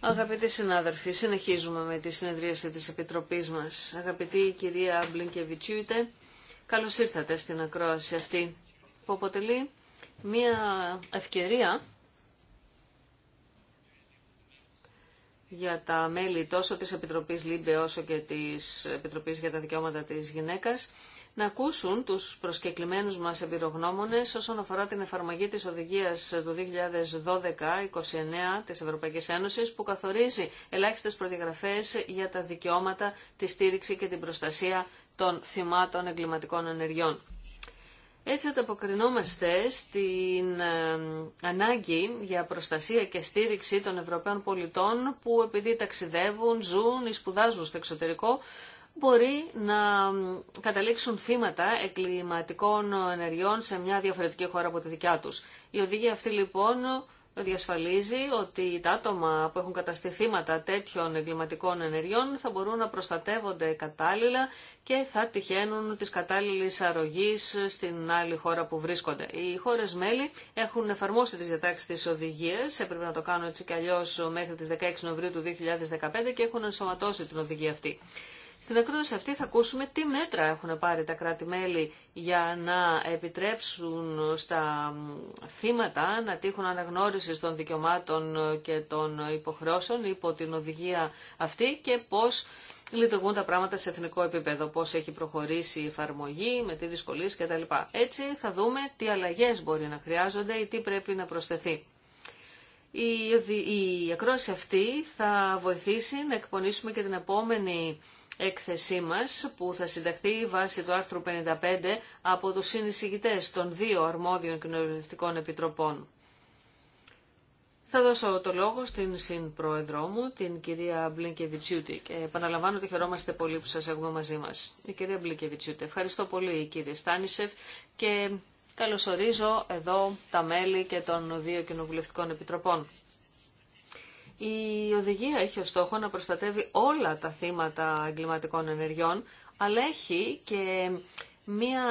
Αγαπητοί συνάδελφοι, συνεχίζουμε με τη συνεδρίαση της Επιτροπής μας. Αγαπητή κυρία Μπλινκεβιτσιούτε, καλώς ήρθατε στην ακρόαση αυτή που αποτελεί μια ευκαιρία για τα μέλη τόσο της Επιτροπής ΛΥΜΠΕ όσο και της Επιτροπής για τα Δικαιώματα της Γυναίκας να ακούσουν τους προσκεκλημένους μας εμπειρογνώμονες όσον αφορά την εφαρμογή της οδηγίας του 2012-29 της Ευρωπαϊκής Ένωσης που καθορίζει ελάχιστες προδιαγραφές για τα δικαιώματα, τη στήριξη και την προστασία των θυμάτων εγκληματικών ενεργειών. Έτσι ανταποκρινόμαστε στην ε, ανάγκη για προστασία και στήριξη των Ευρωπαίων πολιτών που επειδή ταξιδεύουν, ζουν ή σπουδάζουν στο εξωτερικό μπορεί να καταλήξουν θύματα εγκληματικών ενεργειών σε μια διαφορετική χώρα από τη δικιά τους. Η οδηγία αυτή λοιπόν διασφαλίζει ότι τα άτομα που έχουν καταστεί θύματα τέτοιων εγκληματικών ενεργειών θα μπορούν να προστατεύονται κατάλληλα και θα τυχαίνουν της κατάλληλης αρρωγής στην άλλη χώρα που βρίσκονται. Οι χώρες μέλη έχουν εφαρμόσει τις διατάξεις της οδηγίας, έπρεπε να το κάνουν έτσι κι αλλιώς μέχρι τις 16 Νοεμβρίου του 2015 και έχουν ενσωματώσει την οδηγία αυτή. Στην ακρόαση αυτή θα ακούσουμε τι μέτρα έχουν πάρει τα κράτη-μέλη για να επιτρέψουν στα θύματα να τύχουν αναγνώριση των δικαιωμάτων και των υποχρεώσεων υπό την οδηγία αυτή και πώς λειτουργούν τα πράγματα σε εθνικό επίπεδο, πώς έχει προχωρήσει η εφαρμογή, με τι δυσκολίες κτλ. Έτσι θα δούμε τι αλλαγές μπορεί να χρειάζονται ή τι πρέπει να προσθεθεί. Η, η, ακρόαση αυτή θα βοηθήσει να εκπονήσουμε και την επόμενη έκθεσή μας που θα συνταχθεί βάσει του άρθρου 55 από τους συνεισηγητές των δύο αρμόδιων κοινοβουλευτικών επιτροπών. Θα δώσω το λόγο στην συνπρόεδρό μου, την κυρία Μπλίνκεβιτσιούτη. Και επαναλαμβάνω ότι χαιρόμαστε πολύ που σας έχουμε μαζί μας. Η κυρία Μπλίνκεβιτσιούτη. Ευχαριστώ πολύ κύριε Στάνισεφ και καλωσορίζω εδώ τα μέλη και των δύο κοινοβουλευτικών επιτροπών. Η οδηγία έχει ως στόχο να προστατεύει όλα τα θύματα εγκληματικών ενεργειών, αλλά έχει και μία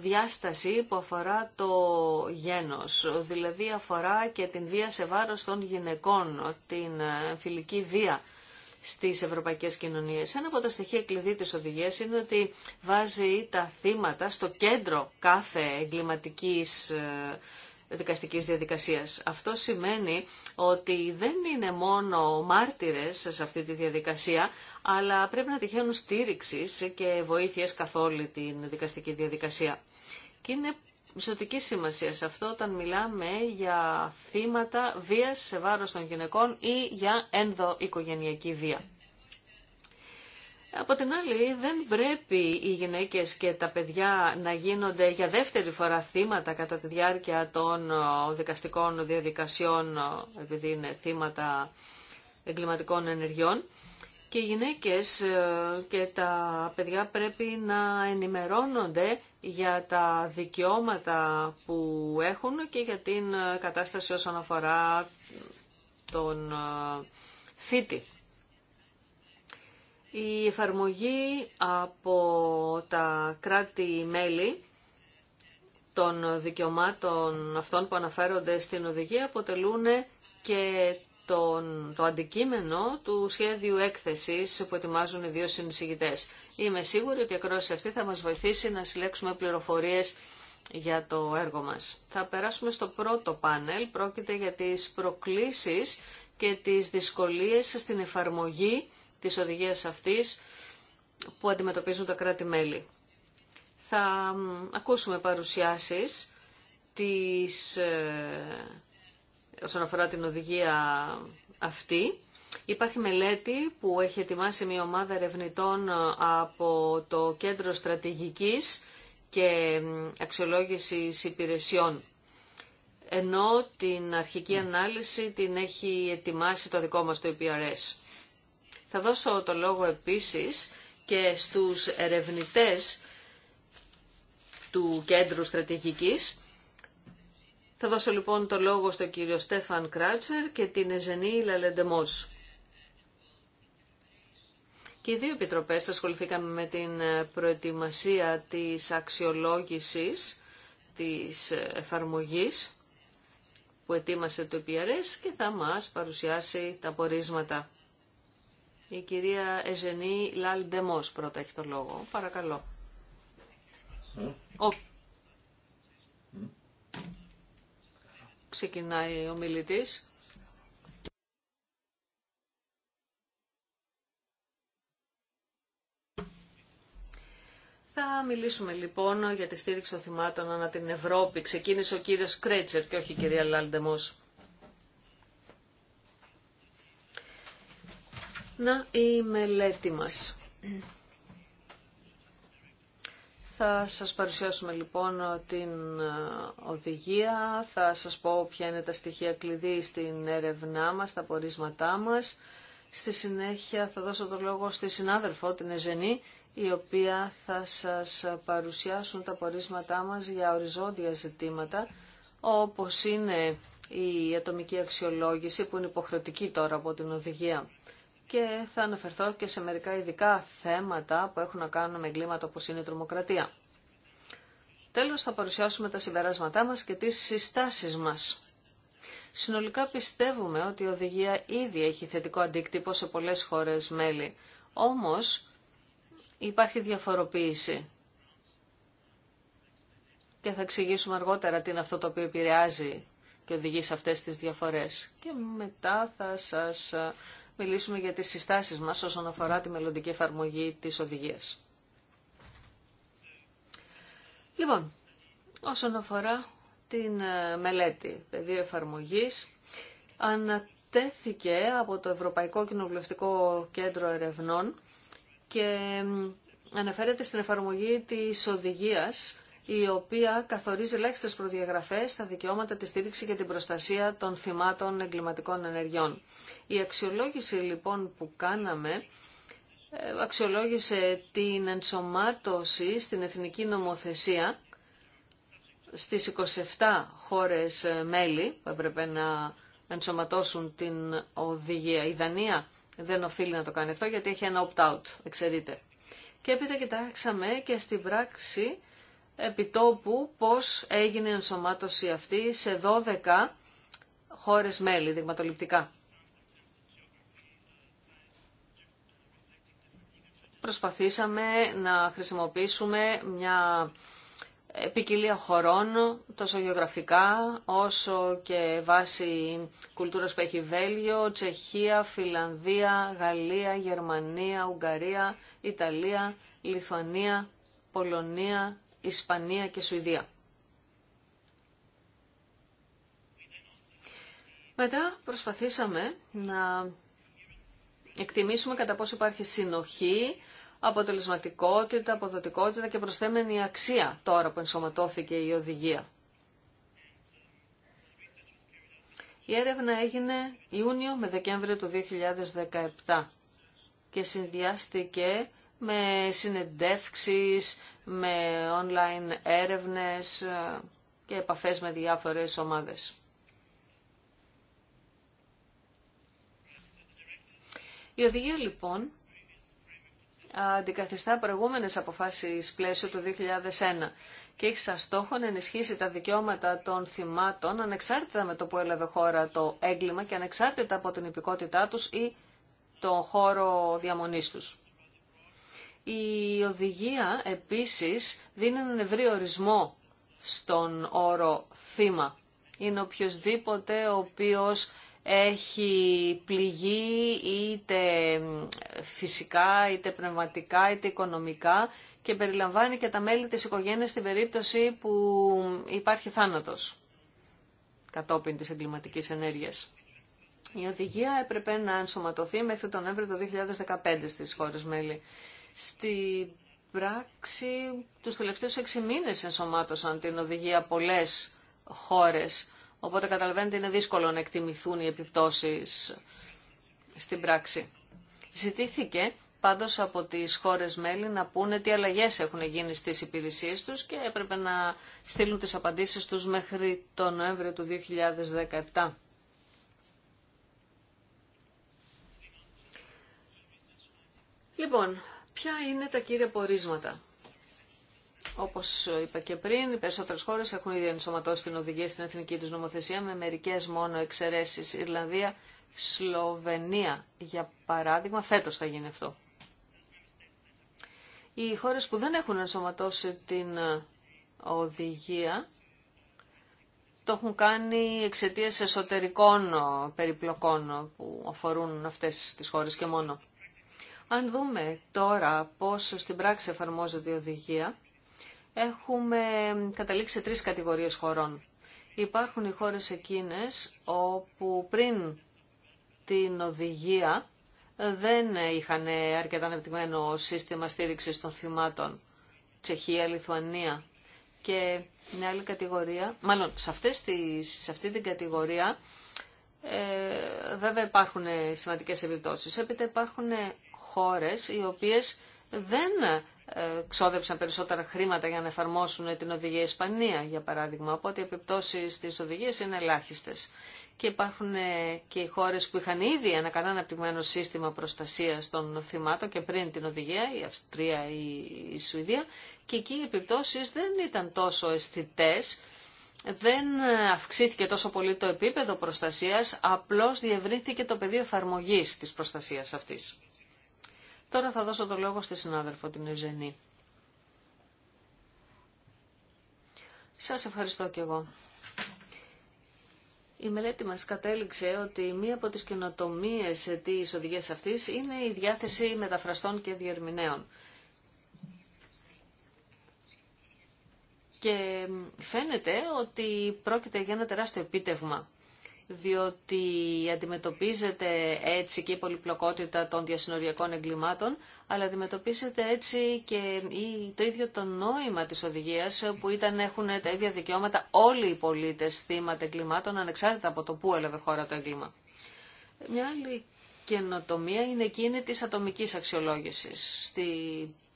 διάσταση που αφορά το γένος, δηλαδή αφορά και την βία σε βάρος των γυναικών, την ε, φιλική βία στις ευρωπαϊκές κοινωνίες. Ένα από τα στοιχεία κλειδί της οδηγίας είναι ότι βάζει τα θύματα στο κέντρο κάθε εγκληματικής ε, δικαστικής διαδικασίας. Αυτό σημαίνει ότι δεν είναι μόνο μάρτυρες σε αυτή τη διαδικασία, αλλά πρέπει να τυχαίνουν στήριξη και βοήθειες καθ' όλη την δικαστική διαδικασία. Και είναι ζωτική σημασία σε αυτό όταν μιλάμε για θύματα βίας σε βάρος των γυναικών ή για ενδοοικογενειακή βία. Από την άλλη, δεν πρέπει οι γυναίκες και τα παιδιά να γίνονται για δεύτερη φορά θύματα κατά τη διάρκεια των ε, δικαστικών διαδικασιών, ε, επειδή είναι θύματα εγκληματικών ενεργειών. Και οι γυναίκες ε, και τα παιδιά πρέπει να ενημερώνονται για τα δικαιώματα που έχουν και για την κατάσταση όσον αφορά τον θήτη. Η εφαρμογή από τα κράτη-μέλη των δικαιωμάτων αυτών που αναφέρονται στην οδηγία αποτελούν και τον, το αντικείμενο του σχέδιου έκθεσης που ετοιμάζουν οι δύο συνεισηγητές. Είμαι σίγουρη ότι η ακρόση αυτή θα μας βοηθήσει να συλλέξουμε πληροφορίες για το έργο μας. Θα περάσουμε στο πρώτο πάνελ. Πρόκειται για τις προκλήσεις και τις δυσκολίες στην εφαρμογή της οδηγίας αυτής που αντιμετωπίζουν τα κράτη-μέλη. Θα ακούσουμε παρουσιάσεις της, ε, όσον αφορά την οδηγία αυτή. Υπάρχει μελέτη που έχει ετοιμάσει μια ομάδα ερευνητών ε, από το Κέντρο Στρατηγικής και Αξιολόγησης Υπηρεσιών ενώ την αρχική ανάλυση την έχει ετοιμάσει το δικό μας το EPRS. Θα δώσω το λόγο επίσης και στους ερευνητές του Κέντρου Στρατηγικής. Θα δώσω λοιπόν το λόγο στον κύριο Στέφαν Κράτσερ και την Εζενή Λαλεντεμός. Και οι δύο επιτροπές ασχοληθήκαμε με την προετοιμασία της αξιολόγησης της εφαρμογής που ετοίμασε το PRS και θα μας παρουσιάσει τα πορίσματα. Η κυρία Εζενή Λάλ Ντεμός πρώτα έχει το λόγο. Παρακαλώ. Ξεκινάει ο μιλητής. Θα μιλήσουμε λοιπόν για τη στήριξη των θυμάτων ανά την Ευρώπη. Ξεκίνησε ο κύριος Κρέτσερ και όχι η κυρία Λάλντεμος. Να, η μελέτη μας. Θα σας παρουσιάσουμε λοιπόν την ε, οδηγία, θα σας πω ποια είναι τα στοιχεία κλειδί στην έρευνά μας, τα πορίσματά μας. Στη συνέχεια θα δώσω το λόγο στη συνάδελφο, την Εζενή, η οποία θα σας παρουσιάσουν τα πορίσματά μας για οριζόντια ζητήματα, όπως είναι η ατομική αξιολόγηση που είναι υποχρεωτική τώρα από την οδηγία και θα αναφερθώ και σε μερικά ειδικά θέματα που έχουν να κάνουν με εγκλήματα όπως είναι η τρομοκρατία. Τέλος θα παρουσιάσουμε τα συμπεράσματά μας και τις συστάσεις μας. Συνολικά πιστεύουμε ότι η οδηγία ήδη έχει θετικό αντίκτυπο σε πολλές χώρες μέλη. Όμως υπάρχει διαφοροποίηση. Και θα εξηγήσουμε αργότερα τι είναι αυτό το οποίο επηρεάζει και οδηγεί σε αυτές τις διαφορές. Και μετά θα σας μιλήσουμε για τις συστάσεις μας όσον αφορά τη μελλοντική εφαρμογή της οδηγίας. Λοιπόν, όσον αφορά την ε, μελέτη πεδίο εφαρμογής, ανατέθηκε από το Ευρωπαϊκό Κοινοβουλευτικό Κέντρο Ερευνών και αναφέρεται στην εφαρμογή της οδηγίας η οποία καθορίζει ελάχιστε προδιαγραφέ στα δικαιώματα τη στήριξη και την προστασία των θυμάτων εγκληματικών ενεργειών. Η αξιολόγηση λοιπόν που κάναμε ε, αξιολόγησε την ενσωμάτωση στην εθνική νομοθεσία στις 27 χώρες ε, μέλη που έπρεπε να ενσωματώσουν την οδηγία. Η Δανία δεν οφείλει να το κάνει αυτό γιατί έχει ένα opt-out, εξαιρείται. Και έπειτα κοιτάξαμε και στην πράξη επιτόπου πώς έγινε η ενσωμάτωση αυτή σε 12 χώρες μέλη δειγματοληπτικά. Προσπαθήσαμε να χρησιμοποιήσουμε μια ποικιλία χωρών, τόσο γεωγραφικά όσο και βάση κουλτούρας που έχει Βέλγιο, Τσεχία, Φιλανδία, Γαλλία, Γερμανία, Ουγγαρία, Ιταλία, Λιθουανία, Πολωνία, Ισπανία και Σουηδία. Μετά προσπαθήσαμε να εκτιμήσουμε κατά πόσο υπάρχει συνοχή, αποτελεσματικότητα, αποδοτικότητα και προσθέμενη αξία τώρα που ενσωματώθηκε η οδηγία. Η έρευνα έγινε Ιούνιο με Δεκέμβριο του 2017 και συνδυάστηκε με συνεντεύξεις, με online έρευνες και επαφές με διάφορες ομάδες. Η οδηγία λοιπόν αντικαθιστά προηγούμενες αποφάσεις πλαίσιο του 2001 και έχει σαν στόχο να ενισχύσει τα δικαιώματα των θυμάτων ανεξάρτητα με το που έλαβε χώρα το έγκλημα και ανεξάρτητα από την υπηκότητά τους ή τον χώρο διαμονής τους. Η οδηγία επίσης δίνει έναν ευρύ ορισμό στον όρο θύμα. Είναι οποιοδήποτε ο οποίος έχει πληγεί είτε φυσικά, είτε πνευματικά, είτε οικονομικά και περιλαμβάνει και τα μέλη της οικογένειας στην περίπτωση που υπάρχει θάνατος κατόπιν της εγκληματικής ενέργειας. Η οδηγία έπρεπε να ενσωματωθεί μέχρι τον Νοέμβριο του 2015 στις χώρες μέλη. Στην πράξη τους τελευταίους έξι μήνες ενσωμάτωσαν την οδηγία πολλές χώρες. Οπότε καταλαβαίνετε είναι δύσκολο να εκτιμηθούν οι επιπτώσεις στην πράξη. Ζητήθηκε πάντως από τις χώρες μέλη να πούνε τι αλλαγές έχουν γίνει στις υπηρεσίες τους και έπρεπε να στείλουν τις απαντήσεις τους μέχρι τον Νοέμβριο του 2017. Λοιπόν, Ποια είναι τα κύρια πορίσματα. Όπως είπα και πριν, οι περισσότερες χώρες έχουν ήδη ενσωματώσει την οδηγία στην εθνική του νομοθεσία με μερικές μόνο εξαιρέσει. Ιρλανδία, Σλοβενία, για παράδειγμα, φέτο θα γίνει αυτό. Οι χώρες που δεν έχουν ενσωματώσει την ε, οδηγία το έχουν κάνει εξαιτία εσωτερικών ε, περιπλοκών ε, που αφορούν αυτές τις χώρες και μόνο. Αν δούμε τώρα πώς στην πράξη εφαρμόζεται η οδηγία, έχουμε καταλήξει σε τρεις κατηγορίες χωρών. Υπάρχουν οι χώρες εκείνες όπου πριν την οδηγία δεν είχαν αρκετά ανεπτυγμένο σύστημα στήριξης των θυμάτων. Τσεχία, Λιθουανία και μια άλλη κατηγορία. Μάλλον σε, αυτές τις, σε αυτή την κατηγορία ε, βέβαια υπάρχουν σημαντικές επιπτώσεις. Έπειτα υπάρχουν χώρες οι οποίες δεν ε, ξόδεψαν περισσότερα χρήματα για να εφαρμόσουν την οδηγία Ισπανία, για παράδειγμα. Οπότε οι επιπτώσεις τη οδηγίες είναι ελάχιστες. Και υπάρχουν ε, και οι χώρες που είχαν ήδη ένα καλά αναπτυγμένο σύστημα προστασίας των θυμάτων και πριν την οδηγία, η Αυστρία ή η Σουηδία, και εκεί οι επιπτώσεις δεν ήταν τόσο αισθητέ. Δεν ε, αυξήθηκε τόσο πολύ το επίπεδο προστασίας, απλώς διευρύνθηκε το πεδίο εφαρμογής της προστασίας αυτής. Τώρα θα δώσω το λόγο στη συνάδελφο την Ευζενή. Σας ευχαριστώ κι εγώ. Η μελέτη μας κατέληξε ότι μία από τις καινοτομίες της οδηγίας αυτής είναι η διάθεση μεταφραστών και διερμηνέων. Και φαίνεται ότι πρόκειται για ένα τεράστιο επίτευγμα διότι αντιμετωπίζεται έτσι και η πολυπλοκότητα των διασυνοριακών εγκλημάτων, αλλά αντιμετωπίζεται έτσι και το ίδιο το νόημα της οδηγίας που ήταν έχουν τα ίδια δικαιώματα όλοι οι πολίτες θύματα εγκλημάτων ανεξάρτητα από το που έλαβε χώρα το έγκλημα. Μια άλλη καινοτομία είναι εκείνη της ατομικής αξιολόγησης. Στη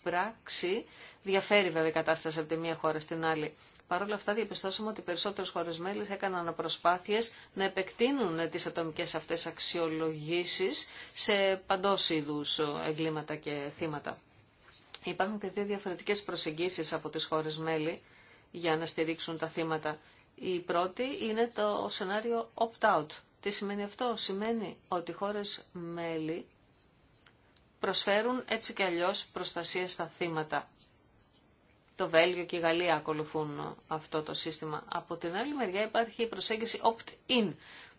πράξη διαφέρει βέβαια η κατάσταση από τη μία χώρα στην άλλη. Παρ' όλα αυτά διαπιστώσαμε ότι περισσότερε χώρε μέλη έκαναν προσπάθειες να επεκτείνουν τις ατομικές αυτές αξιολογήσει σε παντό είδου εγκλήματα και θύματα. Υπάρχουν και δύο διαφορετικές προσεγγίσεις από τις χώρε μέλη για να στηρίξουν τα θύματα. Η πρώτη είναι το σενάριο opt-out. Τι σημαίνει αυτό. Σημαίνει ότι οι χώρες μέλη προσφέρουν έτσι και αλλιώς προστασία στα θύματα το Βέλγιο και η Γαλλία ακολουθούν αυτό το σύστημα. Από την άλλη μεριά υπάρχει η προσέγγιση opt-in,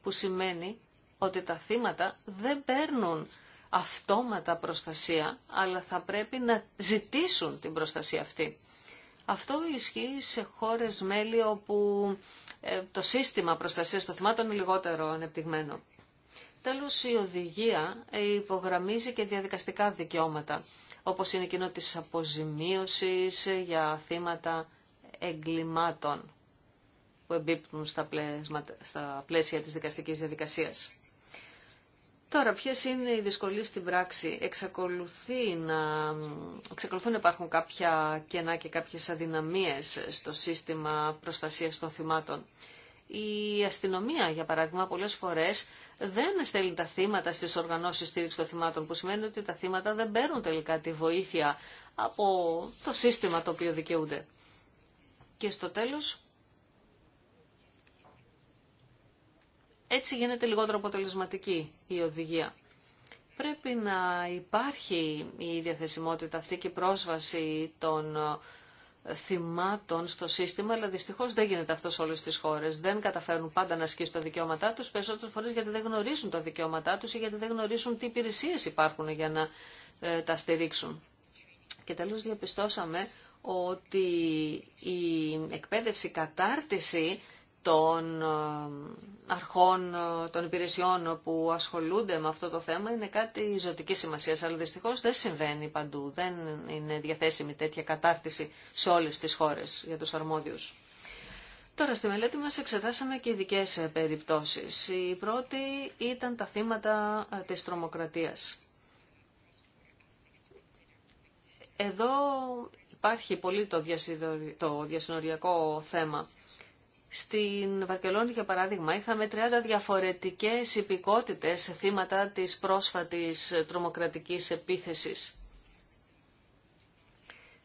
που σημαίνει ότι τα θύματα δεν παίρνουν αυτόματα προστασία, αλλά θα πρέπει να ζητήσουν την προστασία αυτή. Αυτό ισχύει σε χώρες μέλη όπου ε, το σύστημα προστασίας των θυμάτων είναι λιγότερο ανεπτυγμένο. Τέλος, η οδηγία ε, υπογραμμίζει και διαδικαστικά δικαιώματα όπως είναι εκείνο της αποζημίωσης για θύματα εγκλημάτων που εμπίπτουν στα, στα πλαίσια της δικαστικής διαδικασίας. Τώρα, ποιες είναι οι δυσκολίες στην πράξη. Εξακολουθεί να, εξακολουθούν να υπάρχουν κάποια κενά και κάποιες αδυναμίες στο σύστημα προστασίας των θυμάτων. Η αστυνομία, για παράδειγμα, πολλές φορές δεν στέλνει τα θύματα στις οργανώσεις στήριξη των θυμάτων, που σημαίνει ότι τα θύματα δεν παίρνουν τελικά τη βοήθεια από το σύστημα το οποίο δικαιούνται. Και στο τέλος, έτσι γίνεται λιγότερο αποτελεσματική η οδηγία. Πρέπει να υπάρχει η διαθεσιμότητα αυτή και η πρόσβαση των θυμάτων στο σύστημα, αλλά δυστυχώ δεν γίνεται αυτό σε όλε τι χώρε. Δεν καταφέρουν πάντα να ασκήσουν τα δικαιώματά του, περισσότερε φορέ γιατί δεν γνωρίζουν τα δικαιώματά του ή γιατί δεν γνωρίζουν τι υπηρεσίε υπάρχουν για να ε, τα στηρίξουν. Και τέλο διαπιστώσαμε ότι η εκπαίδευση, κατάρτιση των ε, αρχών ε, των υπηρεσιών που ασχολούνται με αυτό το θέμα είναι κάτι ζωτική σημασία. Αλλά δυστυχώ δεν συμβαίνει παντού. Δεν είναι διαθέσιμη τέτοια κατάρτιση σε όλε τι χώρε για του αρμόδιου. Τώρα στη μελέτη μας εξετάσαμε και ειδικέ ε, περιπτώσεις. Η πρώτη ήταν τα θύματα της τρομοκρατίας. Εδώ υπάρχει πολύ το διασυνοριακό θέμα. Στην Βαρκελόνη, για παράδειγμα, είχαμε 30 διαφορετικές υπηκότητες θύματα της πρόσφατης τρομοκρατικής επίθεσης.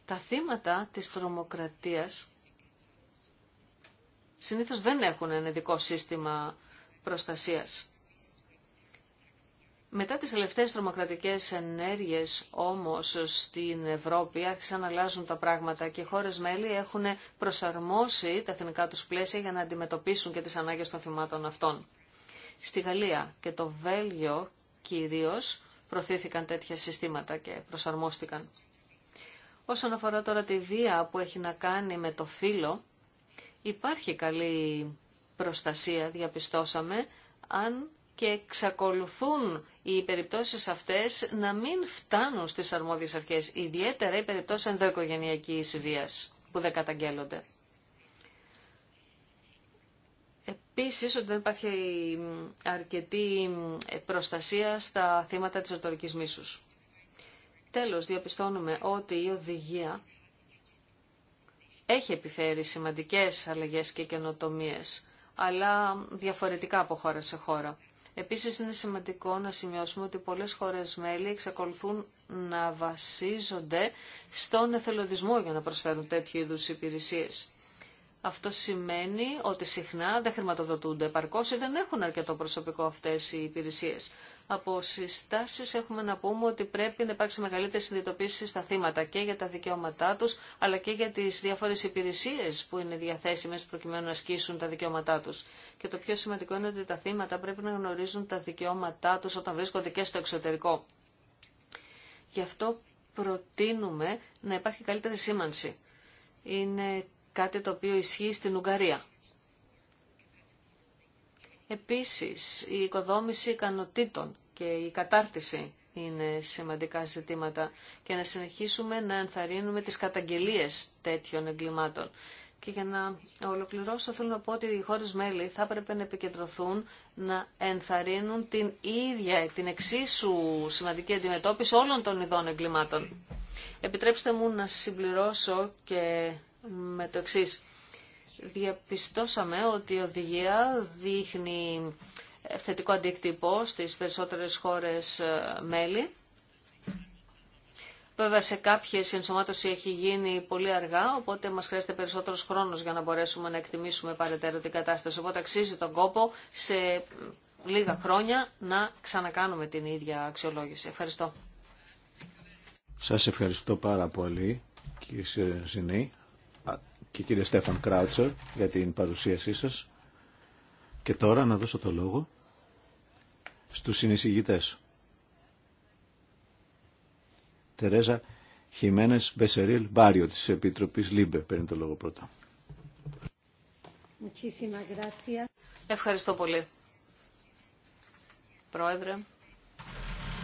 Τα θύματα της τρομοκρατίας συνήθως δεν έχουν ένα ειδικό σύστημα προστασίας. Μετά τις τελευταίες τρομοκρατικές ενέργειες όμως στην Ευρώπη άρχισαν να αλλάζουν τα πράγματα και οι χώρες μέλη έχουν προσαρμόσει τα εθνικά τους πλαίσια για να αντιμετωπίσουν και τις ανάγκες των θυμάτων αυτών. Στη Γαλλία και το Βέλγιο κυρίως προθήθηκαν τέτοια συστήματα και προσαρμόστηκαν. Όσον αφορά τώρα τη βία που έχει να κάνει με το φύλλο, υπάρχει καλή προστασία, διαπιστώσαμε, αν και εξακολουθούν οι περιπτώσεις αυτές να μην φτάνουν στις αρμόδιες αρχές, ιδιαίτερα οι περιπτώσεις ενδοοικογενειακής βίας που δεν καταγγέλλονται. Επίσης ότι δεν υπάρχει αρκετή προστασία στα θύματα της ορτορικής μίσους. Τέλος, διαπιστώνουμε ότι η οδηγία έχει επιφέρει σημαντικές αλλαγές και καινοτομίες, αλλά διαφορετικά από χώρα σε χώρα. Επίσης είναι σημαντικό να σημειώσουμε ότι πολλές χώρες μέλη εξακολουθούν να βασίζονται στον εθελοντισμό για να προσφέρουν τέτοιου είδου υπηρεσίες. Αυτό σημαίνει ότι συχνά δεν χρηματοδοτούνται επαρκώς ή δεν έχουν αρκετό προσωπικό αυτές οι υπηρεσίες από συστάσεις έχουμε να πούμε ότι πρέπει να υπάρξει μεγαλύτερη συνειδητοποίηση στα θύματα και για τα δικαιώματά τους, αλλά και για τις διάφορες υπηρεσίες που είναι διαθέσιμες προκειμένου να ασκήσουν τα δικαιώματά τους. Και το πιο σημαντικό είναι ότι τα θύματα πρέπει να γνωρίζουν τα δικαιώματά τους όταν βρίσκονται και στο εξωτερικό. Γι' αυτό προτείνουμε να υπάρχει καλύτερη σήμανση. Είναι κάτι το οποίο ισχύει στην Ουγγαρία. Επίσης, η οικοδόμηση ικανοτήτων και η κατάρτιση είναι σημαντικά ζητήματα και να συνεχίσουμε να ενθαρρύνουμε τις καταγγελίες τέτοιων εγκλημάτων. Και για να ολοκληρώσω θέλω να πω ότι οι χώρες μέλη θα έπρεπε να επικεντρωθούν να ενθαρρύνουν την ίδια, την εξίσου σημαντική αντιμετώπιση όλων των ειδών εγκλημάτων. Επιτρέψτε μου να συμπληρώσω και με το εξής διαπιστώσαμε ότι η οδηγία δείχνει θετικό αντίκτυπο στις περισσότερες χώρες ε, μέλη. Βέβαια σε κάποιες ενσωμάτωση έχει γίνει πολύ αργά, οπότε μας χρειάζεται περισσότερος χρόνος για να μπορέσουμε να εκτιμήσουμε παρετέρω την κατάσταση. Οπότε αξίζει τον κόπο σε λίγα χρόνια να ξανακάνουμε την ίδια αξιολόγηση. Ευχαριστώ. Σας ευχαριστώ πάρα πολύ κύριε Σινή και κύριε Στέφαν Κράουτσερ για την παρουσίασή σας. Και τώρα να δώσω το λόγο στους συνεισηγητές. Τερέζα Χιμένες Μπεσερίλ Μπάριο της Επιτροπής ΛΥΜΠΕ παίρνει το λόγο πρώτα. Ευχαριστώ πολύ. Πρόεδρε,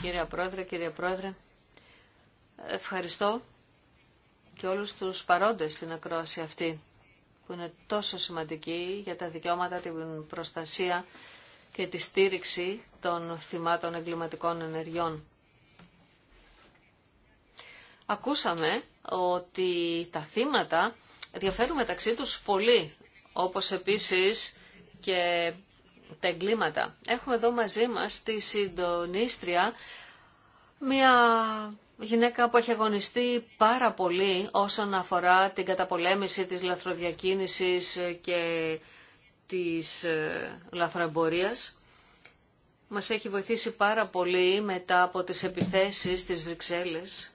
κύριε Πρόεδρε, κύριε Πρόεδρε, ευχαριστώ και όλους τους παρόντες στην ακρόαση αυτή που είναι τόσο σημαντική για τα δικαιώματα, την προστασία και τη στήριξη των θυμάτων εγκληματικών ενεργειών. Ακούσαμε ότι τα θύματα διαφέρουν μεταξύ τους πολύ, όπως επίσης και τα εγκλήματα. Έχουμε εδώ μαζί μας τη συντονίστρια μια γυναίκα που έχει αγωνιστεί πάρα πολύ όσον αφορά την καταπολέμηση της λαθροδιακίνησης και της ε, λαθροεμπορίας. Μας έχει βοηθήσει πάρα πολύ μετά από τις επιθέσεις της Βρυξέλλες.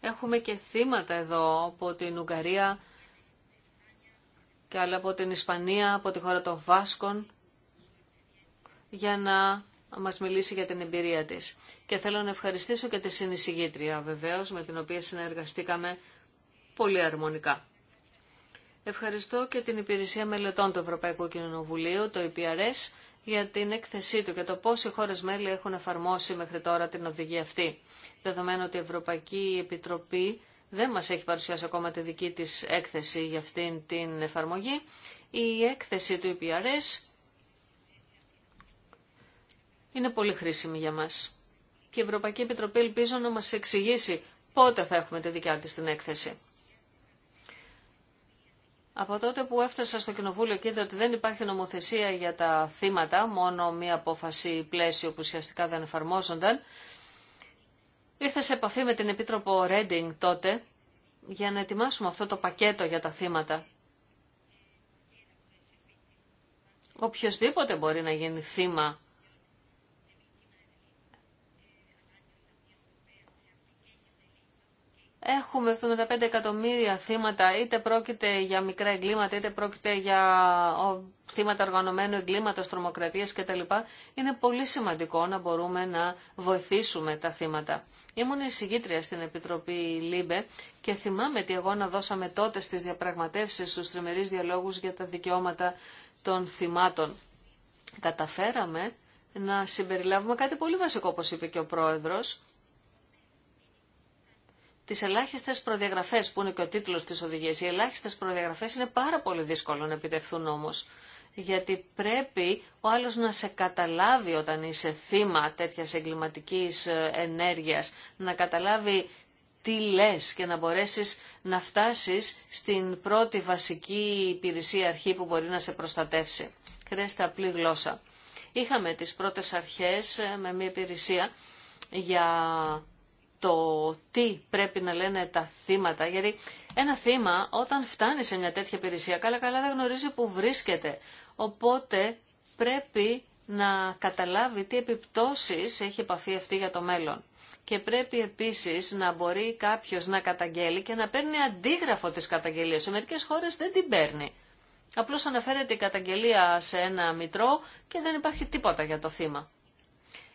Έχουμε και θύματα εδώ από την Ουγγαρία και άλλα από την Ισπανία, από τη χώρα των Βάσκων, για να να μας μιλήσει για την εμπειρία της. Και θέλω να ευχαριστήσω και τη συνεισηγήτρια βεβαίως με την οποία συνεργαστήκαμε πολύ αρμονικά. Ευχαριστώ και την Υπηρεσία Μελετών του Ευρωπαϊκού Κοινοβουλίου, το EPRS, για την έκθεσή του και το πώς οι χώρες μέλη έχουν εφαρμόσει μέχρι τώρα την οδηγία αυτή. Δεδομένου ότι η Ευρωπαϊκή Επιτροπή δεν μας έχει παρουσιάσει ακόμα τη δική της έκθεση για αυτήν την εφαρμογή, η έκθεση του EPRS είναι πολύ χρήσιμη για μας. Και η Ευρωπαϊκή Επιτροπή ελπίζω να μας εξηγήσει πότε θα έχουμε τη δικιά της την έκθεση. Από τότε που έφτασα στο Κοινοβούλιο και είδα ότι δεν υπάρχει νομοθεσία για τα θύματα, μόνο μία απόφαση πλαίσιο που ουσιαστικά δεν εφαρμόζονταν, ήρθα σε επαφή με την Επίτροπο Ρέντινγκ τότε για να ετοιμάσουμε αυτό το πακέτο για τα θύματα. Οποιοςδήποτε μπορεί να γίνει θύμα Έχουμε 75 εκατομμύρια θύματα, είτε πρόκειται για μικρά εγκλήματα, είτε πρόκειται για θύματα οργανωμένου εγκλήματος, τρομοκρατίας κτλ. Είναι πολύ σημαντικό να μπορούμε να βοηθήσουμε τα θύματα. Ήμουν εισηγήτρια στην Επιτροπή ΛΥΜΠΕ και θυμάμαι τι εγώ να δώσαμε τότε στις διαπραγματεύσεις, στους τριμερείς διαλόγους για τα δικαιώματα των θυμάτων. Καταφέραμε να συμπεριλάβουμε κάτι πολύ βασικό, όπως είπε και ο Πρόεδρος, τι ελάχιστε προδιαγραφέ, που είναι και ο τίτλο τη οδηγία. Οι ελάχιστε προδιαγραφέ είναι πάρα πολύ δύσκολο να επιτευχθούν όμω. Γιατί πρέπει ο άλλο να σε καταλάβει όταν είσαι θύμα τέτοια εγκληματική ε, ενέργειας, να καταλάβει τι λες και να μπορέσεις να φτάσεις στην πρώτη βασική υπηρεσία αρχή που μπορεί να σε προστατεύσει. Χρειάζεται απλή γλώσσα. Είχαμε τις πρώτες αρχές ε, με μια υπηρεσία για το τι πρέπει να λένε τα θύματα, γιατί ένα θύμα όταν φτάνει σε μια τέτοια υπηρεσία καλά καλά δεν γνωρίζει που βρίσκεται. Οπότε πρέπει να καταλάβει τι επιπτώσεις έχει επαφή αυτή για το μέλλον. Και πρέπει επίσης να μπορεί κάποιος να καταγγέλει και να παίρνει αντίγραφο της καταγγελίας. Σε μερικές χώρες δεν την παίρνει. Απλώς αναφέρεται η καταγγελία σε ένα μητρό και δεν υπάρχει τίποτα για το θύμα.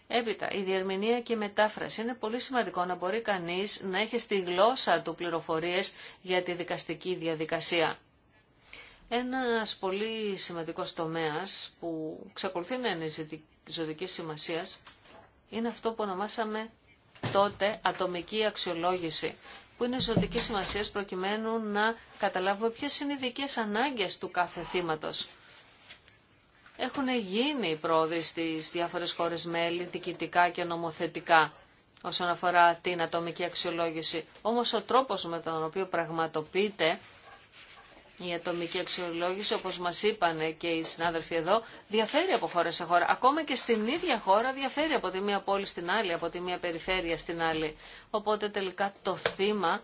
Έπειτα, η διερμηνία και η μετάφραση. Είναι πολύ σημαντικό να μπορεί κανείς να έχει στη γλώσσα του πληροφορίες για τη δικαστική διαδικασία. Ένας πολύ σημαντικός τομέας που ξεκολουθεί να είναι ζωτική σημασία είναι αυτό που ονομάσαμε τότε ατομική αξιολόγηση που είναι ζωτική σημασία προκειμένου να καταλάβουμε ποιε είναι οι δικέ ανάγκε του κάθε θύματο. Έχουν γίνει πρόοδοι στις διάφορες χώρες μέλη, διοικητικά και νομοθετικά όσον αφορά την ατομική αξιολόγηση. Όμως ο τρόπος με τον οποίο πραγματοποιείται η ατομική αξιολόγηση, όπως μας είπαν και οι συνάδελφοι εδώ, διαφέρει από χώρα σε χώρα. Ακόμα και στην ίδια χώρα διαφέρει από τη μία πόλη στην άλλη, από τη μία περιφέρεια στην άλλη. Οπότε τελικά το θύμα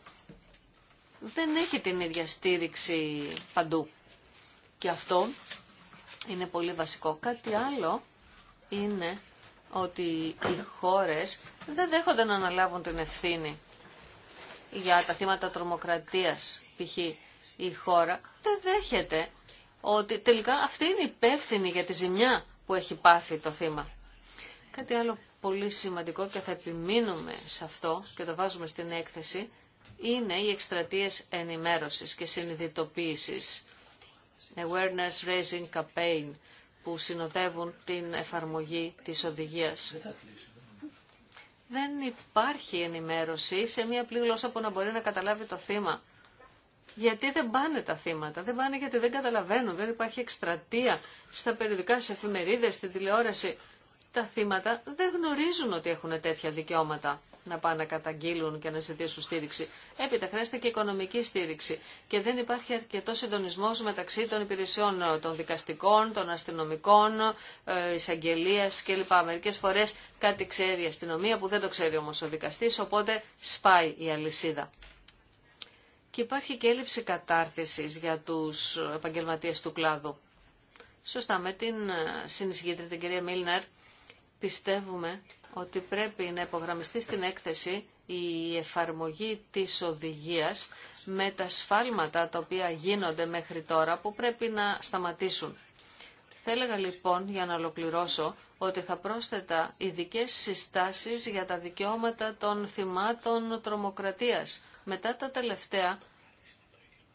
δεν έχει την ίδια στήριξη παντού. Και αυτό είναι πολύ βασικό. Κάτι άλλο είναι ότι οι χώρες δεν δέχονται να αναλάβουν την ευθύνη για τα θύματα τρομοκρατίας, π.χ. η χώρα, δεν δέχεται ότι τελικά αυτή είναι υπεύθυνη για τη ζημιά που έχει πάθει το θύμα. Κάτι άλλο πολύ σημαντικό και θα επιμείνουμε σε αυτό και το βάζουμε στην έκθεση, είναι οι εκστρατείες ενημέρωσης και συνειδητοποίησης awareness raising campaign που συνοδεύουν την εφαρμογή της οδηγίας. Δεν υπάρχει ενημέρωση σε μια απλή γλώσσα που να μπορεί να καταλάβει το θύμα. Γιατί δεν πάνε τα θύματα, δεν πάνε γιατί δεν καταλαβαίνουν, δεν υπάρχει εκστρατεία στα περιοδικά, στις εφημερίδες, στην τηλεόραση τα θύματα δεν γνωρίζουν ότι έχουν τέτοια δικαιώματα να πάνε να καταγγείλουν και να ζητήσουν στήριξη. Έπειτα χρειάζεται και οικονομική στήριξη και δεν υπάρχει αρκετό συντονισμό μεταξύ των υπηρεσιών ε, των δικαστικών, των αστυνομικών, ε, εισαγγελία κλπ. Μερικέ φορέ κάτι ξέρει η αστυνομία που δεν το ξέρει όμω ο δικαστή, οπότε σπάει η αλυσίδα. Και υπάρχει και έλλειψη κατάρτισης για τους επαγγελματίες του κλάδου. Σωστά, με την ε, συνεισηγήτρια την κυρία Μίλνερ πιστεύουμε ότι πρέπει να υπογραμμιστεί στην έκθεση η εφαρμογή της οδηγίας με τα σφάλματα τα οποία γίνονται μέχρι τώρα που πρέπει να σταματήσουν. Θα έλεγα λοιπόν για να ολοκληρώσω ότι θα πρόσθετα ειδικέ συστάσεις για τα δικαιώματα των θυμάτων τρομοκρατίας. Μετά τα τελευταία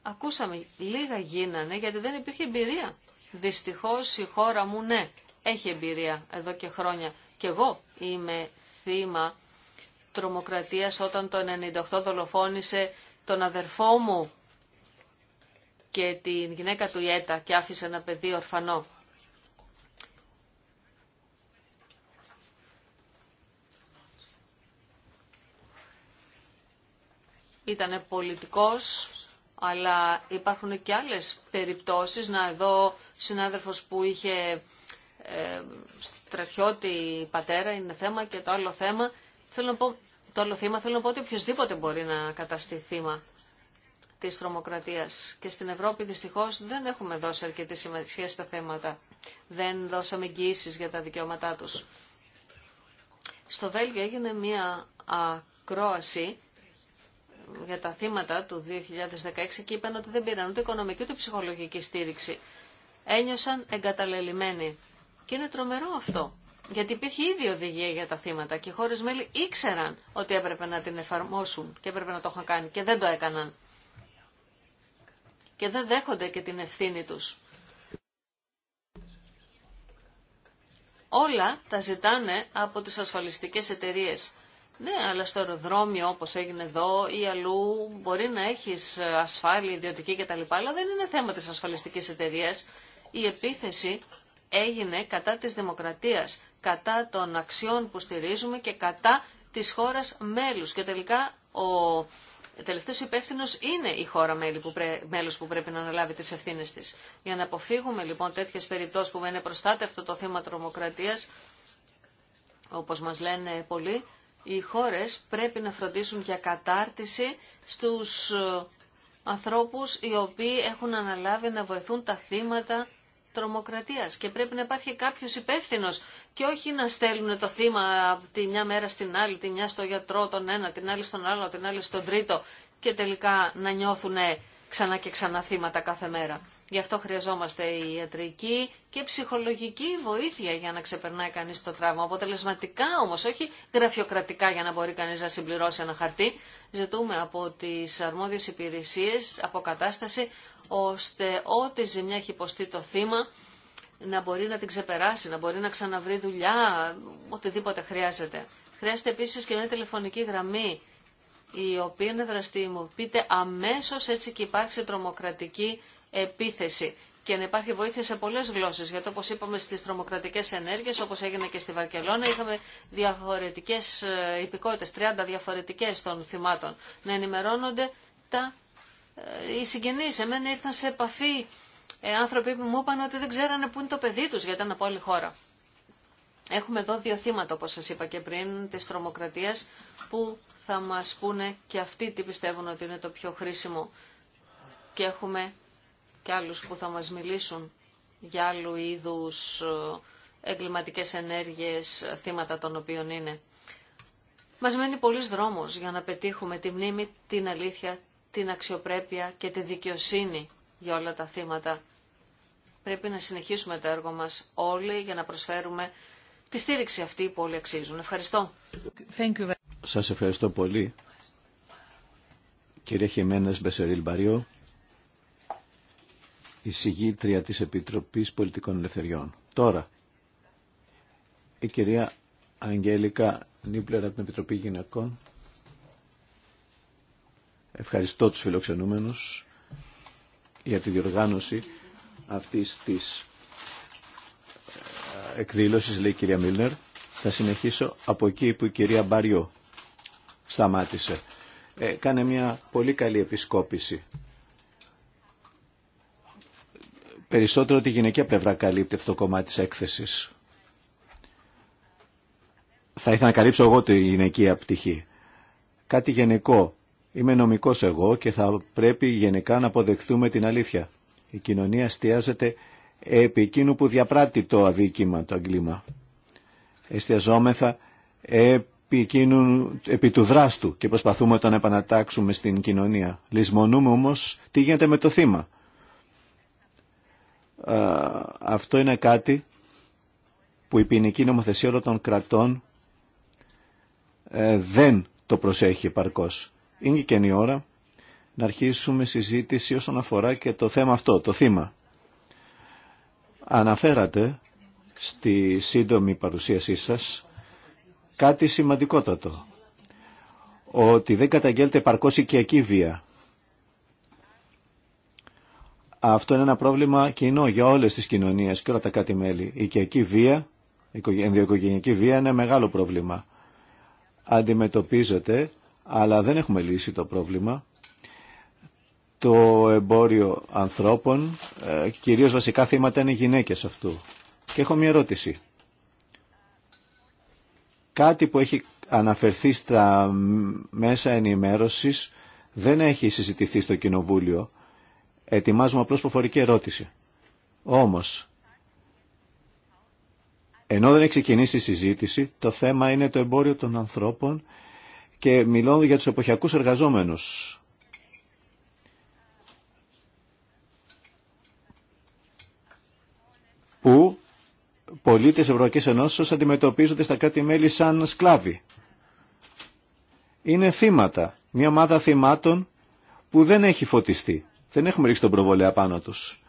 ακούσαμε λίγα γίνανε γιατί δεν υπήρχε εμπειρία. Δυστυχώς η χώρα μου ναι έχει εμπειρία εδώ και χρόνια. Και εγώ είμαι θύμα τρομοκρατίας όταν το 98 δολοφόνησε τον αδερφό μου και την γυναίκα του Ιέτα και άφησε ένα παιδί ορφανό. Ήταν πολιτικός, αλλά υπάρχουν και άλλες περιπτώσεις. Να εδώ συνάδελφος που είχε ε, στρατιώτη πατέρα είναι θέμα και το άλλο θέμα θέλω να πω, το άλλο θύμα θέλω να πω ότι οποιοδήποτε μπορεί να καταστεί θύμα της τρομοκρατίας και στην Ευρώπη δυστυχώς δεν έχουμε δώσει αρκετή σημασία στα θέματα δεν δώσαμε εγγυήσει για τα δικαιώματά τους στο Βέλγιο έγινε μια ακρόαση για τα θύματα του 2016 και είπαν ότι δεν πήραν ούτε οικονομική ούτε ψυχολογική στήριξη ένιωσαν εγκαταλελειμμένοι. Και είναι τρομερό αυτό. Γιατί υπήρχε ήδη οδηγία για τα θύματα και οι χώρε μέλη ήξεραν ότι έπρεπε να την εφαρμόσουν και έπρεπε να το έχουν κάνει και δεν το έκαναν. Και δεν δέχονται και την ευθύνη τους. Όλα τα ζητάνε από τις ασφαλιστικές εταιρείες. Ναι, αλλά στο αεροδρόμιο όπως έγινε εδώ ή αλλού μπορεί να έχεις ασφάλεια ιδιωτική κτλ. Αλλά δεν είναι θέμα της ασφαλιστικής εταιρείας. Η επίθεση έγινε κατά της δημοκρατίας, κατά των αξιών που στηρίζουμε και κατά της χώρας μέλους. Και τελικά ο τελευταίος υπεύθυνο είναι η χώρα μέλη που μέλος που πρέπει να αναλάβει τις ευθύνες της. Για να αποφύγουμε λοιπόν τέτοιες περιπτώσεις που είναι προστάτευτο το θύμα τρομοκρατίας, όπως μας λένε πολλοί, οι χώρες πρέπει να φροντίσουν για κατάρτιση στους ανθρώπους οι οποίοι έχουν αναλάβει να βοηθούν τα θύματα τρομοκρατίας και πρέπει να υπάρχει κάποιος υπεύθυνο και όχι να στέλνουν το θύμα από τη μια μέρα στην άλλη, τη μια στο γιατρό, τον ένα, την άλλη στον άλλο, την άλλη στον τρίτο και τελικά να νιώθουν ξανά και ξανά θύματα κάθε μέρα. Γι' αυτό χρειαζόμαστε η ιατρική και ψυχολογική βοήθεια για να ξεπερνάει κανείς το τραύμα. Αποτελεσματικά όμως, όχι γραφειοκρατικά για να μπορεί κανείς να συμπληρώσει ένα χαρτί. Ζητούμε από τις αρμόδιες υπηρεσίες αποκατάσταση ώστε ό,τι ζημιά έχει υποστεί το θύμα να μπορεί να την ξεπεράσει, να μπορεί να ξαναβρει δουλειά, οτιδήποτε χρειάζεται. Χρειάζεται επίσης και μια τηλεφωνική γραμμή η οποία να Πείτε αμέσως έτσι και υπάρξει τρομοκρατική επίθεση και να υπάρχει βοήθεια σε πολλέ γλώσσε. Γιατί όπω είπαμε στι τρομοκρατικέ ενέργειε, όπω έγινε και στη Βαρκελόνη, είχαμε διαφορετικέ ε, υπηκότητε, 30 διαφορετικέ των θυμάτων. Να ενημερώνονται τα, ε, οι συγγενεί. Εμένα ήρθαν σε επαφή ε, άνθρωποι που μου είπαν ότι δεν ξέρανε πού είναι το παιδί του, γιατί ήταν από άλλη χώρα. Έχουμε εδώ δύο θύματα, όπως σας είπα και πριν, της τρομοκρατίας, που θα μας πούνε και αυτοί τι πιστεύουν ότι είναι το πιο χρήσιμο. Και έχουμε και άλλους που θα μας μιλήσουν για άλλου είδους ε, εγκληματικές ενέργειες, θύματα των οποίων είναι. Μας μένει πολλής δρόμος για να πετύχουμε τη μνήμη, την αλήθεια, την αξιοπρέπεια και τη δικαιοσύνη για όλα τα θύματα. Πρέπει να συνεχίσουμε το έργο μας όλοι για να προσφέρουμε τη στήριξη αυτή που όλοι αξίζουν. Ευχαριστώ. Thank you. Σας ευχαριστώ πολύ. Κύριε Χιμένες Μπεσερίλ Μπαριό, εισηγήτρια της Επιτροπής Πολιτικών Ελευθεριών. Τώρα, η κυρία Αγγέλικα Νίπλερ από την Επιτροπή Γυναικών. Ευχαριστώ τους φιλοξενούμενους για τη διοργάνωση αυτής της ε, εκδήλωσης, λέει η κυρία Μίλνερ. Θα συνεχίσω από εκεί που η κυρία Μπαριό σταμάτησε. Ε, κάνε μια πολύ καλή επισκόπηση περισσότερο τη γυναικεία πλευρά καλύπτει αυτό το κομμάτι της έκθεσης. Θα ήθελα να καλύψω εγώ τη γυναικεία πτυχή. Κάτι γενικό. Είμαι νομικός εγώ και θα πρέπει γενικά να αποδεχθούμε την αλήθεια. Η κοινωνία εστιάζεται επί εκείνου που διαπράττει το αδίκημα, το αγκλήμα. Εστιαζόμεθα επί, εκείνου, επί του δράστου και προσπαθούμε το να επανατάξουμε στην κοινωνία. Λυσμονούμε όμως τι γίνεται με το θύμα αυτό είναι κάτι που η ποινική νομοθεσία όλων των κρατών ε, δεν το προσέχει επαρκώς. Είναι και η ώρα να αρχίσουμε συζήτηση όσον αφορά και το θέμα αυτό, το θύμα. Αναφέρατε στη σύντομη παρουσίασή σας κάτι σημαντικότατο, ότι δεν καταγγέλλεται επαρκώς οικιακή βία. Αυτό είναι ένα πρόβλημα κοινό για όλες τις κοινωνίες και όλα τα κάτι μέλη. Η οικιακή βία, η ενδιοοικογενειακή βία είναι ένα μεγάλο πρόβλημα. Αντιμετωπίζεται, αλλά δεν έχουμε λύσει το πρόβλημα. Το εμπόριο ανθρώπων, ε, κυρίως βασικά θύματα είναι γυναίκες αυτού. Και έχω μια ερώτηση. Κάτι που έχει αναφερθεί στα μέσα ενημέρωσης δεν έχει συζητηθεί στο Κοινοβούλιο Ετοιμάζουμε απλώς προφορική ερώτηση. Όμως, ενώ δεν έχει ξεκινήσει η συζήτηση, το θέμα είναι το εμπόριο των ανθρώπων και μιλώνω για τους εποχιακούς εργαζόμενους. Που πολίτες Ευρωπαϊκής Ενώσεως αντιμετωπίζονται στα κράτη-μέλη σαν σκλάβοι. Είναι θύματα, μια ομάδα θυμάτων που δεν έχει φωτιστεί δεν έχουμε ρίξει τον προβολέα πάνω τους.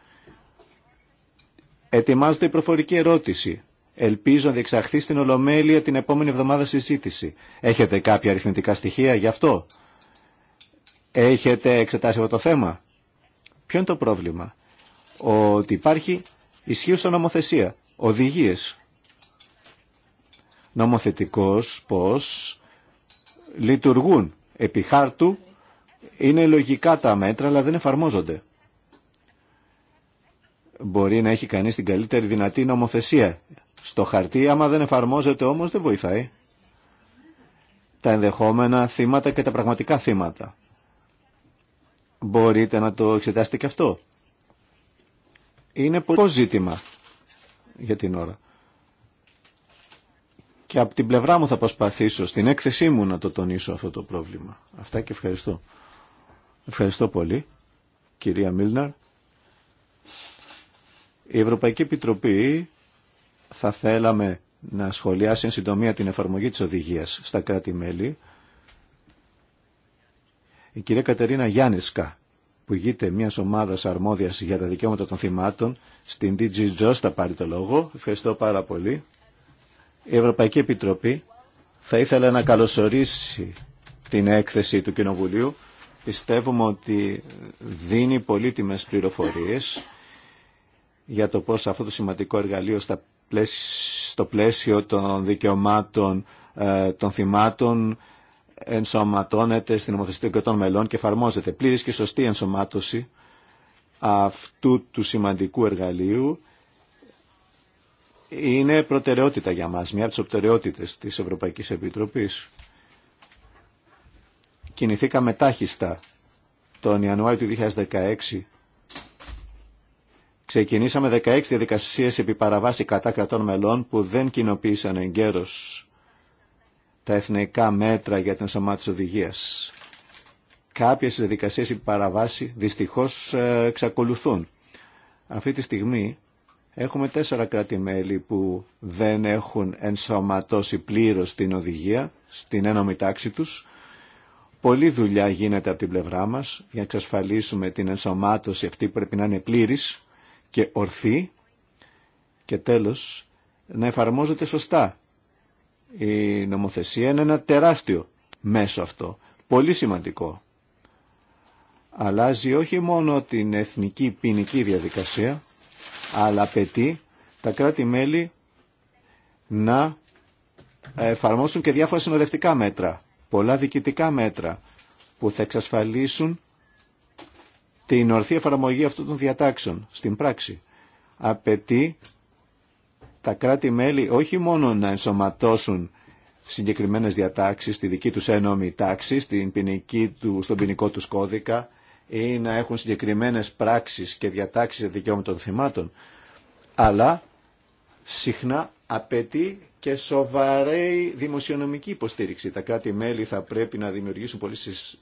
Ετοιμάζεται η προφορική ερώτηση. Ελπίζω να διεξαχθεί στην Ολομέλεια την επόμενη εβδομάδα συζήτηση. Έχετε κάποια αριθμητικά στοιχεία γι' αυτό. Έχετε εξετάσει αυτό το θέμα. Ποιο είναι το πρόβλημα. Ότι υπάρχει ισχύουσα νομοθεσία. Οδηγίες. Νομοθετικός πώς λειτουργούν επί χάρτου είναι λογικά τα μέτρα, αλλά δεν εφαρμόζονται. Μπορεί να έχει κανείς την καλύτερη δυνατή νομοθεσία στο χαρτί, άμα δεν εφαρμόζεται όμως δεν βοηθάει. Τα ενδεχόμενα θύματα και τα πραγματικά θύματα. Μπορείτε να το εξετάσετε και αυτό. Είναι πολύ ζήτημα για την ώρα. Και από την πλευρά μου θα προσπαθήσω στην έκθεσή μου να το τονίσω αυτό το πρόβλημα. Αυτά και ευχαριστώ. Ευχαριστώ πολύ, κυρία Μίλναρ. Η Ευρωπαϊκή Επιτροπή θα θέλαμε να σχολιάσει εν συντομία την εφαρμογή της οδηγίας στα κράτη-μέλη. Η κυρία Κατερίνα Γιάννησκα, που ηγείται μια ομάδα αρμόδιας για τα δικαιώματα των θυμάτων, στην DG Jost θα πάρει το λόγο. Ευχαριστώ πάρα πολύ. Η Ευρωπαϊκή Επιτροπή θα ήθελε να καλωσορίσει την έκθεση του Κοινοβουλίου Πιστεύουμε ότι δίνει πολύτιμες πληροφορίες για το πώς αυτό το σημαντικό εργαλείο στα στο πλαίσιο των δικαιωμάτων ε, των θυμάτων ενσωματώνεται στην Ομοθεσία των μελών και εφαρμόζεται πλήρης και σωστή ενσωμάτωση αυτού του σημαντικού εργαλείου είναι προτεραιότητα για μας, μια από τις προτεραιότητες της Ευρωπαϊκής Επιτροπής κινηθήκαμε τάχιστα τον Ιανουάριο του 2016. Ξεκινήσαμε 16 διαδικασίες επί παραβάση κατά κρατών μελών που δεν κοινοποίησαν εγκαίρως τα εθνικά μέτρα για την ενσωμάτωση οδηγίας. Κάποιες διαδικασίες επί παραβάση δυστυχώς ε, εξακολουθούν. Αυτή τη στιγμή έχουμε τέσσερα κράτη-μέλη που δεν έχουν ενσωματώσει πλήρως την οδηγία στην ένωμη τάξη τους Πολλή δουλειά γίνεται από την πλευρά μας για να εξασφαλίσουμε την ενσωμάτωση αυτή που πρέπει να είναι πλήρης και ορθή και τέλος να εφαρμόζεται σωστά. Η νομοθεσία είναι ένα τεράστιο μέσο αυτό, πολύ σημαντικό. Αλλάζει όχι μόνο την εθνική ποινική διαδικασία, αλλά απαιτεί τα κράτη-μέλη να εφαρμόσουν και διάφορα συνοδευτικά μέτρα πολλά διοικητικά μέτρα που θα εξασφαλίσουν την ορθή εφαρμογή αυτών των διατάξεων στην πράξη. Απαιτεί τα κράτη-μέλη όχι μόνο να ενσωματώσουν συγκεκριμένες διατάξεις στη δική τους ένωμη τάξη, στην ποινική του, στον ποινικό τους κώδικα ή να έχουν συγκεκριμένες πράξεις και διατάξεις για δικαιώματα των θυμάτων, αλλά συχνά απαιτεί και σοβαρή δημοσιονομική υποστήριξη. Τα κράτη-μέλη θα πρέπει να δημιουργήσουν πολύ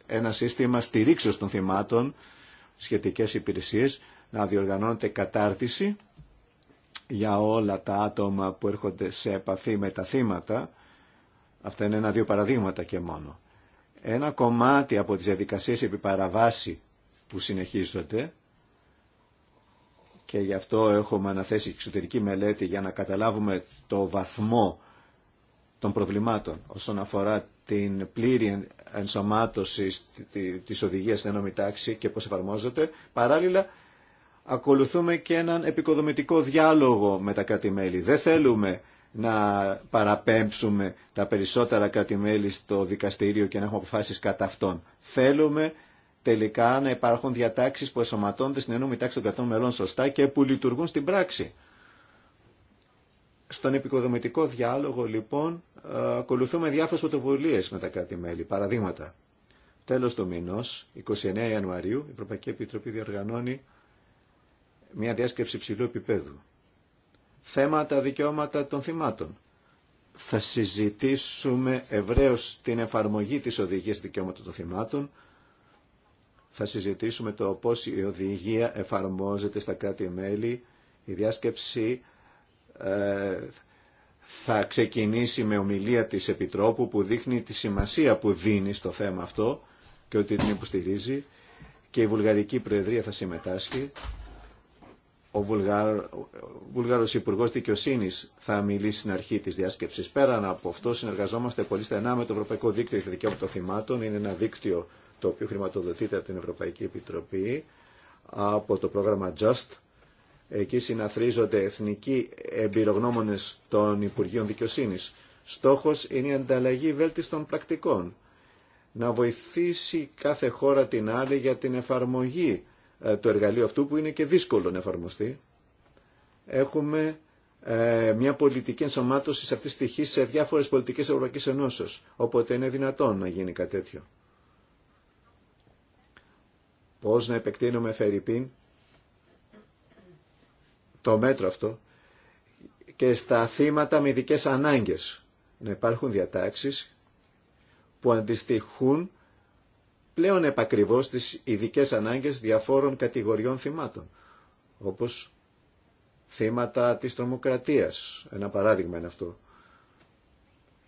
ένα σύστημα στηρίξεως των θυμάτων, σχετικές υπηρεσίες, να διοργανώνεται κατάρτιση για όλα τα άτομα που έρχονται σε επαφή με τα θύματα. Αυτά είναι ένα-δύο παραδείγματα και μόνο. Ένα κομμάτι από τις διαδικασίες επιπαραβάση που συνεχίζονται και γι' αυτό έχουμε αναθέσει εξωτερική μελέτη για να καταλάβουμε το βαθμό των προβλημάτων όσον αφορά την πλήρη ενσωμάτωση της οδηγίας στην ένωμη τάξη και πώς εφαρμόζεται. Παράλληλα, ακολουθούμε και έναν επικοδομητικό διάλογο με τα κρατη Δεν θέλουμε να παραπέμψουμε τα περισσότερα στο δικαστήριο και να έχουμε αποφάσεις κατά αυτών. Θέλουμε τελικά να υπάρχουν διατάξεις που εσωματώνται στην ενόμη τάξη των 100 μελών σωστά και που λειτουργούν στην πράξη. Στον επικοδομητικό διάλογο, λοιπόν, ε, ακολουθούμε διάφορες πρωτοβουλίε με τα κράτη-μέλη. Παραδείγματα. Τέλος του μηνός, 29 Ιανουαρίου, η Ευρωπαϊκή Επιτροπή διοργανώνει μια διάσκεψη ψηλού επίπεδου. Θέματα δικαιώματα των θυμάτων. Θα συζητήσουμε ευρέως την εφαρμογή της οδηγίας δικαιώματα των θυμάτων, θα συζητήσουμε το πώς η οδηγία εφαρμόζεται στα κράτη-μέλη. Η διάσκεψη ε, θα ξεκινήσει με ομιλία της Επιτρόπου που δείχνει τη σημασία που δίνει στο θέμα αυτό και ότι την υποστηρίζει και η Βουλγαρική Προεδρία θα συμμετάσχει. Ο, Βουλγαρ, ο Βουλγαρος Υπουργός Δικαιοσύνης θα μιλήσει στην αρχή της διάσκεψης. Πέραν από αυτό συνεργαζόμαστε πολύ στενά με το Ευρωπαϊκό Δίκτυο Εκδικαίων των Θυμάτων. Είναι ένα δίκτυο το οποίο χρηματοδοτείται από την Ευρωπαϊκή Επιτροπή από το πρόγραμμα JUST. Εκεί συναθρίζονται εθνικοί εμπειρογνώμονες των Υπουργείων Δικαιοσύνης. Στόχος είναι η ανταλλαγή βέλτιστων πρακτικών. Να βοηθήσει κάθε χώρα την άλλη για την εφαρμογή ε, του εργαλείου αυτού που είναι και δύσκολο να εφαρμοστεί. Έχουμε ε, μια πολιτική ενσωμάτωση σε αυτή τη πτυχή σε διάφορε πολιτικέ Ευρωπαϊκή Ενώσεω. Όποτε είναι δυνατόν να γίνει κάτι τέτοιο. Πώς να επεκτείνουμε Φερρυπίν το μέτρο αυτό και στα θύματα με ειδικέ ανάγκες να υπάρχουν διατάξεις που αντιστοιχούν πλέον επακριβώς τις ειδικέ ανάγκες διαφόρων κατηγοριών θυμάτων όπως θύματα της τρομοκρατίας ένα παράδειγμα είναι αυτό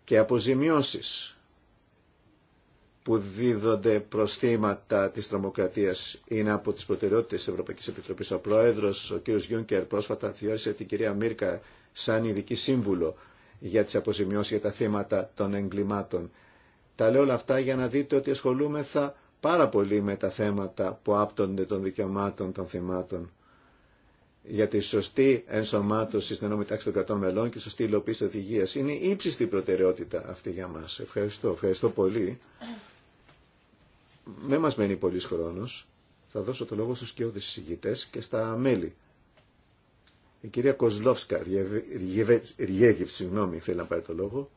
και αποζημιώσεις που δίδονται προστήματα της τρομοκρατίας είναι από τις προτεραιότητες της Ευρωπαϊκής Επιτροπής. Ο πρόεδρος, ο κ. Γιούνκερ, πρόσφατα θεώρησε την κυρία Μίρκα σαν ειδική σύμβουλο για τις αποζημιώσεις για τα θύματα των εγκλημάτων. Τα λέω όλα αυτά για να δείτε ότι ασχολούμεθα πάρα πολύ με τα θέματα που άπτονται των δικαιωμάτων των θυμάτων για τη σωστή ενσωμάτωση στην ενόμη τάξη των κρατών μελών και σωστή υλοποίηση οδηγία. Είναι ύψιστη προτεραιότητα αυτή για μα. Ευχαριστώ. Ευχαριστώ πολύ με μας μένει πολύς χρόνος. Θα δώσω το λόγο στους κοιόδης συζητητές και στα μέλη. Η κυρία Κοσλόφσκα, Ριέγευ, συγγνώμη, θέλει να πάρει το λόγο.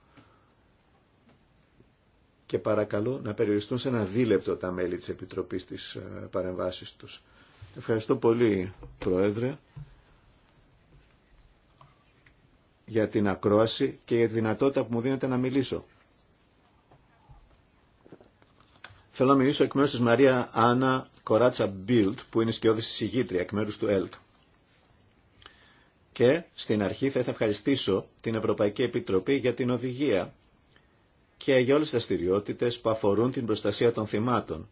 Και παρακαλώ να περιοριστούν σε ένα δίλεπτο τα μέλη της Επιτροπής της ε, παρεμβάσεις τους. Ευχαριστώ πολύ, Πρόεδρε, για την ακρόαση και για τη δυνατότητα που μου δίνετε να μιλήσω. Θέλω να μιλήσω εκ μέρους της Μαρία Άννα Κοράτσα Μπίλτ, που είναι σκιώδης συγγήτρια εκ μέρους του ΕΛΚ. Και στην αρχή θα ήθελα ευχαριστήσω την Ευρωπαϊκή Επιτροπή για την οδηγία και για όλες τις δραστηριότητε που αφορούν την προστασία των θυμάτων,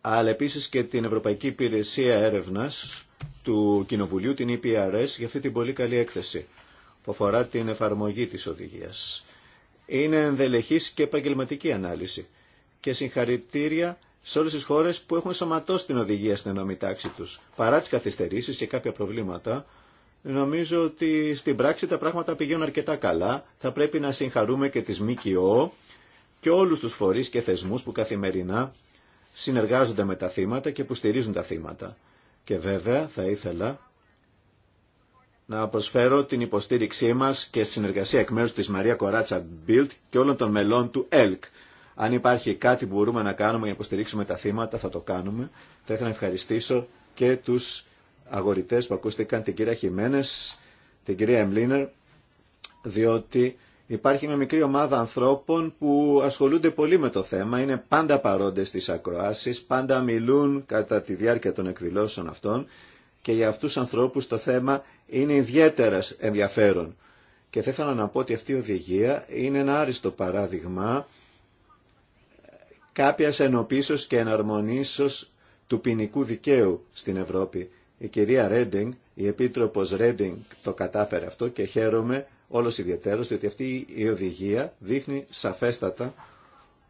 αλλά επίσης και την Ευρωπαϊκή Υπηρεσία Έρευνας του Κοινοβουλίου, την EPRS, για αυτή την πολύ καλή έκθεση που αφορά την εφαρμογή της οδηγίας. Είναι ενδελεχής και επαγγελματική ανάλυση και συγχαρητήρια σε όλες τις χώρες που έχουν σωματώσει την οδηγία στην ενόμη τάξη του. Παρά τις καθυστερήσεις και κάποια προβλήματα, νομίζω ότι στην πράξη τα πράγματα πηγαίνουν αρκετά καλά. Θα πρέπει να συγχαρούμε και τις ΜΚΟ και όλους τους φορείς και θεσμούς που καθημερινά συνεργάζονται με τα θύματα και που στηρίζουν τα θύματα. Και βέβαια θα ήθελα να προσφέρω την υποστήριξή μας και συνεργασία εκ μέρους της Μαρία Κοράτσα Μπίλτ και όλων των μελών του ΕΛΚ αν υπάρχει κάτι που μπορούμε να κάνουμε για να υποστηρίξουμε τα θύματα, θα το κάνουμε. Θα ήθελα να ευχαριστήσω και του αγορητέ που ακούστηκαν, την κυρία Χιμένε, την κυρία Εμλίνερ, διότι υπάρχει μια μικρή ομάδα ανθρώπων που ασχολούνται πολύ με το θέμα, είναι πάντα παρόντε στι ακροάσει, πάντα μιλούν κατά τη διάρκεια των εκδηλώσεων αυτών και για αυτού του ανθρώπου το θέμα είναι ιδιαίτερα ενδιαφέρον. Και θα ήθελα να πω ότι αυτή η οδηγία είναι ένα άριστο παράδειγμα κάποιας ενοπίσως και εναρμονίσεως του ποινικού δικαίου στην Ευρώπη. Η κυρία Ρέντινγκ, η Επίτροπος Ρέντινγκ το κατάφερε αυτό και χαίρομαι όλος ιδιαίτερος διότι αυτή η οδηγία δείχνει σαφέστατα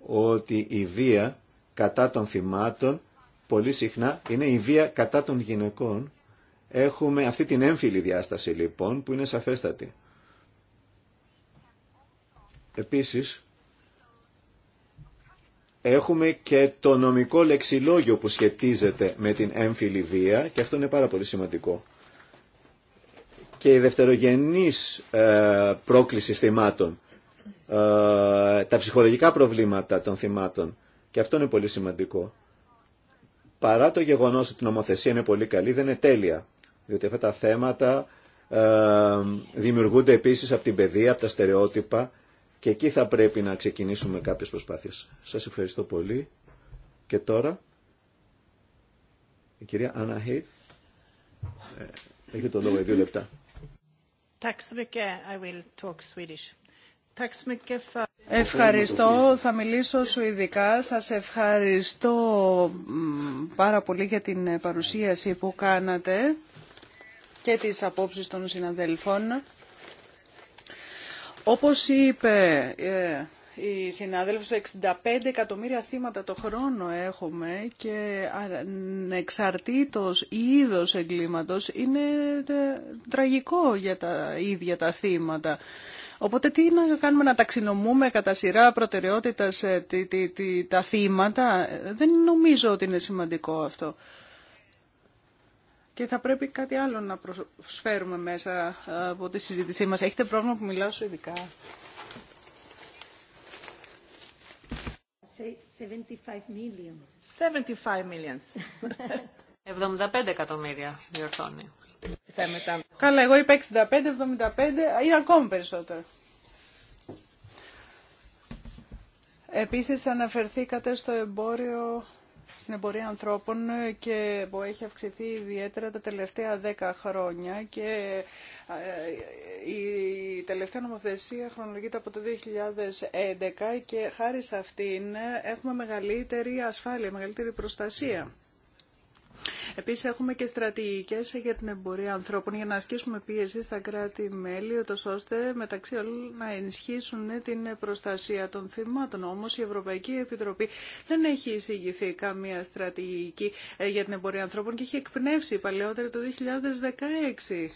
ότι η βία κατά των θυμάτων πολύ συχνά είναι η βία κατά των γυναικών. Έχουμε αυτή την έμφυλη διάσταση λοιπόν που είναι σαφέστατη. Επίσης, έχουμε και το νομικό λεξιλόγιο που σχετίζεται με την έμφυλη βία και αυτό είναι πάρα πολύ σημαντικό. Και η δευτερογενής ε, πρόκληση θυμάτων, ε, τα ψυχολογικά προβλήματα των θυμάτων και αυτό είναι πολύ σημαντικό. Παρά το γεγονός ότι η νομοθεσία είναι πολύ καλή, δεν είναι τέλεια. Διότι αυτά τα θέματα ε, δημιουργούνται επίσης από την παιδεία, από τα στερεότυπα και εκεί θα πρέπει να ξεκινήσουμε κάποιες προσπάθειες. Σας ευχαριστώ πολύ. Και τώρα, η κυρία Άννα Χέιτ, ε, έχει το λόγο για δύο λεπτά. Ευχαριστώ. Θα μιλήσω σουηδικά. ειδικά. Σας ευχαριστώ πάρα πολύ για την παρουσίαση που κάνατε και τις απόψεις των συναδέλφων. Όπως είπε ε, η συνάδελφος, 65 εκατομμύρια θύματα το χρόνο έχουμε και ανεξαρτήτως είδος εγκλήματος είναι ε, τραγικό για τα ίδια τα θύματα. Οπότε τι να κάνουμε να ταξινομούμε κατά σειρά προτεραιότητας ε, τα θύματα. Δεν νομίζω ότι είναι σημαντικό αυτό. Και θα πρέπει κάτι άλλο να προσφέρουμε μέσα ε, από τη συζήτησή μας. Έχετε πρόβλημα που μιλάω σου ειδικά. 75 million. 75 million. 75 εκατομμύρια διορθώνει. Καλά, εγώ είπα 65, 75 ή ακόμη περισσότερο. Επίσης αναφερθήκατε στο εμπόριο στην εμπορία ανθρώπων και που έχει αυξηθεί ιδιαίτερα τα τελευταία δέκα χρόνια και ε, η τελευταία νομοθεσία χρονολογείται από το 2011 και χάρη σε αυτήν έχουμε μεγαλύτερη ασφάλεια, μεγαλύτερη προστασία. Επίσης έχουμε και στρατηγικές για την εμπορία ανθρώπων για να ασκήσουμε πίεση στα κράτη-μέλη ώστε μεταξύ όλων να ενισχύσουν την προστασία των θυμάτων. Όμως η Ευρωπαϊκή Επιτροπή δεν έχει εισηγηθεί καμία στρατηγική ε, για την εμπορία ανθρώπων και έχει εκπνεύσει παλαιότερα το 2016.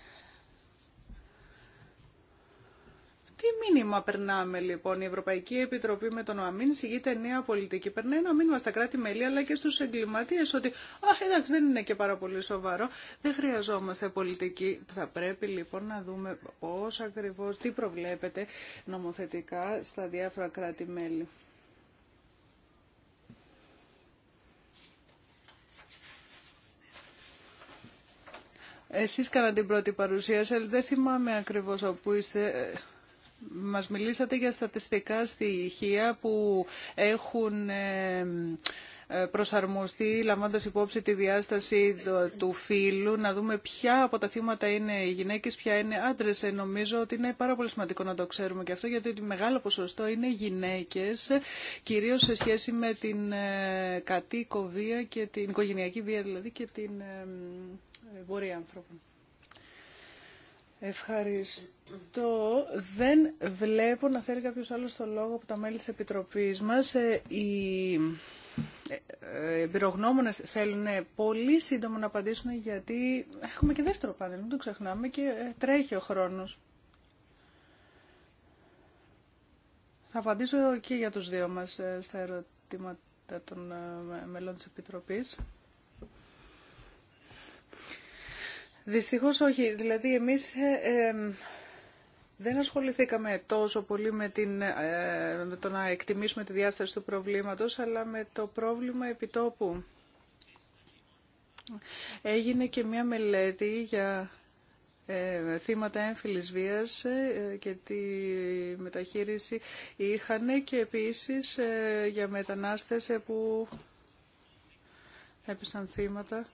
Τι μήνυμα περνάμε λοιπόν, η Ευρωπαϊκή Επιτροπή με τον ΟΑΜΗΝ συγείται νέα πολιτική. Περνάει ένα μήνυμα στα κράτη-μέλη αλλά και στου εγκληματίε ότι α, εντάξει δεν είναι και πάρα πολύ σοβαρό, δεν χρειαζόμαστε πολιτική. Θα πρέπει λοιπόν να δούμε πώ ακριβώ, τι προβλέπετε νομοθετικά στα διάφορα κράτη-μέλη. Εσείς κάνατε την πρώτη παρουσίαση, δεν θυμάμαι ακριβώς όπου είστε. Μας μιλήσατε για στατιστικά στοιχεία που έχουν ε, ε, προσαρμοστεί λαμβάνοντας υπόψη τη διάσταση του φύλου, να δούμε ποια από τα θύματα είναι οι γυναίκες, ποια είναι άντρες. Ε, νομίζω ότι είναι πάρα πολύ σημαντικό να το ξέρουμε και αυτό, γιατί το μεγάλο ποσοστό είναι γυναίκες, κυρίως σε σχέση με την κατοίκο βία και την οικογενειακή βία, δηλαδή και την βορεία ανθρώπων. Ευχαριστώ. Δεν βλέπω να θέλει κάποιο άλλο το λόγο από τα μέλη της Επιτροπής μας. Ε, οι ε, εμπειρογνώμονε θέλουν πολύ σύντομα να απαντήσουν γιατί έχουμε και δεύτερο πάνελ, μην το ξεχνάμε και ε, τρέχει ο χρόνος. Θα απαντήσω και για τους δύο μας στα ερωτήματα των μελών της Επιτροπής. Δυστυχώς όχι. Δηλαδή εμείς ε, ε, δεν ασχοληθήκαμε τόσο πολύ με, την, ε, με το να εκτιμήσουμε τη διάσταση του προβλήματος, αλλά με το πρόβλημα επιτόπου. Έγινε και μία μελέτη για θύματα έμφυλης βίας και τη μεταχείριση είχαν και επίσης για μετανάστες που έπεσαν θύματα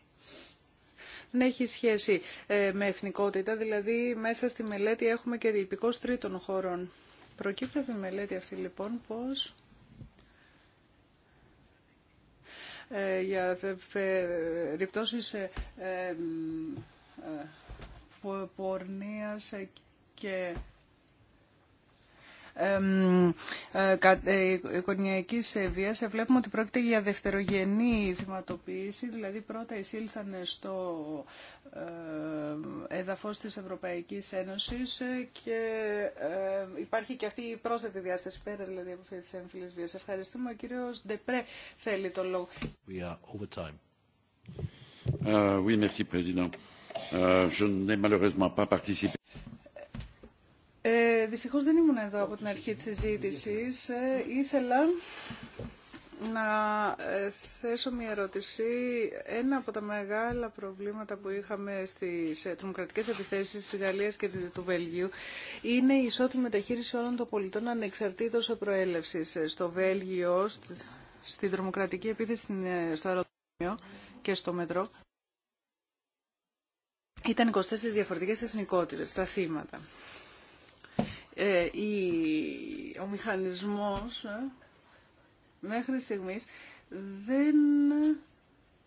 δεν ναι, έχει σχέση ε, με εθνικότητα, δηλαδή μέσα στη μελέτη έχουμε και διεπικός τρίτων χωρών. Προκύπτει από τη μελέτη αυτή λοιπόν πως ε, για περιπτώσεις ε, ε, ε πορνείας και οικογενειακής ε, ε, βίας ε, βλέπουμε ότι πρόκειται για δευτερογενή θυματοποίηση, δηλαδή πρώτα εισήλθαν στο εδαφός της Ευρωπαϊκής Ένωσης και υπάρχει και αυτή η πρόσθετη διάσταση πέρα δηλαδή από αυτή της έμφυλης βίας. Ευχαριστούμε. Ο κύριος Ντεπρέ θέλει το λόγο. oui, merci, Président. je malheureusement pas participé. Ε, δυστυχώς δεν ήμουν εδώ από την αρχή της συζήτηση. Ε, ήθελα να ε, θέσω μια ερώτηση. Ένα από τα μεγάλα προβλήματα που είχαμε στις ε, τρομοκρατικές επιθέσεις της Γαλλίας και του Βέλγιου είναι η ισότιμη μεταχείριση όλων των πολιτών ανεξαρτήτως προέλευση Στο Βέλγιο, στην τρομοκρατική επίθεση στο αεροδρόμιο και στο μετρό, ήταν 24 διαφορετικές εθνικότητες τα θύματα. Ε, ο μηχανισμός ε, μέχρι στιγμής δεν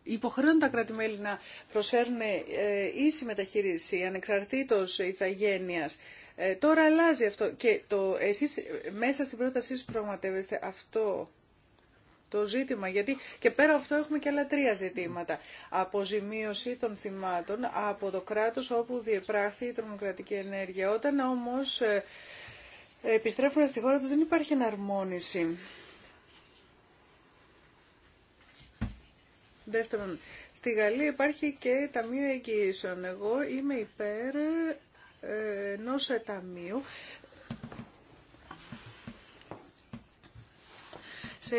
υποχρεώνει τα κράτη-μέλη να προσφέρουν ε, ίση μεταχείριση ανεξαρτήτως ηθαγένειας. τώρα αλλάζει αυτό και το, εσείς μέσα στην πρόταση σας πραγματεύεστε αυτό το ζήτημα, γιατί και πέρα από αυτό έχουμε και άλλα τρία ζητήματα. Αποζημίωση των θυμάτων από το κράτος όπου διεπράχθη η τρομοκρατική ενέργεια. Όταν όμως επιστρέφουν στη χώρα τους δεν υπάρχει εναρμόνιση. Δεύτερον, στη Γαλλία υπάρχει και ταμείο εγγυήσεων. Εγώ είμαι υπέρ ε, ενό ταμείου σε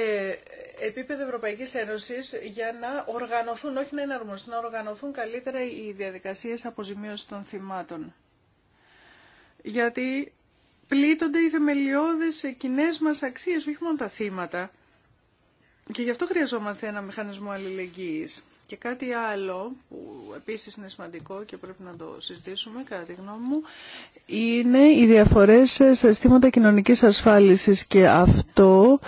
επίπεδο Ευρωπαϊκής Ένωσης για να οργανωθούν, όχι να είναι να οργανωθούν καλύτερα οι διαδικασίες αποζημίωσης των θυμάτων. Γιατί πλήττονται οι θεμελιώδες κοινέ μας αξίες, όχι μόνο τα θύματα. Και γι' αυτό χρειαζόμαστε ένα μηχανισμό αλληλεγγύης. Και κάτι άλλο που επίσης είναι σημαντικό και πρέπει να το συζητήσουμε κατά τη γνώμη μου είναι οι διαφορές στα αισθήματα κοινωνικής ασφάλισης και αυτό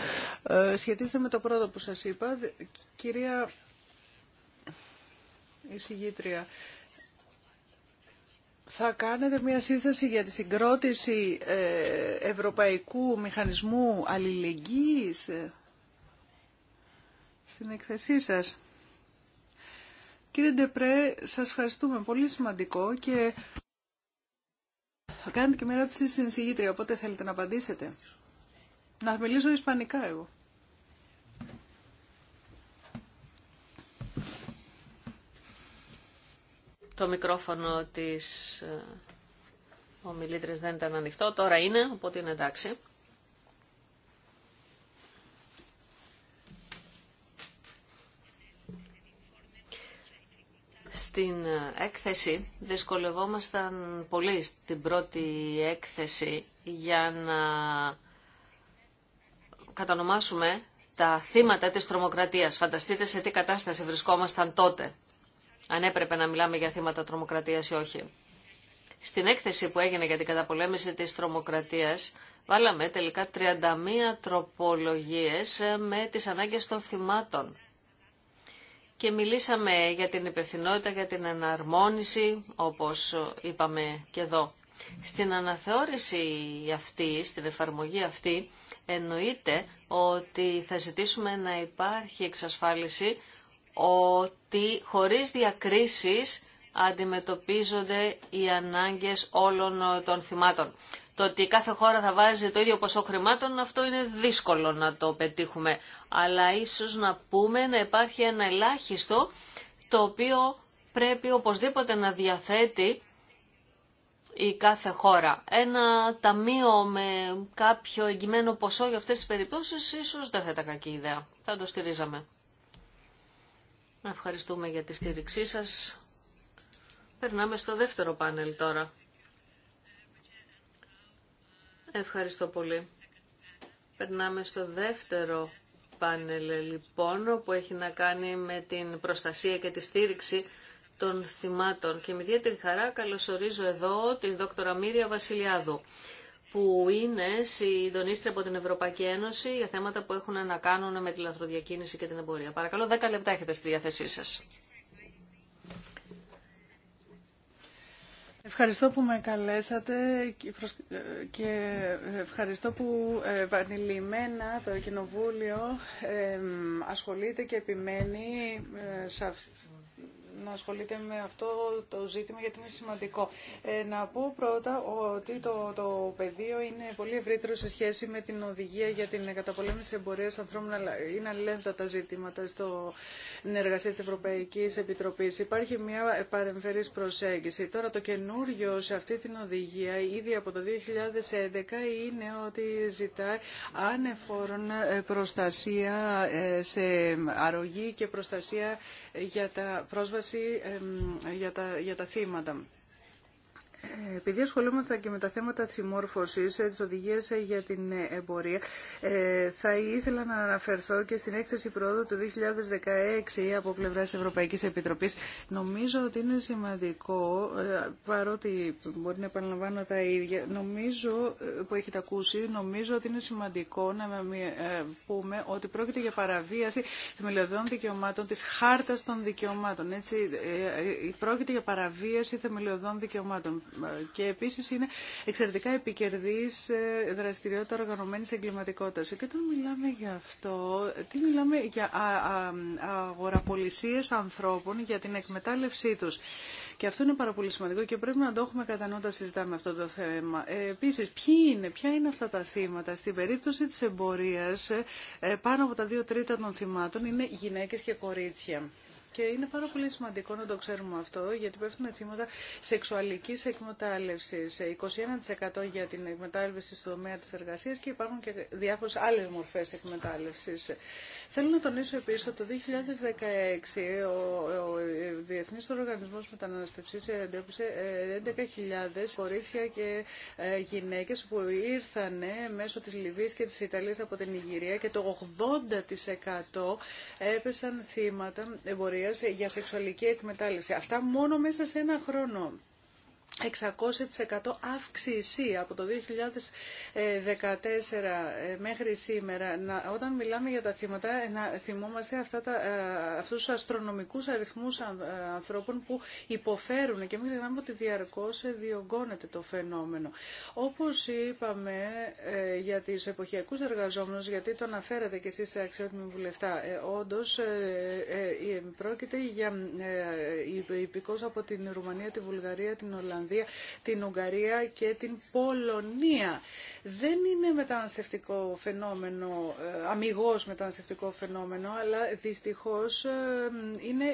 ε, σχετίζεται με το πρώτο που σας είπα. Κυρία εισηγήτρια, θα κάνετε μια σύνθεση για τη συγκρότηση ε, Ευρωπαϊκού Μηχανισμού Αλληλεγγύης ε, στην εκθεσή σας. Κύριε Ντεπρέ, σας ευχαριστούμε. Πολύ σημαντικό και θα κάνετε και μια ερώτηση στην συγγήτρια. οπότε θέλετε να απαντήσετε. Να μιλήσω ισπανικά εγώ. Το μικρόφωνο της ε, ομιλήτρες δεν ήταν ανοιχτό, τώρα είναι, οπότε είναι εντάξει. Στην ε, έκθεση δυσκολευόμασταν πολύ στην πρώτη έκθεση για να κατανομάσουμε τα θύματα της τρομοκρατίας. Φανταστείτε σε τι κατάσταση βρισκόμασταν τότε αν έπρεπε να μιλάμε για θύματα τρομοκρατίας ή όχι. Στην έκθεση που έγινε για την καταπολέμηση της τρομοκρατίας, βάλαμε τελικά 31 τροπολογίες ε, με τις ανάγκες των θυμάτων. Και μιλήσαμε για την υπευθυνότητα, για την εναρμόνιση, όπως ε, είπαμε και εδώ. Στην αναθεώρηση αυτή, στην εφαρμογή αυτή, εννοείται ότι θα ζητήσουμε να υπάρχει εξασφάλιση ότι χωρίς διακρίσεις αντιμετωπίζονται οι ανάγκες όλων ε, των θυμάτων. Το ότι κάθε χώρα θα βάζει το ίδιο ποσό χρημάτων, αυτό είναι δύσκολο να το πετύχουμε. Αλλά ίσως να πούμε να υπάρχει ένα ελάχιστο το οποίο πρέπει οπωσδήποτε να διαθέτει η κάθε χώρα. Ένα ταμείο με κάποιο εγγυμένο ποσό για αυτές τις περιπτώσεις ίσως δεν θα ήταν κακή ιδέα. Θα το στηρίζαμε. Ευχαριστούμε για τη στήριξή σας. Περνάμε στο δεύτερο πάνελ τώρα. Ευχαριστώ πολύ. Περνάμε στο δεύτερο πάνελ λοιπόν που έχει να κάνει με την προστασία και τη στήριξη των θυμάτων και με ιδιαίτερη χαρά καλωσορίζω εδώ την δόκτωρα Μύρια Βασιλιάδου που είναι συντονίστρια από την Ευρωπαϊκή Ένωση για θέματα που έχουν να κάνουν με τη λαθροδιακίνηση και την εμπορία. Παρακαλώ, 10 λεπτά έχετε στη διάθεσή σας. Ευχαριστώ που με καλέσατε και ευχαριστώ που ε, επανειλημμένα το Κοινοβούλιο ασχολείται και επιμένει ε, να ασχολείται με αυτό το ζήτημα γιατί είναι σημαντικό. Ε, να πω πρώτα ότι το, το πεδίο είναι πολύ ευρύτερο σε σχέση με την οδηγία για την καταπολέμηση εμπορία ανθρώπων, αλλά είναι αλληλένδετα τα ζητήματα στην εργασία τη Ευρωπαϊκή Επιτροπή. Υπάρχει μια παρεμφερή προσέγγιση. Τώρα το καινούριο σε αυτή την οδηγία ήδη από το 2011 είναι ότι ζητάει ανεφόρον ε, προστασία ε, σε αρρωγή και προστασία για τα πρόσβαση πρόταση για τα, για τα θύματα. Ε, επειδή ασχολούμαστε και με τα θέματα της συμμόρφωσης, ε, της οδηγίας ε, για την εμπορία, θα ήθελα να αναφερθώ και στην έκθεση πρόοδου του 2016 από πλευράς Ευρωπαϊκής Επιτροπής. Νομίζω ότι είναι σημαντικό, παρότι μπορεί να επαναλαμβάνω τα ίδια, νομίζω που έχετε ακούσει, νομίζω ότι είναι σημαντικό να πούμε ότι πρόκειται για παραβίαση θεμελιωδών δικαιωμάτων, της χάρτας των δικαιωμάτων. Έτσι, πρόκειται για παραβίαση θεμελιωδών δικαιωμάτων και επίσης είναι εξαιρετικά επικερδής ε, δραστηριότητα οργανωμένης εγκληματικότητας. Και όταν μιλάμε για αυτό, τι μιλάμε για αγοραπολισίες ανθρώπων για την εκμετάλλευσή τους. Και αυτό είναι πάρα πολύ σημαντικό και πρέπει να το έχουμε κατά συζητάμε αυτό το θέμα. Ε, είναι ποια είναι αυτά τα θύματα. Στην περίπτωση τη εμπορία, ε, πάνω από τα δύο τρίτα των θυμάτων είναι γυναίκες και κορίτσια. Και είναι πάρα πολύ σημαντικό να το ξέρουμε αυτό, γιατί πέφτουν θύματα σεξουαλική εκμετάλλευση. 21% ε, για την εκμετάλλευση στο τομέα τη εργασία και υπάρχουν και διάφορε άλλε μορφέ εκμετάλλευσης. Θέλω να τονίσω επίση ότι το 2016 ο, ο Διεθνής Οργανισμός Μεταναστευσής εντόπισε 11.000 ε, κορίτσια και ε, γυναίκε που ήρθαν μέσω τη Λιβύης και τη Ιταλία από την Ιγυρία και το 80% έπεσαν θύματα εμπορία για σεξουαλική εκμετάλλευση. Αυτά μόνο μέσα σε ένα χρόνο. 600% αύξηση από το 2014 ε, μέχρι σήμερα. Να, όταν μιλάμε για τα θύματα, ε, να θυμόμαστε αυτά τα, ε, αυτούς τους αστρονομικούς αριθμούς ανθρώπων που υποφέρουν και μην ξεχνάμε ότι διαρκώς διωγγώνεται το φαινόμενο. Όπως είπαμε για τις εποχιακούς εργαζόμενους, γιατί το αναφέρατε και εσείς αξιότιμη βουλευτά, ε, όντως πρόκειται για υπηκός από την Ρουμανία, τη Βουλγαρία, την Ολλανδία, Ολλανδία, την Ουγγαρία και την Πολωνία. Δεν είναι μεταναστευτικό φαινόμενο, ε, αμυγός μεταναστευτικό φαινόμενο, αλλά δυστυχώς ε, είναι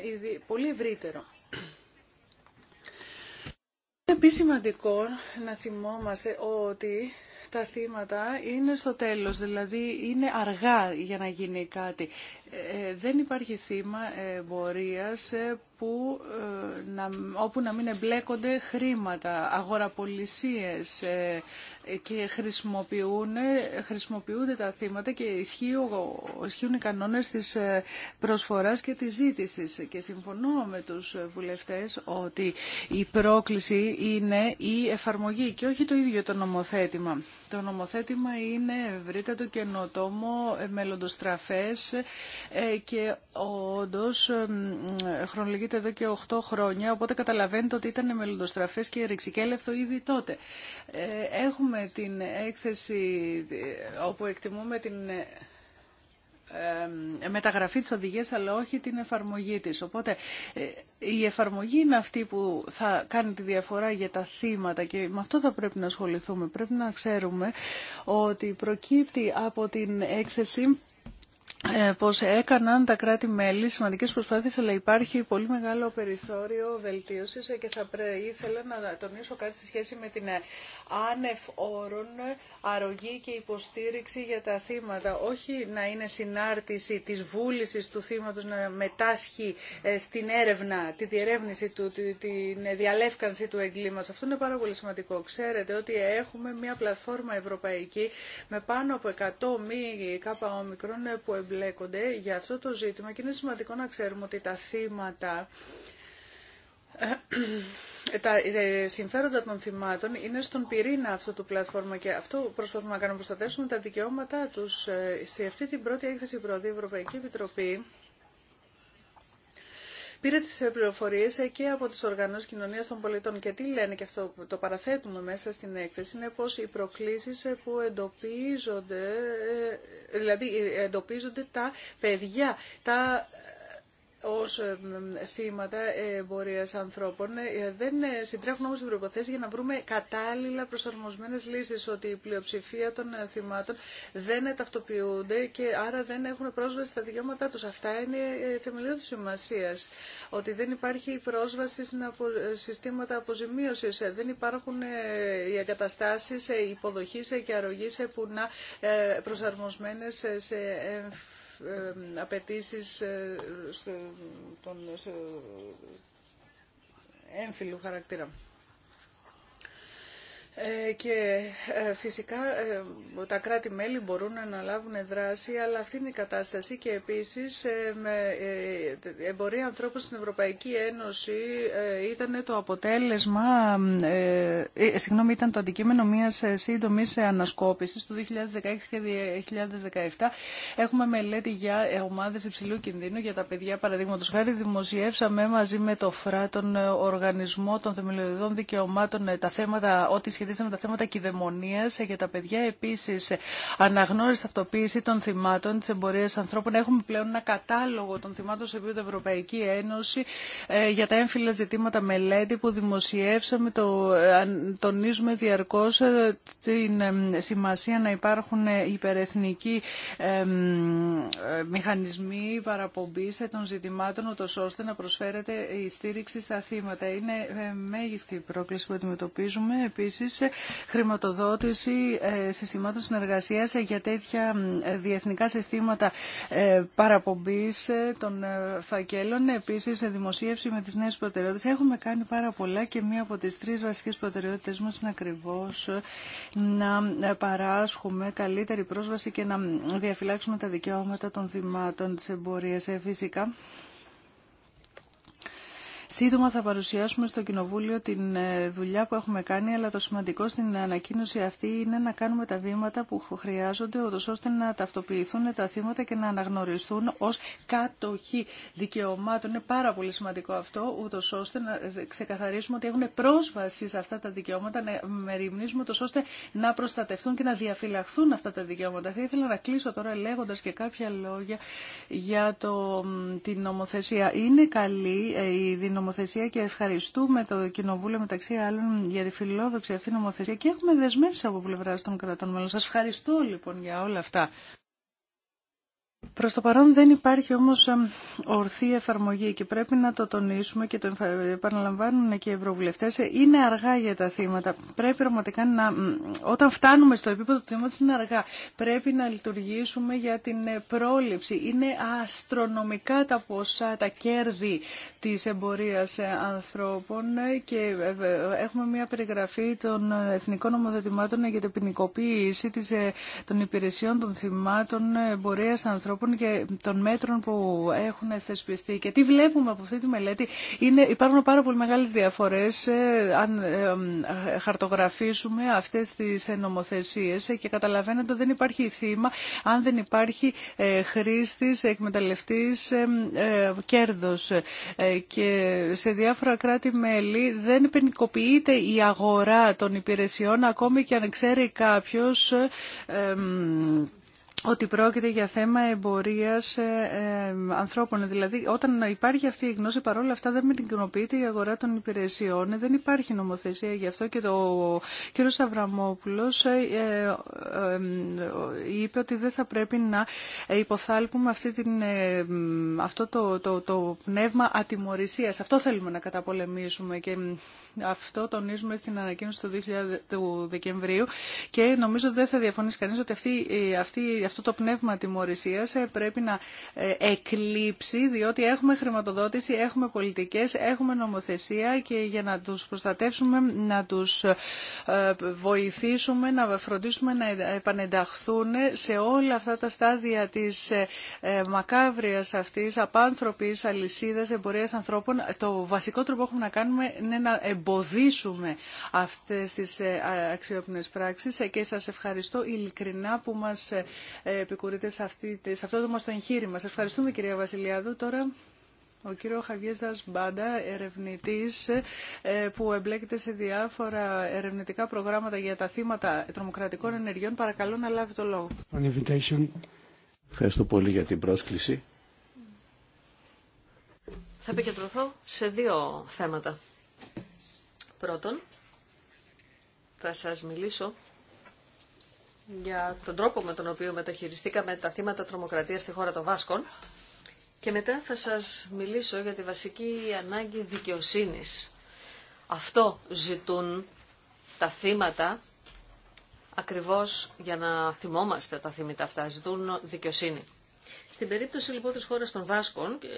πολύ ευρύτερο. Είναι επίσης σημαντικό να θυμόμαστε ότι τα θύματα είναι στο τέλος, δηλαδή είναι αργά για να γίνει κάτι. Ε, δεν υπάρχει θύμα εμπορίας ε, που, ε, να, όπου να μην εμπλέκονται χρήματα, αγοραπολισίες και χρησιμοποιούν, χρησιμοποιούνται τα θύματα και ισχύουν οι κανόνες της προσφοράς και της ζήτησης. Και συμφωνώ με τους βουλευτές ότι η πρόκληση είναι η εφαρμογή και όχι το ίδιο το νομοθέτημα. Το νομοθέτημα είναι ευρύτατο καινοτόμο, μελλοντοστραφές ε, και όντως ε, χρονολογείται εδώ και 8 χρόνια, οπότε καταλαβαίνετε ότι ήταν μελλοντοστραφές και ρηξικέλευτο ήδη τότε. Ε, έχουμε την έκθεση όπου εκτιμούμε την μεταγραφή της οδηγίας αλλά όχι την εφαρμογή της. Οπότε η εφαρμογή είναι αυτή που θα κάνει τη διαφορά για τα θύματα και με αυτό θα πρέπει να ασχοληθούμε. Πρέπει να ξέρουμε ότι προκύπτει από την έκθεση ε, πως έκαναν τα κράτη-μέλη σημαντικές προσπάθειες, αλλά υπάρχει πολύ μεγάλο περιθώριο βελτίωσης και θα ήθελα να τονίσω κάτι σε σχέση με την ε, άνευ όρων, αρρωγή και υποστήριξη για τα θύματα. Όχι να είναι συνάρτηση της βούλησης του θύματος να μετάσχει ε, στην έρευνα, τη διερεύνηση του, την διαλεύκανση του εγκλήματος. Αυτό είναι πάρα πολύ σημαντικό. Ξέρετε ότι έχουμε μια πλατφόρμα ευρωπαϊκή με πάνω από 100 μη κάπα που εμπλέκονται για αυτό το ζήτημα και είναι σημαντικό να ξέρουμε ότι τα θύματα ε, τα ε, συμφέροντα των θυμάτων είναι στον πυρήνα αυτού του πλατφόρμα και αυτό προσπαθούμε να κάνουμε προστατεύσουμε τα δικαιώματά τους. Ε, σε αυτή την πρώτη έκθεση προοδεί η Ευρωπαϊκή Επιτροπή Πήρε τις πληροφορίες και από τις οργανώσεις κοινωνίας των πολιτών και τι λένε και αυτό το παραθέτουμε μέσα στην έκθεση είναι πως οι προκλήσεις που εντοπίζονται, ε, δηλαδή ε, εντοπίζονται τα παιδιά, τα ως ε, θύματα εμπορίας ανθρώπων. Ε, δεν ε, συντρέχουν όμως οι προποθέσει για να βρούμε κατάλληλα προσαρμοσμένες λύσεις ότι η πλειοψηφία των θυμάτων δεν ταυτοποιούνται και άρα δεν έχουν πρόσβαση στα δικαιώματά τους. Αυτά είναι θεμελιώδη σημασία. Ότι δεν υπάρχει πρόσβαση σε συστήματα αποζημίωσης, δεν υπάρχουν οι εγκαταστάσεις υποδοχής και αρρωγής που να προσαρμοσμένες σε ε, απαιτήσει ε, των εμφυλού χαρακτήρα. Ε, και ε, φυσικά ε, τα κράτη-μέλη μπορούν να αναλάβουν δράση, αλλά αυτή είναι η κατάσταση και επίσης με εμπορία ανθρώπων στην Ευρωπαϊκή Ένωση ήταν το αποτέλεσμα, συγγνώμη, ήταν το αντικείμενο μιας σύντομης ανασκόπησης του 2016 και 2017. Έχουμε μελέτη για ομάδες υψηλού κινδύνου για τα παιδιά, παραδείγματο χάρη δημοσιεύσαμε μαζί με το ΦΡΑ, τον Οργανισμό των Θεμελιωδών Δικαιωμάτων, τα θέματα ό,τι σχετίζεται με τα θέματα κυδαιμονίας ε, για τα παιδιά. Επίσης, ε, αναγνώριση ταυτοποίηση των θυμάτων τη εμπορία ανθρώπων. Έχουμε πλέον ένα κατάλογο των θυμάτων σε επίπεδο Ευρωπαϊκή Ένωση ε, για τα έμφυλα ζητήματα μελέτη που δημοσιεύσαμε. Το, τονίζουμε διαρκώς την σημασία να υπάρχουν υπερεθνικοί μηχανισμοί παραπομπή των ζητημάτων, ώστε να προσφέρεται η στήριξη στα θύματα. Είναι μέγιστη η πρόκληση που αντιμετωπίζουμε. Επίσης, ε, χρηματοδότηση ε, συστημάτων συνεργασίας ε, για τέτοια διεθνικά συστήματα παραπομπής των φακέλων. Επίσης, δημοσίευση με τις νέε προτεραιότητε. Έχουμε κάνει πάρα πολλά και μία από τις τρεις βασικέ προτεραιότητε μας είναι ακριβώς να παράσχουμε καλύτερη πρόσβαση και να διαφυλάξουμε τα δικαιώματα των θυμάτων της εμπορίας. Φυσικά, Σύντομα θα παρουσιάσουμε στο Κοινοβούλιο την ε, δουλειά που έχουμε κάνει, αλλά το σημαντικό στην ανακοίνωση αυτή είναι να κάνουμε τα βήματα που χρειάζονται, ούτως ώστε να ταυτοποιηθούν τα θύματα και να αναγνωριστούν ως κατοχή δικαιωμάτων. Είναι πάρα πολύ σημαντικό αυτό, ούτω ώστε να ε, ξεκαθαρίσουμε ότι έχουν πρόσβαση σε αυτά τα δικαιώματα, να μεριμνήσουμε, ούτω ώστε να προστατευτούν και να διαφυλαχθούν αυτά τα δικαιώματα. Θα ήθελα να κλείσω τώρα λέγοντα και κάποια λόγια για το, την νομοθεσία. Είναι καλή ε, η νομοθεσία και ευχαριστούμε το Κοινοβούλιο μεταξύ άλλων για τη φιλόδοξη αυτή νομοθεσία και έχουμε δεσμεύσει από πλευρά των κρατών μέλων. Σας ευχαριστώ λοιπόν για όλα αυτά. Προς το παρόν δεν υπάρχει όμως ορθή εφαρμογή και πρέπει να το τονίσουμε και το επαναλαμβάνουν και οι ευρωβουλευτές. Είναι αργά για τα θύματα. Πρέπει πραγματικά να... Όταν φτάνουμε στο επίπεδο του θύματος είναι αργά. Πρέπει να λειτουργήσουμε για την ε, πρόληψη. Είναι αστρονομικά τα ποσά, τα κέρδη της εμπορίας ε, ανθρώπων ε, και έχουμε μια περιγραφή των εθνικών νομοθετημάτων για την ποινικοποίηση των υπηρεσιών των θυμάτων εμπορίας ανθρώπων και των μέτρων που έχουν θεσπιστεί. Και τι βλέπουμε από αυτή τη μελέτη είναι υπάρχουν πάρα πολύ μεγάλες διαφορές ε, αν χαρτογραφήσουμε αυτές τις νομοθεσίες ε, και καταλαβαίνετε ότι δεν υπάρχει θύμα αν δεν υπάρχει ε, χρήστης, εκμεταλλευτής κέρδος. Και σε διάφορα κράτη-μέλη δεν ποινικοποιείται η αγορά των υπηρεσιών ακόμη και αν ξέρει κάποιος ότι πρόκειται για θέμα εμπορίας ε, ε, ανθρώπων. Δηλαδή, όταν υπάρχει αυτή η γνώση, παρόλα αυτά δεν με κοινοποιείται η αγορά των υπηρεσιών. Δεν υπάρχει νομοθεσία γι' αυτό και το κ. Σαβραμόπουλος ε, ε, είπε ότι δεν θα πρέπει να υποθάλπουμε αυτή την, αυτό το, το, πνεύμα ατιμορρησίας. Αυτό θέλουμε να καταπολεμήσουμε και αυτό τονίζουμε στην ανακοίνωση του, 2000, του Δεκεμβρίου και νομίζω δεν θα διαφωνήσει κανείς ότι αυτή, αυτή αυτό το πνεύμα τιμωρησία ε, πρέπει να ε, εκλείψει, διότι έχουμε χρηματοδότηση, έχουμε πολιτικές, έχουμε νομοθεσία και για να τους προστατεύσουμε, να τους ε, βοηθήσουμε, να φροντίσουμε να επανενταχθούν σε όλα αυτά τα στάδια της μακάβριας αυτής, απάνθρωπης αλυσίδα, εμπορία ανθρώπων. Το βασικό τρόπο που έχουμε να κάνουμε είναι να εμποδίσουμε αυτές τις αξιόπινες πράξεις και σας ευχαριστώ ειλικρινά που μας επικουρείται σε, αυτό το μας το εγχείρημα. Σας ευχαριστούμε κυρία Βασιλιάδου. Τώρα ο κύριο Χαβιέζας Μπάντα, ερευνητής ε, που εμπλέκεται σε διάφορα ερευνητικά προγράμματα για τα θύματα τρομοκρατικών ενεργειών. Παρακαλώ να λάβει το λόγο. Ευχαριστώ πολύ για την πρόσκληση. Θα επικεντρωθώ σε δύο θέματα. Πρώτον, θα σας μιλήσω για τον τρόπο με τον οποίο μεταχειριστήκαμε τα θύματα τρομοκρατίας στη χώρα των Βάσκων και μετά θα σας μιλήσω για τη βασική ανάγκη δικαιοσύνης. Αυτό ζητούν τα θύματα ακριβώς για να θυμόμαστε τα θύματα αυτά, ζητούν δικαιοσύνη. Στην περίπτωση λοιπόν της χώρας των Βάσκων και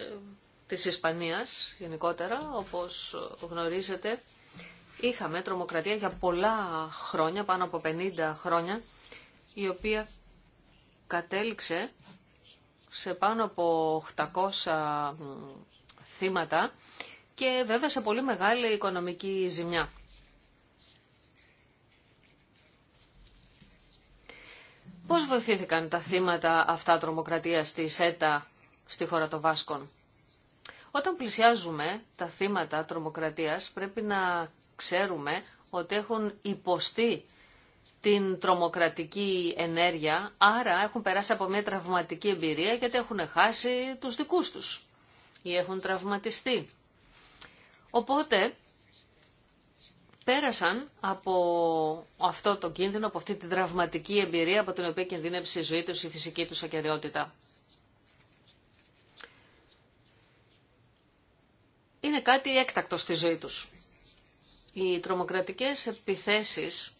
της Ισπανίας γενικότερα, όπως γνωρίζετε, είχαμε τρομοκρατία για πολλά χρόνια, πάνω από 50 χρόνια η οποία κατέληξε σε πάνω από 800 θύματα και βέβαια σε πολύ μεγάλη οικονομική ζημιά. Πώς βοηθήθηκαν τα θύματα αυτά τρομοκρατία στη ΣΕΤΑ στη χώρα των Βάσκων. Όταν πλησιάζουμε τα θύματα τρομοκρατίας πρέπει να ξέρουμε ότι έχουν υποστεί την τρομοκρατική ενέργεια, άρα έχουν περάσει από μια τραυματική εμπειρία γιατί έχουν χάσει τους δικούς τους ή έχουν τραυματιστεί. Οπότε πέρασαν από αυτό το κίνδυνο, από αυτή την τραυματική εμπειρία από την οποία κινδύνευσε η ζωή τους, η φυσική τους ακεραιότητα. Είναι κάτι έκτακτο στη ζωή τους. Οι τρομοκρατικές επιθέσεις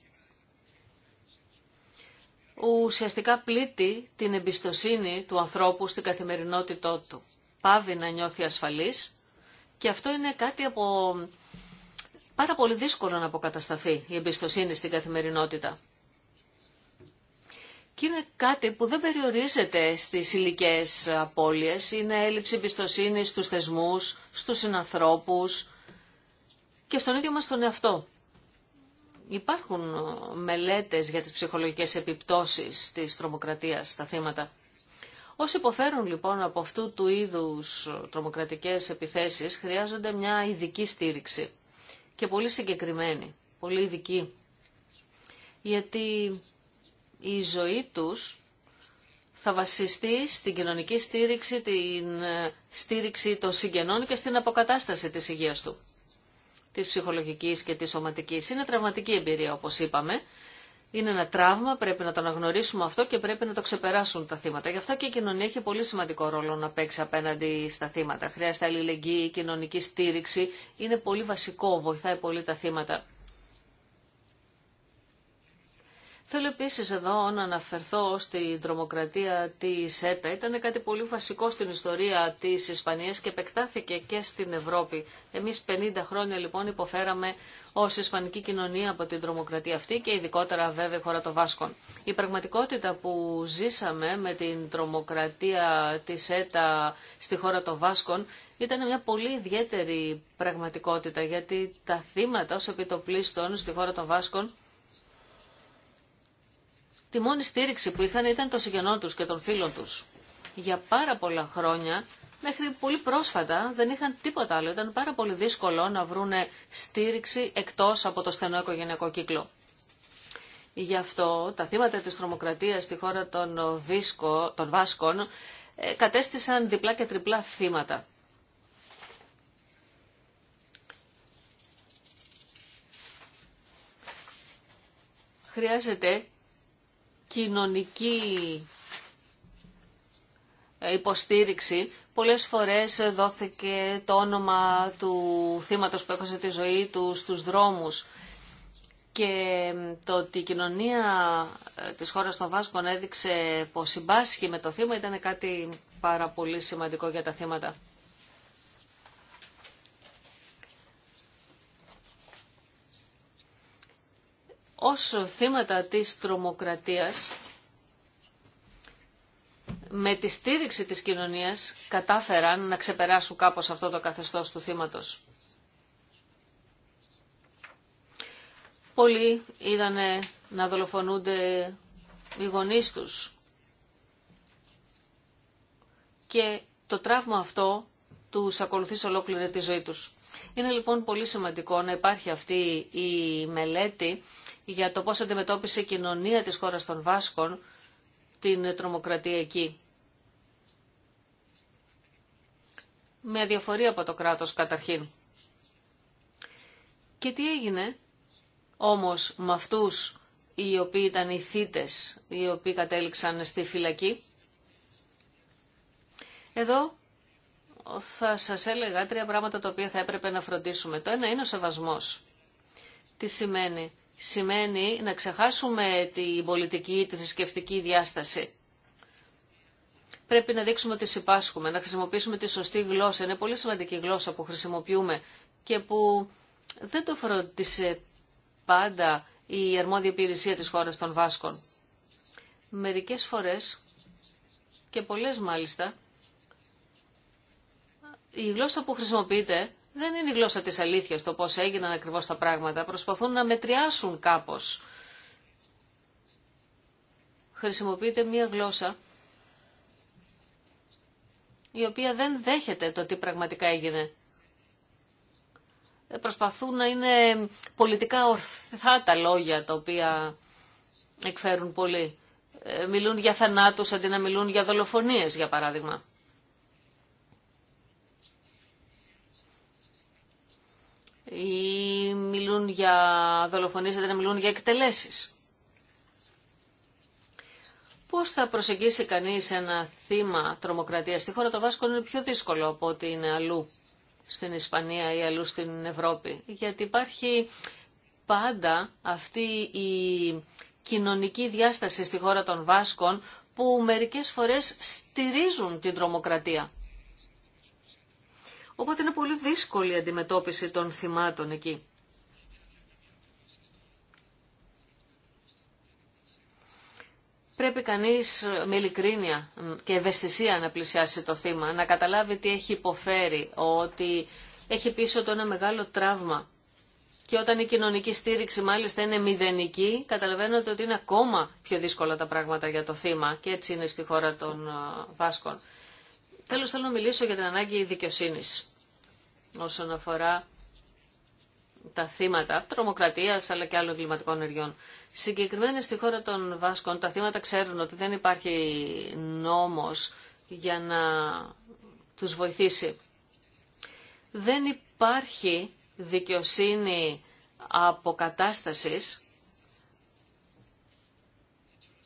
ουσιαστικά πλήττει την εμπιστοσύνη του ανθρώπου στην καθημερινότητό του. Πάβει να νιώθει ασφαλής και αυτό είναι κάτι από... πάρα πολύ δύσκολο να αποκατασταθεί η εμπιστοσύνη στην καθημερινότητα. Και είναι κάτι που δεν περιορίζεται στις ηλικέ απώλειες, είναι έλλειψη εμπιστοσύνη στους θεσμούς, στους συνανθρώπους και στον ίδιο μας τον εαυτό. Υπάρχουν ε, μελέτες για τις ψυχολογικές επιπτώσεις της τρομοκρατίας στα θύματα. Όσοι υποφέρουν λοιπόν από αυτού του είδους ε, τρομοκρατικές επιθέσεις χρειάζονται μια ειδική στήριξη και πολύ συγκεκριμένη, πολύ ειδική. Γιατί η ζωή τους θα βασιστεί στην κοινωνική στήριξη, την ε, στήριξη των συγγενών και στην αποκατάσταση της υγείας του της ψυχολογικής και της σωματικής. Είναι τραυματική εμπειρία όπως είπαμε. Είναι ένα τραύμα, πρέπει να το αναγνωρίσουμε αυτό και πρέπει να το ξεπεράσουν τα θύματα. Γι' αυτό και η κοινωνία έχει πολύ σημαντικό ρόλο να παίξει απέναντι στα θύματα. Χρειάζεται αλληλεγγύη, κοινωνική στήριξη. Είναι πολύ βασικό, βοηθάει πολύ τα θύματα. Θέλω επίση εδώ να αναφερθώ στην τρομοκρατία της ΕΤΑ. Ήταν κάτι πολύ βασικό στην ιστορία της Ισπανίας και επεκτάθηκε και στην Ευρώπη. Εμείς 50 χρόνια λοιπόν υποφέραμε ως ισπανική κοινωνία από την τρομοκρατία αυτή και ειδικότερα βέβαια η χώρα των Βάσκων. Η πραγματικότητα που ζήσαμε με την τρομοκρατία τη ΣΕΤΑ στη χώρα των Βάσκων ήταν μια πολύ ιδιαίτερη πραγματικότητα γιατί τα θύματα ω επιτοπλίστων στη χώρα των Βάσκων Τη μόνη στήριξη που είχαν ήταν το συγγενών τους και των φίλων τους. Για πάρα πολλά χρόνια, μέχρι πολύ πρόσφατα, δεν είχαν τίποτα άλλο. Ήταν πάρα πολύ δύσκολο να βρούνε στήριξη εκτός από το στενό οικογενειακό κύκλο. Γι' αυτό τα θύματα της τρομοκρατίας στη χώρα των, Βίσκο, των Βάσκων ε, κατέστησαν διπλά και τριπλά θύματα. Χρειάζεται κοινωνική ε, υποστήριξη πολλές φορές δόθηκε το όνομα του θύματος που έχασε τη ζωή του στους δρόμους και το ότι η κοινωνία ε, της χώρας των Βάσκων έδειξε πως συμπάσχει με το θύμα ήταν κάτι πάρα πολύ σημαντικό για τα θύματα. ως θύματα της τρομοκρατίας με τη στήριξη της κοινωνίας κατάφεραν να ξεπεράσουν κάπως αυτό το καθεστώς του θύματος. Πολλοί είδαν να δολοφονούνται οι γονείς τους. Και το τραύμα αυτό του ακολουθεί σε ολόκληρη τη ζωή τους. Είναι λοιπόν πολύ σημαντικό να υπάρχει αυτή η μελέτη για το πώς αντιμετώπισε η κοινωνία της χώρας των Βάσκων την τρομοκρατία εκεί. Με αδιαφορία από το κράτος καταρχήν. Και τι έγινε όμως με αυτούς οι οποίοι ήταν οι θήτες οι οποίοι κατέληξαν στη φυλακή. Εδώ θα σας έλεγα τρία πράγματα τα οποία θα έπρεπε να φροντίσουμε. Το ένα είναι ο σεβασμός. Τι σημαίνει σημαίνει να ξεχάσουμε την πολιτική ή τη θρησκευτική διάσταση. Πρέπει να δείξουμε ότι συμπάσχουμε, να χρησιμοποιήσουμε τη σωστή γλώσσα. Είναι πολύ σημαντική γλώσσα που χρησιμοποιούμε και που δεν το φροντίσε πάντα η αρμόδια υπηρεσία της χώρας των Βάσκων. Μερικές φορές, και πολλές μάλιστα, η γλώσσα που χρησιμοποιείται δεν είναι η γλώσσα της αλήθειας το πώς έγιναν ακριβώς τα πράγματα. Προσπαθούν να μετριάσουν κάπως. Χρησιμοποιείται μία γλώσσα η οποία δεν δέχεται το τι πραγματικά έγινε. Ε, προσπαθούν να είναι πολιτικά ορθά τα λόγια τα οποία εκφέρουν πολύ ε, Μιλούν για θανάτους αντί να μιλούν για δολοφονίες, για παράδειγμα. ή μιλούν για δολοφονίες, δεν μιλούν για εκτελέσεις. Πώς θα προσεγγίσει κανείς ένα θύμα τρομοκρατίας στη χώρα των Βάσκων είναι πιο δύσκολο από ότι είναι αλλού στην Ισπανία ή αλλού στην Ευρώπη. Γιατί υπάρχει πάντα αυτή η κοινωνική διάσταση στη χώρα των Βάσκων που μερικές φορές στηρίζουν την τρομοκρατία. Οπότε είναι πολύ δύσκολη η αντιμετώπιση των θυμάτων εκεί. Πρέπει κανείς με ειλικρίνεια και ευαισθησία να πλησιάσει το θύμα, να καταλάβει τι έχει υποφέρει, ότι έχει πίσω το ένα μεγάλο τραύμα. Και όταν η κοινωνική στήριξη μάλιστα είναι μηδενική, καταλαβαίνετε ότι είναι ακόμα πιο δύσκολα τα πράγματα για το θύμα και έτσι είναι στη χώρα των ε, Βάσκων. Τέλος θέλω να μιλήσω για την ανάγκη δικαιοσύνης όσον αφορά τα θύματα τρομοκρατίας αλλά και άλλων εγκληματικών εργειών Συγκεκριμένα στη χώρα των Βάσκων τα θύματα ξέρουν ότι δεν υπάρχει νόμος για να τους βοηθήσει. Δεν υπάρχει δικαιοσύνη αποκατάστασης,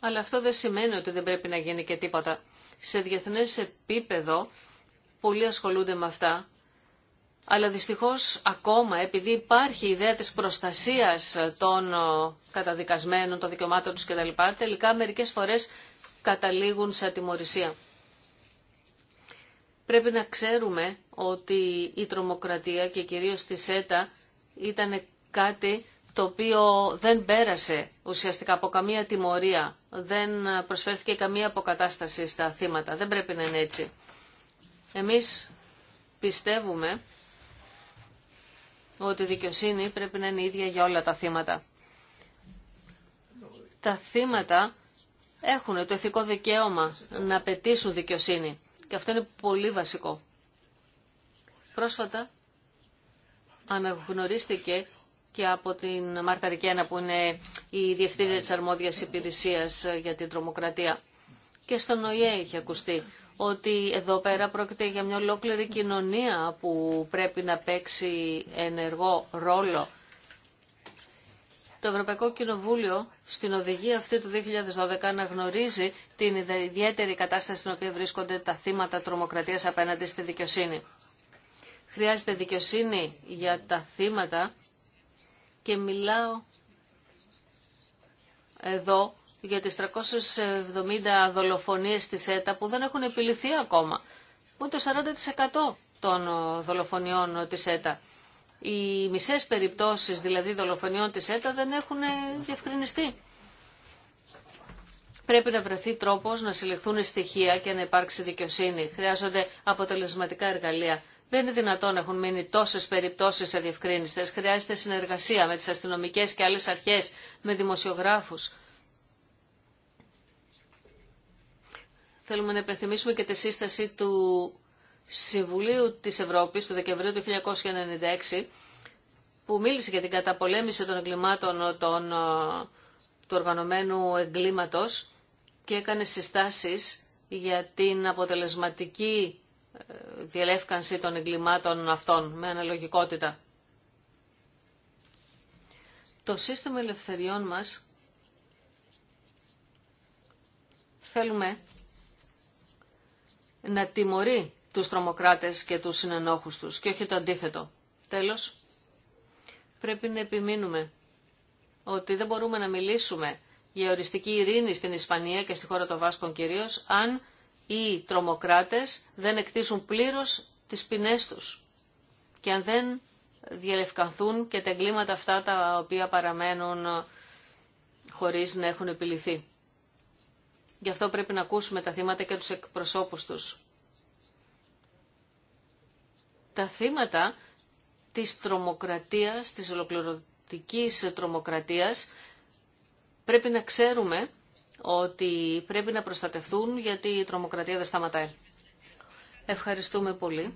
αλλά αυτό δεν σημαίνει ότι δεν πρέπει να γίνει και τίποτα. Σε διεθνές επίπεδο πολλοί ασχολούνται με αυτά αλλά δυστυχώς ακόμα επειδή υπάρχει η ιδέα της προστασίας των ε, καταδικασμένων, των δικαιωμάτων τους κτλ. Τελικά μερικές φορές καταλήγουν σε ατιμορρησία. Πρέπει να ξέρουμε ότι η τρομοκρατία και κυρίως τη ΣΕΤΑ ήταν κάτι το οποίο δεν πέρασε ουσιαστικά από καμία τιμωρία, δεν προσφέρθηκε καμία αποκατάσταση στα θύματα. Δεν πρέπει να είναι έτσι. Εμείς πιστεύουμε ότι η δικαιοσύνη πρέπει να είναι ίδια για όλα τα θύματα. Τα θύματα έχουν το ηθικό δικαίωμα να πετήσουν δικαιοσύνη και αυτό είναι πολύ βασικό. Πρόσφατα αναγνωρίστηκε και από την Μάρτα Ρικένα που είναι η Διευθύντρια της Αρμόδιας Υπηρεσίας για την Τρομοκρατία. Και στον ΟΗΕ είχε ακουστεί ότι εδώ πέρα πρόκειται για μια ολόκληρη κοινωνία που πρέπει να παίξει ενεργό ρόλο. Το Ευρωπαϊκό Κοινοβούλιο στην οδηγία αυτή του 2012 αναγνωρίζει την ιδιαίτερη κατάσταση στην οποία βρίσκονται τα θύματα τρομοκρατίας απέναντι στη δικαιοσύνη. Χρειάζεται δικαιοσύνη για τα θύματα και μιλάω εδώ για τις 370 δολοφονίες της ΕΤΑ που δεν έχουν επιληθεί ακόμα. Ούτε 40% των ε, δολοφονιών της ΕΤΑ. Οι μισές περιπτώσεις δηλαδή δολοφονιών της ΕΤΑ δεν έχουν ε, διευκρινιστεί. Πρέπει να βρεθεί τρόπος να συλλεχθούν στοιχεία και να υπάρξει δικαιοσύνη. Χρειάζονται αποτελεσματικά εργαλεία. Δεν είναι δυνατόν να έχουν μείνει τόσε περιπτώσει αδιευκρίνηστε. Χρειάζεται συνεργασία με τι αστυνομικέ και άλλε αρχέ, με δημοσιογράφου, Θέλουμε να υπενθυμίσουμε και τη σύσταση του Συμβουλίου της Ευρώπης του Δεκεμβρίου του 1996 που μίλησε για την καταπολέμηση των εγκλημάτων των, ε, του οργανωμένου εγκλήματος και έκανε συστάσεις για την αποτελεσματική ε, διελεύκανση των εγκλημάτων αυτών με αναλογικότητα. Το σύστημα ελευθεριών μας θέλουμε να τιμωρεί τους τρομοκράτες και τους συνενόχους τους και όχι το αντίθετο. Τέλος, πρέπει να επιμείνουμε ότι δεν μπορούμε να μιλήσουμε για οριστική ειρήνη στην Ισπανία και στη χώρα των Βάσκων κυρίως, αν οι τρομοκράτες δεν εκτίσουν πλήρως τις ποινές τους και αν δεν διαλευκανθούν και τα εγκλήματα αυτά τα οποία παραμένουν χωρίς να έχουν επιληθεί. Γι' αυτό πρέπει να ακούσουμε τα θύματα και τους εκπροσώπους τους. Τα θύματα της τρομοκρατίας, της ολοκληρωτικής τρομοκρατίας, πρέπει να ξέρουμε ότι πρέπει να προστατευτούν γιατί η τρομοκρατία δεν σταματάει. Ευχαριστούμε πολύ.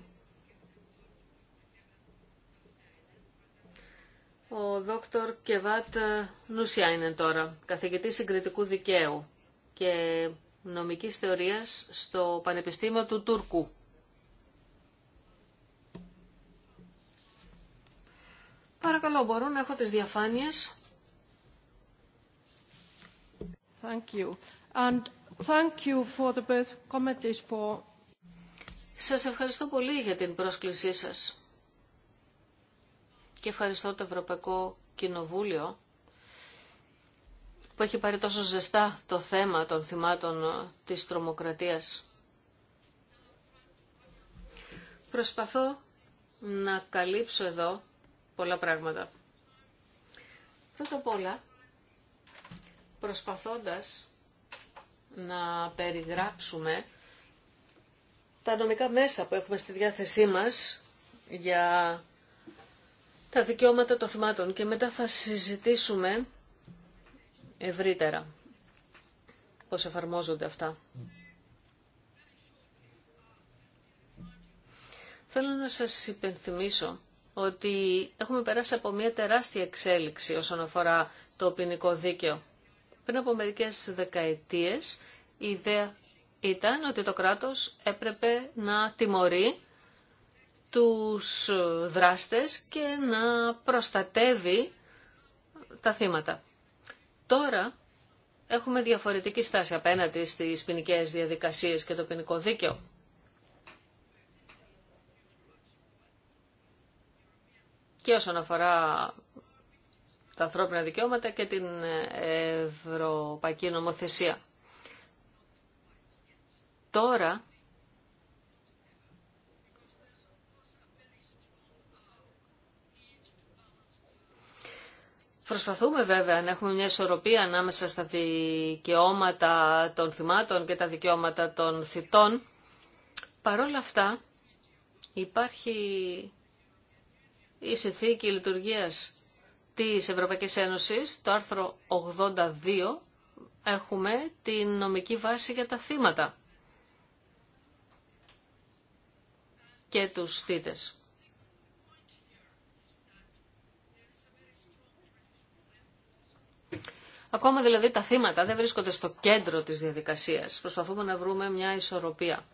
Ο δόκτωρ Κεβάτ είναι τώρα, καθηγητής συγκριτικού δικαίου και νομικής θεωρίας στο Πανεπιστήμιο του Τούρκου. Παρακαλώ, μπορώ να έχω τις διαφάνειες. Thank you. And thank you for the for... Σας ευχαριστώ πολύ για την πρόσκλησή σας. Και ευχαριστώ το Ευρωπαϊκό Κοινοβούλιο που έχει πάρει τόσο ζεστά το θέμα των θυμάτων ε, της τρομοκρατίας. Προσπαθώ να καλύψω εδώ πολλά πράγματα. Πρώτα απ' όλα, προσπαθώντας να περιγράψουμε τα νομικά μέσα που έχουμε στη διάθεσή μας για τα δικαιώματα των θυμάτων και μετά θα συζητήσουμε ευρύτερα πώς εφαρμόζονται αυτά. Θέλω να σας υπενθυμίσω ότι έχουμε περάσει από μια τεράστια εξέλιξη όσον αφορά το ποινικό δίκαιο. Πριν από μερικές δεκαετίες η ιδέα ήταν ότι το κράτος έπρεπε να τιμωρεί τους δράστες και να προστατεύει τα θύματα. Τώρα έχουμε διαφορετική στάση απέναντι στις ποινικέ διαδικασίες και το ποινικό δίκαιο. Και όσον αφορά τα ανθρώπινα δικαιώματα και την ευρωπαϊκή νομοθεσία. Τώρα Προσπαθούμε βέβαια να έχουμε μια ισορροπία ανάμεσα στα δικαιώματα των θυμάτων και τα δικαιώματα των θητών. Παρ' όλα αυτά υπάρχει η συνθήκη λειτουργίας της Ευρωπαϊκής Ένωσης, το άρθρο 82, έχουμε την νομική βάση για τα θύματα και τους θύτες. Ακόμα δηλαδή τα θύματα δεν βρίσκονται στο κέντρο της διαδικασίας. Προσπαθούμε να βρούμε μια ισορροπία.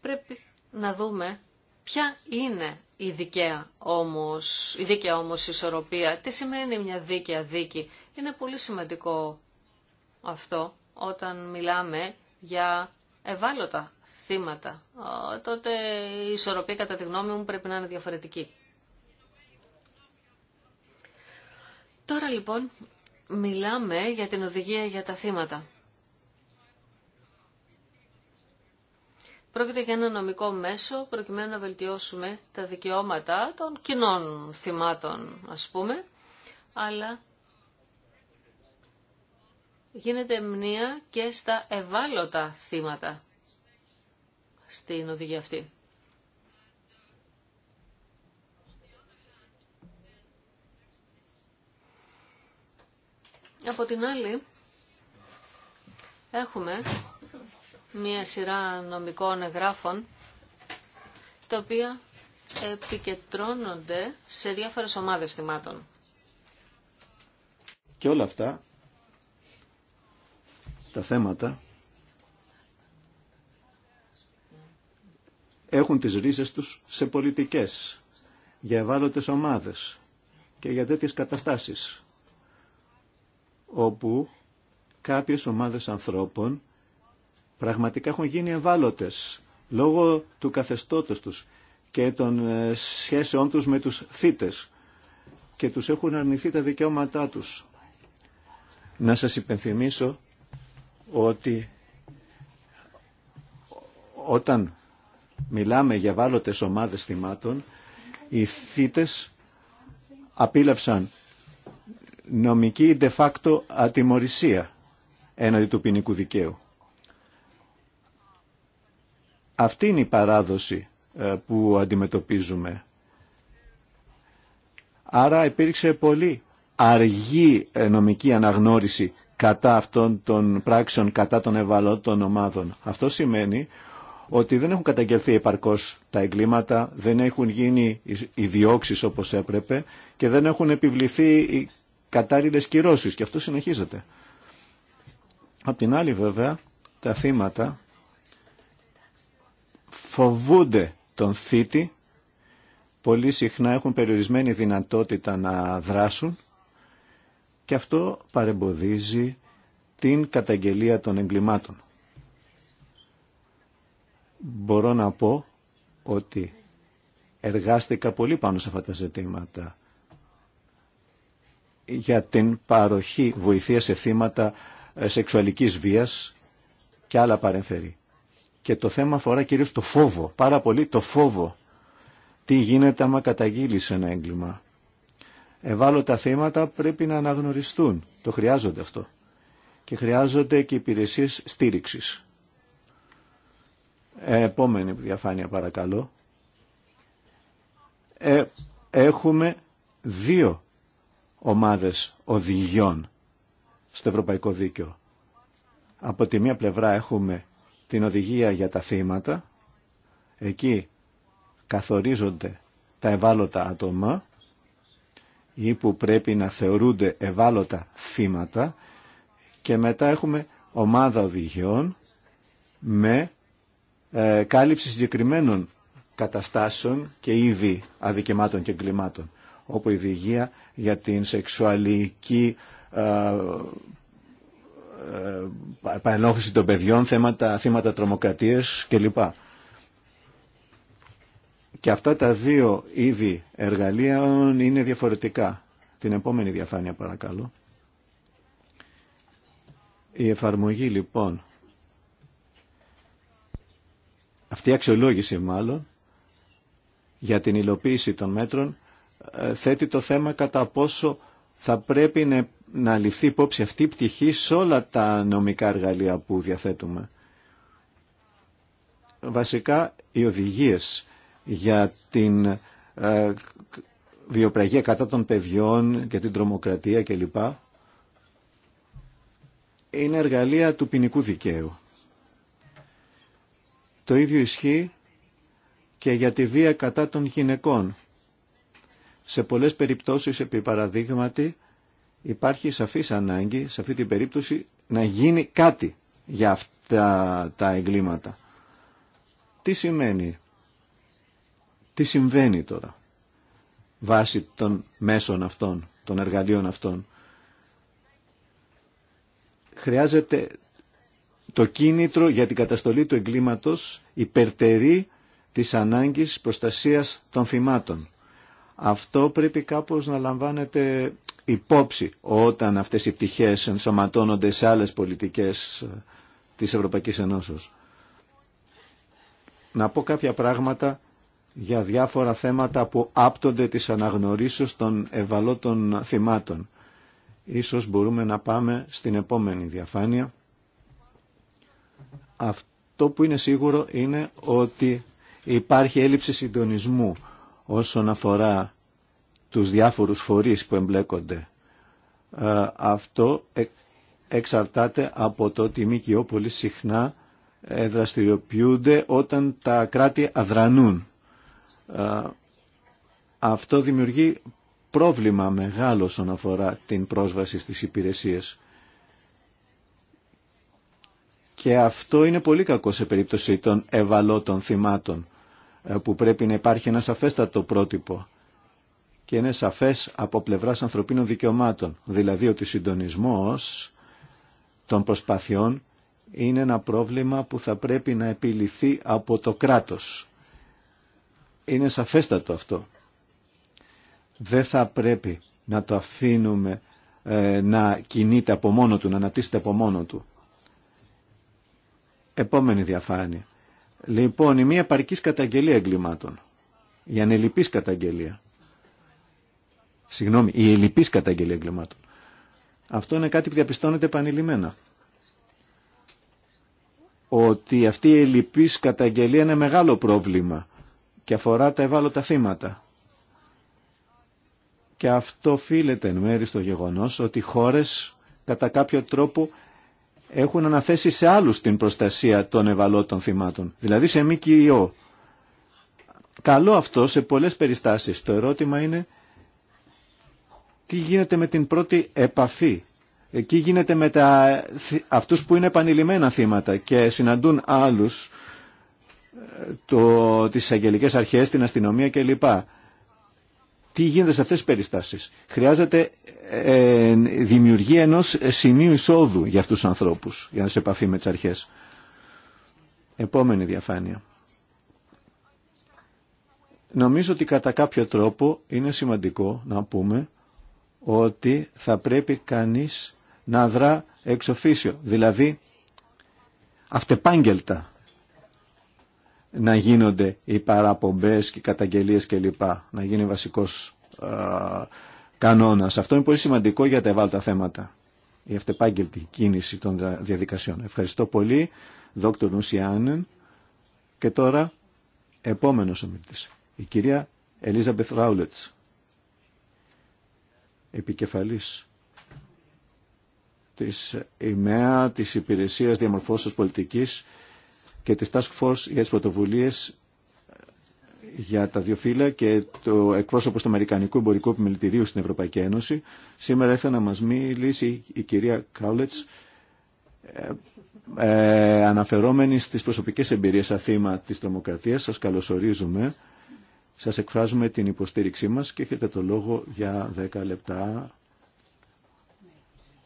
Πρέπει να δούμε ποια είναι η δικαία όμως, η δίκαια όμως ισορροπία. Τι σημαίνει μια δίκαια δίκη. Είναι πολύ σημαντικό αυτό όταν μιλάμε για ευάλωτα θύματα. Τότε η ισορροπία κατά τη γνώμη μου πρέπει να είναι διαφορετική. Τώρα λοιπόν μιλάμε για την οδηγία για τα θύματα. Πρόκειται για ένα νομικό μέσο προκειμένου να βελτιώσουμε τα δικαιώματα των κοινών θυμάτων, ας πούμε, αλλά γίνεται μνήα και στα ευάλωτα θύματα στην οδηγία αυτή. Από την άλλη, έχουμε μία σειρά νομικών εγγράφων, τα οποία επικεντρώνονται σε διάφορες ομάδες θυμάτων. Και όλα αυτά τα θέματα έχουν τις ρίζες τους σε πολιτικές, για ευάλωτες ομάδες και για τέτοιες καταστάσεις όπου κάποιες ομάδες ανθρώπων πραγματικά έχουν γίνει ευάλωτες λόγω του καθεστώτος τους και των ε, σχέσεών τους με τους θύτες και τους έχουν αρνηθεί τα δικαιώματά τους. Να σας υπενθυμίσω ότι όταν μιλάμε για βάλωτες ομάδες θυμάτων, οι θύτες απείλαυσαν νομική de facto ατιμορρησία έναντι του ποινικού δικαίου. Αυτή είναι η παράδοση ε, που αντιμετωπίζουμε. Άρα υπήρξε πολύ αργή ε, νομική αναγνώριση κατά αυτών των πράξεων, κατά των ευαλώτων ομάδων. Αυτό σημαίνει ότι δεν έχουν καταγγελθεί επαρκώς τα εγκλήματα, δεν έχουν γίνει οι διώξεις όπως έπρεπε και δεν έχουν επιβληθεί κατάλληλες κυρώσεις και αυτό συνεχίζεται. Απ' την άλλη βέβαια τα θύματα φοβούνται τον θήτη, πολύ συχνά έχουν περιορισμένη δυνατότητα να δράσουν και αυτό παρεμποδίζει την καταγγελία των εγκλημάτων. Μπορώ να πω ότι εργάστηκα πολύ πάνω σε αυτά τα ζητήματα για την παροχή βοηθείας σε θύματα ε, σεξουαλικής βίας και άλλα παρέμφερη. Και το θέμα αφορά κυρίως το φόβο, πάρα πολύ το φόβο. Τι γίνεται άμα καταγγείλεις ένα έγκλημα. Ευάλωτα θύματα πρέπει να αναγνωριστούν. Το χρειάζονται αυτό. Και χρειάζονται και υπηρεσίες στήριξης. Ε, επόμενη διαφάνεια παρακαλώ. Ε, έχουμε δύο ομάδες οδηγιών στο Ευρωπαϊκό Δίκαιο. Από τη μία πλευρά έχουμε την οδηγία για τα θύματα, εκεί καθορίζονται τα ευάλωτα άτομα ή που πρέπει να θεωρούνται ευάλωτα θύματα και μετά έχουμε ομάδα οδηγιών με ε, κάλυψη συγκεκριμένων καταστάσεων και είδη αδικημάτων και εγκλημάτων, όπου η οδηγία για την σεξουαλική ε, ε, παρενόχληση των παιδιών, θέματα, θύματα τρομοκρατίες κλπ. Και αυτά τα δύο είδη εργαλείων είναι διαφορετικά. Την επόμενη διαφάνεια παρακαλώ. Η εφαρμογή λοιπόν, αυτή η αξιολόγηση μάλλον, για την υλοποίηση των μέτρων ε, θέτει το θέμα κατά πόσο θα πρέπει να, ληφθεί υπόψη αυτή η πτυχή σε όλα τα νομικά εργαλεία που διαθέτουμε. Βασικά οι οδηγίες για την ε, βιοπραγία κατά των παιδιών και την τρομοκρατία κλπ. είναι εργαλεία του ποινικού δικαίου. Το ίδιο ισχύει και για τη βία κατά των γυναικών σε πολλές περιπτώσεις, επί παραδείγματι, υπάρχει σαφής ανάγκη σε αυτή την περίπτωση να γίνει κάτι για αυτά τα εγκλήματα. Τι σημαίνει, τι συμβαίνει τώρα βάσει των μέσων αυτών, των εργαλείων αυτών. Χρειάζεται το κίνητρο για την καταστολή του εγκλήματος υπερτερεί της ανάγκης προστασίας των θυμάτων. Αυτό πρέπει κάπως να λαμβάνεται υπόψη όταν αυτές οι πτυχές ενσωματώνονται σε άλλες πολιτικές ε, της Ευρωπαϊκής Ενώσεως. Να πω κάποια πράγματα για διάφορα θέματα που άπτονται της αναγνωρίσεως των ευαλώτων θυμάτων. Ίσως μπορούμε να πάμε στην επόμενη διαφάνεια. Αυτό που είναι σίγουρο είναι ότι υπάρχει έλλειψη συντονισμού όσον αφορά τους διάφορους φορείς που εμπλέκονται. Ε, αυτό ε, εξαρτάται από το ότι οι ΜΚΟ πολύ συχνά ε, δραστηριοποιούνται όταν τα κράτη αδρανούν. Αυτό δημιουργεί πρόβλημα μεγάλο όσον αφορά την πρόσβαση στις υπηρεσίες. Και αυτό είναι πολύ κακό σε περίπτωση των ευαλώτων θυμάτων. Ε, που πρέπει να υπάρχει ένα σαφέστατο πρότυπο και είναι σαφές από πλευράς ανθρωπίνων δικαιωμάτων. Δηλαδή ότι ο συντονισμός των προσπαθειών είναι ένα πρόβλημα που θα πρέπει να επιληθεί από το κράτος. Είναι σαφέστατο αυτό. Δεν θα πρέπει να το αφήνουμε ε, να κινείται από μόνο του, να ανατίσσεται από μόνο του. Επόμενη διαφάνεια. Λοιπόν, η μία επαρκή καταγγελία εγκλημάτων. Η ανελειπή καταγγελία. Συγγνώμη, η ελλειπής καταγγελία εγκλημάτων. Αυτό είναι κάτι που διαπιστώνεται επανειλημμένα. Ότι αυτή η ελλειπής καταγγελία είναι μεγάλο πρόβλημα και αφορά τα ευάλωτα θύματα. Και αυτό οφείλεται εν μέρη στο γεγονός ότι οι χώρες κατά κάποιο τρόπο έχουν αναθέσει σε άλλους την προστασία των ευαλώτων θυμάτων, δηλαδή σε ο Καλό αυτό σε πολλές περιστάσεις. Το ερώτημα είναι τι γίνεται με την πρώτη επαφή. Εκεί γίνεται με τα, αυτούς που είναι επανειλημμένα θύματα και συναντούν άλλους ε, το, τις αγγελικές αρχές, την αστυνομία κλπ τι γίνεται σε αυτές τις περιστάσεις. Χρειάζεται ε, ε, δημιουργία ενός σημείου εισόδου για αυτούς τους ανθρώπους, για να σε επαφή με τις αρχές. Επόμενη διαφάνεια. Νομίζω ότι κατά κάποιο τρόπο είναι σημαντικό να πούμε ότι θα πρέπει κανείς να δρά εξοφίσιο, δηλαδή αυτεπάγγελτα να γίνονται οι παραπομπές και οι καταγγελίες κλπ. Να γίνει βασικός ε, κανόνας. Αυτό είναι πολύ σημαντικό για τα ευάλωτα θέματα. Η αυτεπάγγελτη κίνηση των διαδικασιών. Ευχαριστώ πολύ, Δόκτωρ Νουσιάνεν. Και τώρα, επόμενος ομιλητής, η κυρία Ελίζα Μπεθράουλετς, επικεφαλής της ΥΜΕΑ της Υπηρεσίας Διαμορφώσεως Πολιτικής και της Task Force για τις πρωτοβουλίε για τα δύο φύλλα και το εκπρόσωπο του Αμερικανικού Εμπορικού Επιμελητηρίου στην Ευρωπαϊκή Ένωση. Σήμερα ήθελα να μας μιλήσει η κυρία Κάουλετς ε, στι ε, στις προσωπικές εμπειρίες αθήμα της τρομοκρατίας. Σας καλωσορίζουμε. Σας εκφράζουμε την υποστήριξή μας και έχετε το λόγο για 10 λεπτά.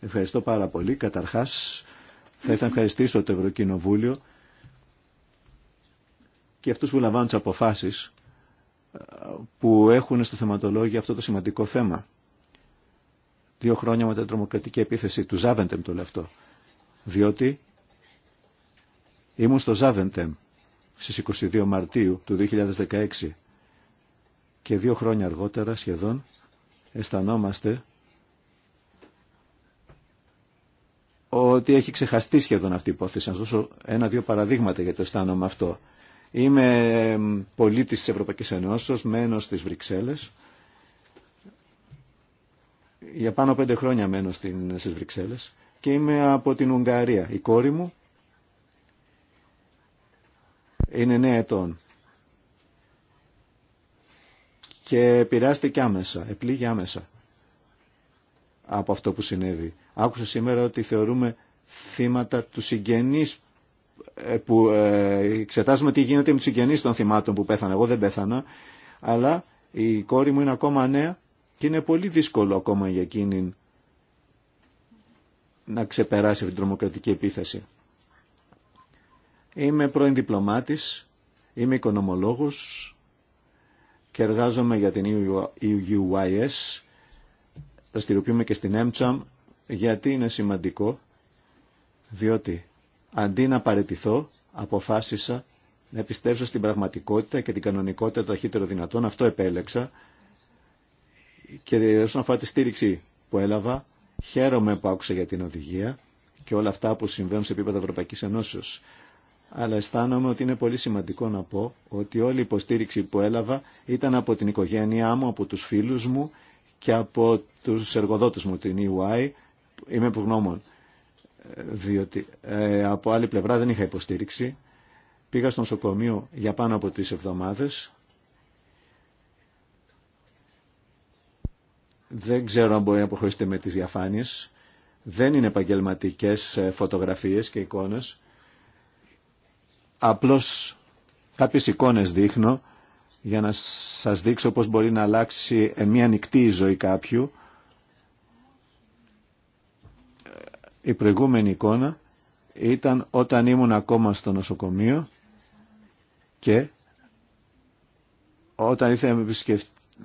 Ευχαριστώ πάρα πολύ. Καταρχάς, θα ήθελα να ευχαριστήσω το Ευρωκοινοβούλιο και αυτούς που λαμβάνουν τις αποφάσεις ε, που έχουν στο θεματολόγιο αυτό το σημαντικό θέμα. Δύο χρόνια μετά την τρομοκρατική επίθεση του Ζάβεντεμ το αυτό, Διότι ήμουν στο Ζάβεντεμ στις 22 Μαρτίου του 2016 και δύο χρόνια αργότερα σχεδόν αισθανόμαστε ότι έχει ξεχαστεί σχεδόν αυτή η υπόθεση. Να σας δώσω ένα-δύο παραδείγματα για το αισθάνομαι αυτό. Είμαι πολίτης της Ευρωπαϊκής Ενώσεως, μένω στις Βρυξέλλες. Για πάνω πέντε χρόνια μένω στις Βρυξέλλες και είμαι από την Ουγγαρία. Η κόρη μου είναι νέα ετών και πειράστηκε άμεσα, επλήγει άμεσα από αυτό που συνέβη. Άκουσα σήμερα ότι θεωρούμε θύματα του συγγενείς ε, που ε, εξετάζουμε τι γίνεται με τους συγγενείς των θυμάτων που πέθανα. Εγώ δεν πέθανα, αλλά η κόρη μου είναι ακόμα νέα και είναι πολύ δύσκολο ακόμα για εκείνη να ξεπεράσει την τρομοκρατική επίθεση. Είμαι πρώην διπλωμάτης, είμαι οικονομολόγος και εργάζομαι για την EUYS, e δραστηριοποιούμε και στην EMCHAM, γιατί είναι σημαντικό, διότι Αντί να παρετηθώ, αποφάσισα να επιστρέψω στην πραγματικότητα και την κανονικότητα το ταχύτερο δυνατόν. Αυτό επέλεξα. Και όσον αφορά τη στήριξη που έλαβα, χαίρομαι που άκουσα για την οδηγία και όλα αυτά που συμβαίνουν σε επίπεδο Ευρωπαϊκή Ενώσεω. Αλλά αισθάνομαι ότι είναι πολύ σημαντικό να πω ότι όλη η υποστήριξη που έλαβα ήταν από την οικογένειά μου, από τους φίλους μου και από τους εργοδότες μου, την EY. Είμαι προγνώμων διότι ε, από άλλη πλευρά δεν είχα υποστήριξη. Πήγα στο νοσοκομείο για πάνω από τρεις εβδομάδες. Δεν ξέρω αν μπορεί να αποχωρήσετε με τις διαφάνειες. Δεν είναι επαγγελματικέ ε, φωτογραφίες και εικόνες. Απλώς κάποιες εικόνες δείχνω για να σας δείξω πώς μπορεί να αλλάξει ε, μια ανοιχτή ζωή κάποιου Η προηγούμενη εικόνα ήταν όταν ήμουν ακόμα στο νοσοκομείο και όταν ήθελα να με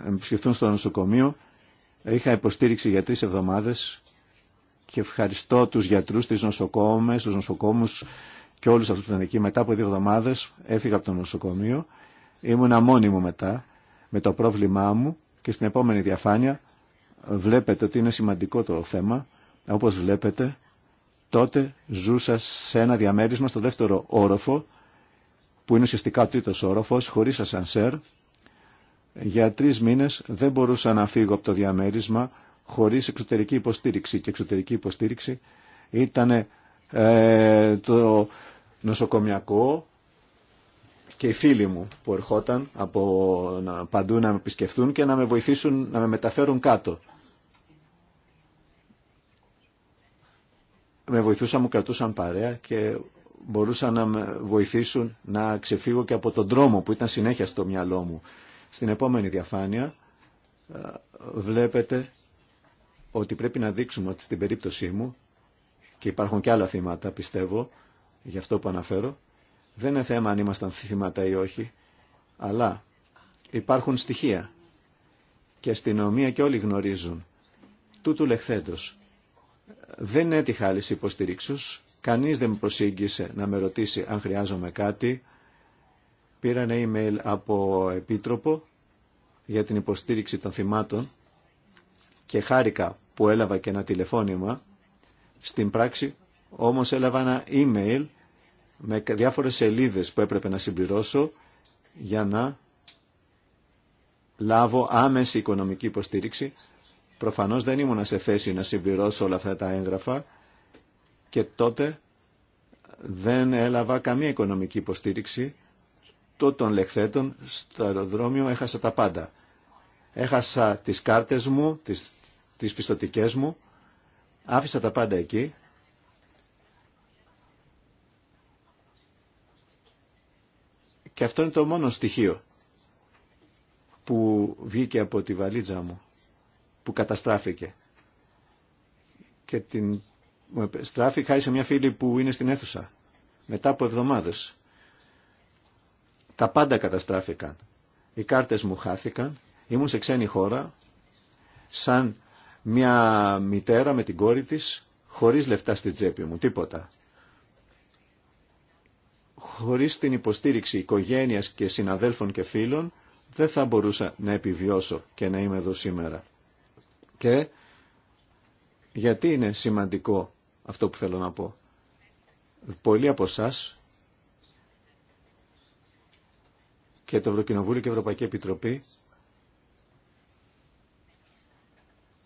επισκεφτούν στο νοσοκομείο είχα υποστήριξη για τρεις εβδομάδες και ευχαριστώ τους γιατρούς, της νοσοκόμες, τους νοσοκόμους και όλους αυτούς που ήταν εκεί. Μετά από δύο εβδομάδες έφυγα από το νοσοκομείο, Ήμουν αμόνιμο μετά με το πρόβλημά μου και στην επόμενη διαφάνεια βλέπετε ότι είναι σημαντικό το θέμα. Όπως βλέπετε Τότε ζούσα σε ένα διαμέρισμα στο δεύτερο όροφο, που είναι ουσιαστικά τρίτος όροφος, χωρίς ασανσέρ. Για τρεις μήνες δεν μπορούσα να φύγω από το διαμέρισμα χωρίς εξωτερική υποστήριξη. Και εξωτερική υποστήριξη ήταν ε, το νοσοκομιακό και οι φίλοι μου που ερχόταν από παντού να με επισκεφθούν και να με βοηθήσουν να με μεταφέρουν κάτω. με βοηθούσαν, μου κρατούσαν παρέα και μπορούσαν να με βοηθήσουν να ξεφύγω και από τον τρόμο που ήταν συνέχεια στο μυαλό μου. Στην επόμενη διαφάνεια βλέπετε ότι πρέπει να δείξουμε ότι στην περίπτωσή μου και υπάρχουν και άλλα θύματα πιστεύω γι' αυτό που αναφέρω δεν είναι θέμα αν ήμασταν θύματα ή όχι αλλά υπάρχουν στοιχεία και αστυνομία και όλοι γνωρίζουν τούτου λεχθέντος δεν έτυχα άλλη υποστηρίξους. Κανείς δεν προσήγησε να με ρωτήσει αν χρειάζομαι κάτι. Πήρα ένα email από επίτροπο για την υποστήριξη των θυμάτων και χάρηκα που έλαβα και ένα τηλεφώνημα. Στην πράξη όμως έλαβα ένα email με διάφορες σελίδες που έπρεπε να συμπληρώσω για να λάβω άμεση οικονομική υποστήριξη Προφανώς δεν ήμουνα σε θέση να συμπληρώσω όλα αυτά τα έγγραφα και τότε δεν έλαβα καμία οικονομική υποστήριξη Τότε των λεχθέτων στο αεροδρόμιο έχασα τα πάντα. Έχασα τις κάρτες μου, τις, τις πιστοτικές μου, άφησα τα πάντα εκεί. Και αυτό είναι το μόνο στοιχείο που βγήκε από τη βαλίτσα μου που καταστράφηκε. Και την στράφη χάρη σε μια φίλη που είναι στην αίθουσα. Μετά από εβδομάδες. Τα πάντα καταστράφηκαν. Οι κάρτες μου χάθηκαν. Ήμουν σε ξένη χώρα. Σαν μια μητέρα με την κόρη της. Χωρίς λεφτά στη τσέπη μου. Τίποτα. Χωρίς την υποστήριξη οικογένειας και συναδέλφων και φίλων δεν θα μπορούσα να επιβιώσω και να είμαι εδώ σήμερα. Και γιατί είναι σημαντικό αυτό που θέλω να πω. Πολλοί από εσά και το Ευρωκοινοβούλιο και η Ευρωπαϊκή Επιτροπή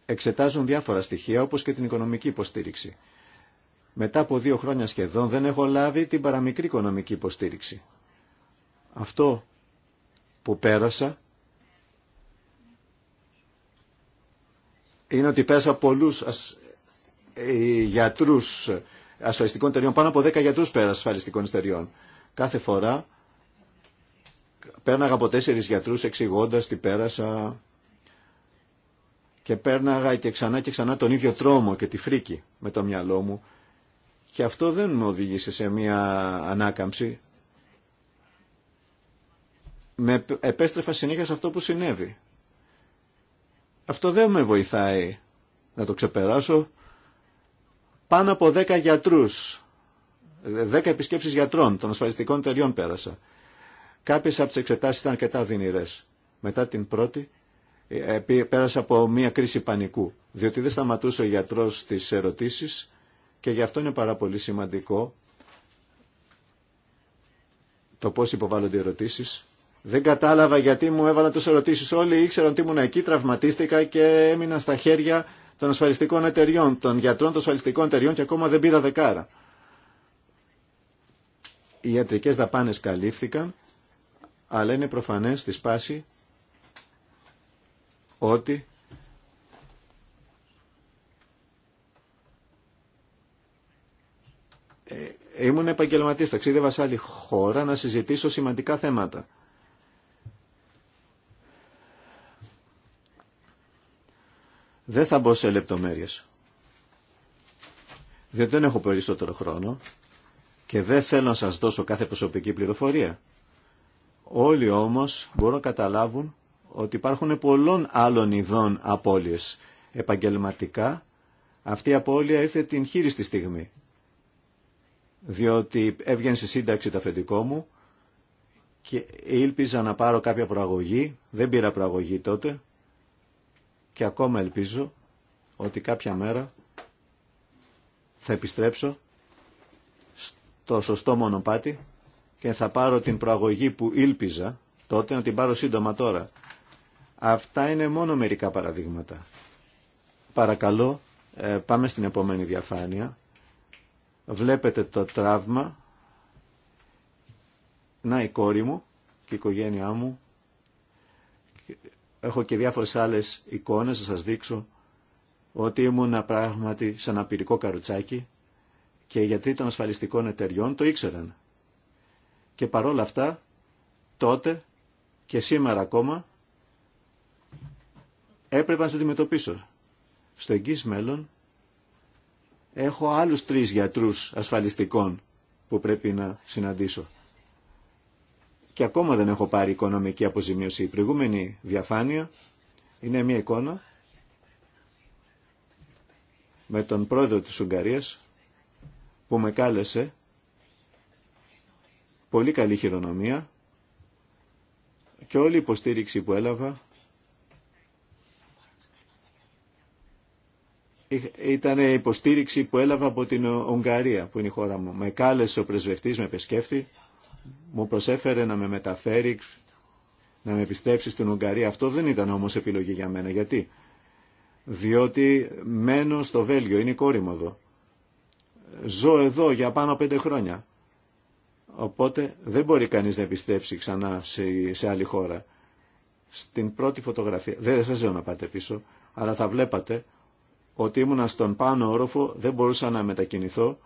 εξετάζουν διάφορα στοιχεία όπως και την οικονομική υποστήριξη. Μετά από δύο χρόνια σχεδόν δεν έχω λάβει την παραμικρή οικονομική υποστήριξη. Αυτό που πέρασα είναι ότι πέρασα πολλού πολλούς γιατρούς ασφαλιστικών εταιριών, πάνω από 10 γιατρούς πέρασα ασφαλιστικών εταιριών, κάθε φορά πέρναγα από τέσσερις γιατρούς εξηγώντα τι πέρασα και πέρναγα και ξανά και ξανά τον ίδιο τρόμο και τη φρίκη με το μυαλό μου και αυτό δεν με οδήγησε σε μια ανάκαμψη. Με επέστρεφα συνέχεια σε αυτό που συνέβη. Αυτό δεν με βοηθάει να το ξεπεράσω. Πάνω από δέκα γιατρούς, 10 επισκέψεις γιατρών των ασφαλιστικών εταιριών πέρασα. Κάποιες από τις εξετάσεις ήταν αρκετά δυνηρές. Μετά την πρώτη ε, ε, πέρασα από μια κρίση πανικού, διότι δεν σταματούσε ο γιατρός τις ερωτήσεις και γι' αυτό είναι πάρα πολύ σημαντικό το πώς υποβάλλονται οι ερωτήσεις δεν κατάλαβα γιατί μου έβαλα τους ερωτήσεις όλοι, ήξεραν ότι ήμουν εκεί, τραυματίστηκα και έμεινα στα χέρια των ασφαλιστικών εταιριών, των γιατρών των ασφαλιστικών εταιριών και ακόμα δεν πήρα δεκάρα. Οι ιατρικές δαπάνες καλύφθηκαν, αλλά είναι προφανές στη σπάση ότι ε, ήμουν επαγγελματής, ταξίδευα σε άλλη χώρα να συζητήσω σημαντικά θέματα. Δεν θα μπω σε λεπτομέρειες. Διότι δεν έχω περισσότερο χρόνο και δεν θέλω να σας δώσω κάθε προσωπική πληροφορία. Όλοι όμως μπορούν να καταλάβουν ότι υπάρχουν πολλών άλλων ειδών απώλειες. Επαγγελματικά αυτή η απώλεια ήρθε την χείριστη στιγμή. Διότι έβγαινε στη σύνταξη το αφεντικό μου και ήλπιζα να πάρω κάποια προαγωγή. Δεν πήρα προαγωγή τότε και ακόμα ελπίζω ότι κάποια μέρα θα επιστρέψω στο σωστό μονοπάτι και θα πάρω την προαγωγή που ήλπιζα τότε να την πάρω σύντομα τώρα. Αυτά είναι μόνο μερικά παραδείγματα. Παρακαλώ, ε, πάμε στην επόμενη διαφάνεια. Βλέπετε το τραύμα. Να η κόρη μου και η οικογένειά μου Έχω και διάφορες άλλες εικόνες να σας δείξω ότι ήμουν πράγματι σαν απειρικό καρουτσάκι και οι γιατροί των ασφαλιστικών εταιριών το ήξεραν. Και παρόλα αυτά, τότε και σήμερα ακόμα, έπρεπε να σε αντιμετωπίσω. Στο εγγύς μέλλον, έχω άλλους τρεις γιατρούς ασφαλιστικών που πρέπει να συναντήσω και ακόμα δεν έχω πάρει οικονομική αποζημίωση. Η προηγούμενη διαφάνεια είναι μια εικόνα με τον πρόεδρο της Ουγγαρίας που με κάλεσε πολύ καλή χειρονομία και όλη η υποστήριξη που έλαβα ήταν υποστήριξη που έλαβα από την Ουγγαρία που είναι η χώρα μου. Με κάλεσε ο πρεσβευτής, με επισκέφτη μου προσέφερε να με μεταφέρει, να με επιστρέψει στην Ουγγαρία. Αυτό δεν ήταν όμως επιλογή για μένα. Γιατί? Διότι μένω στο Βέλγιο, είναι η κόρη μου εδώ. Ζω εδώ για πάνω πέντε χρόνια. Οπότε δεν μπορεί κανείς να επιστρέψει ξανά σε, σε άλλη χώρα. Στην πρώτη φωτογραφία, δεν σας λέω να πάτε πίσω, αλλά θα βλέπατε ότι ήμουνα στον πάνω όροφο, δεν μπορούσα να μετακινηθώ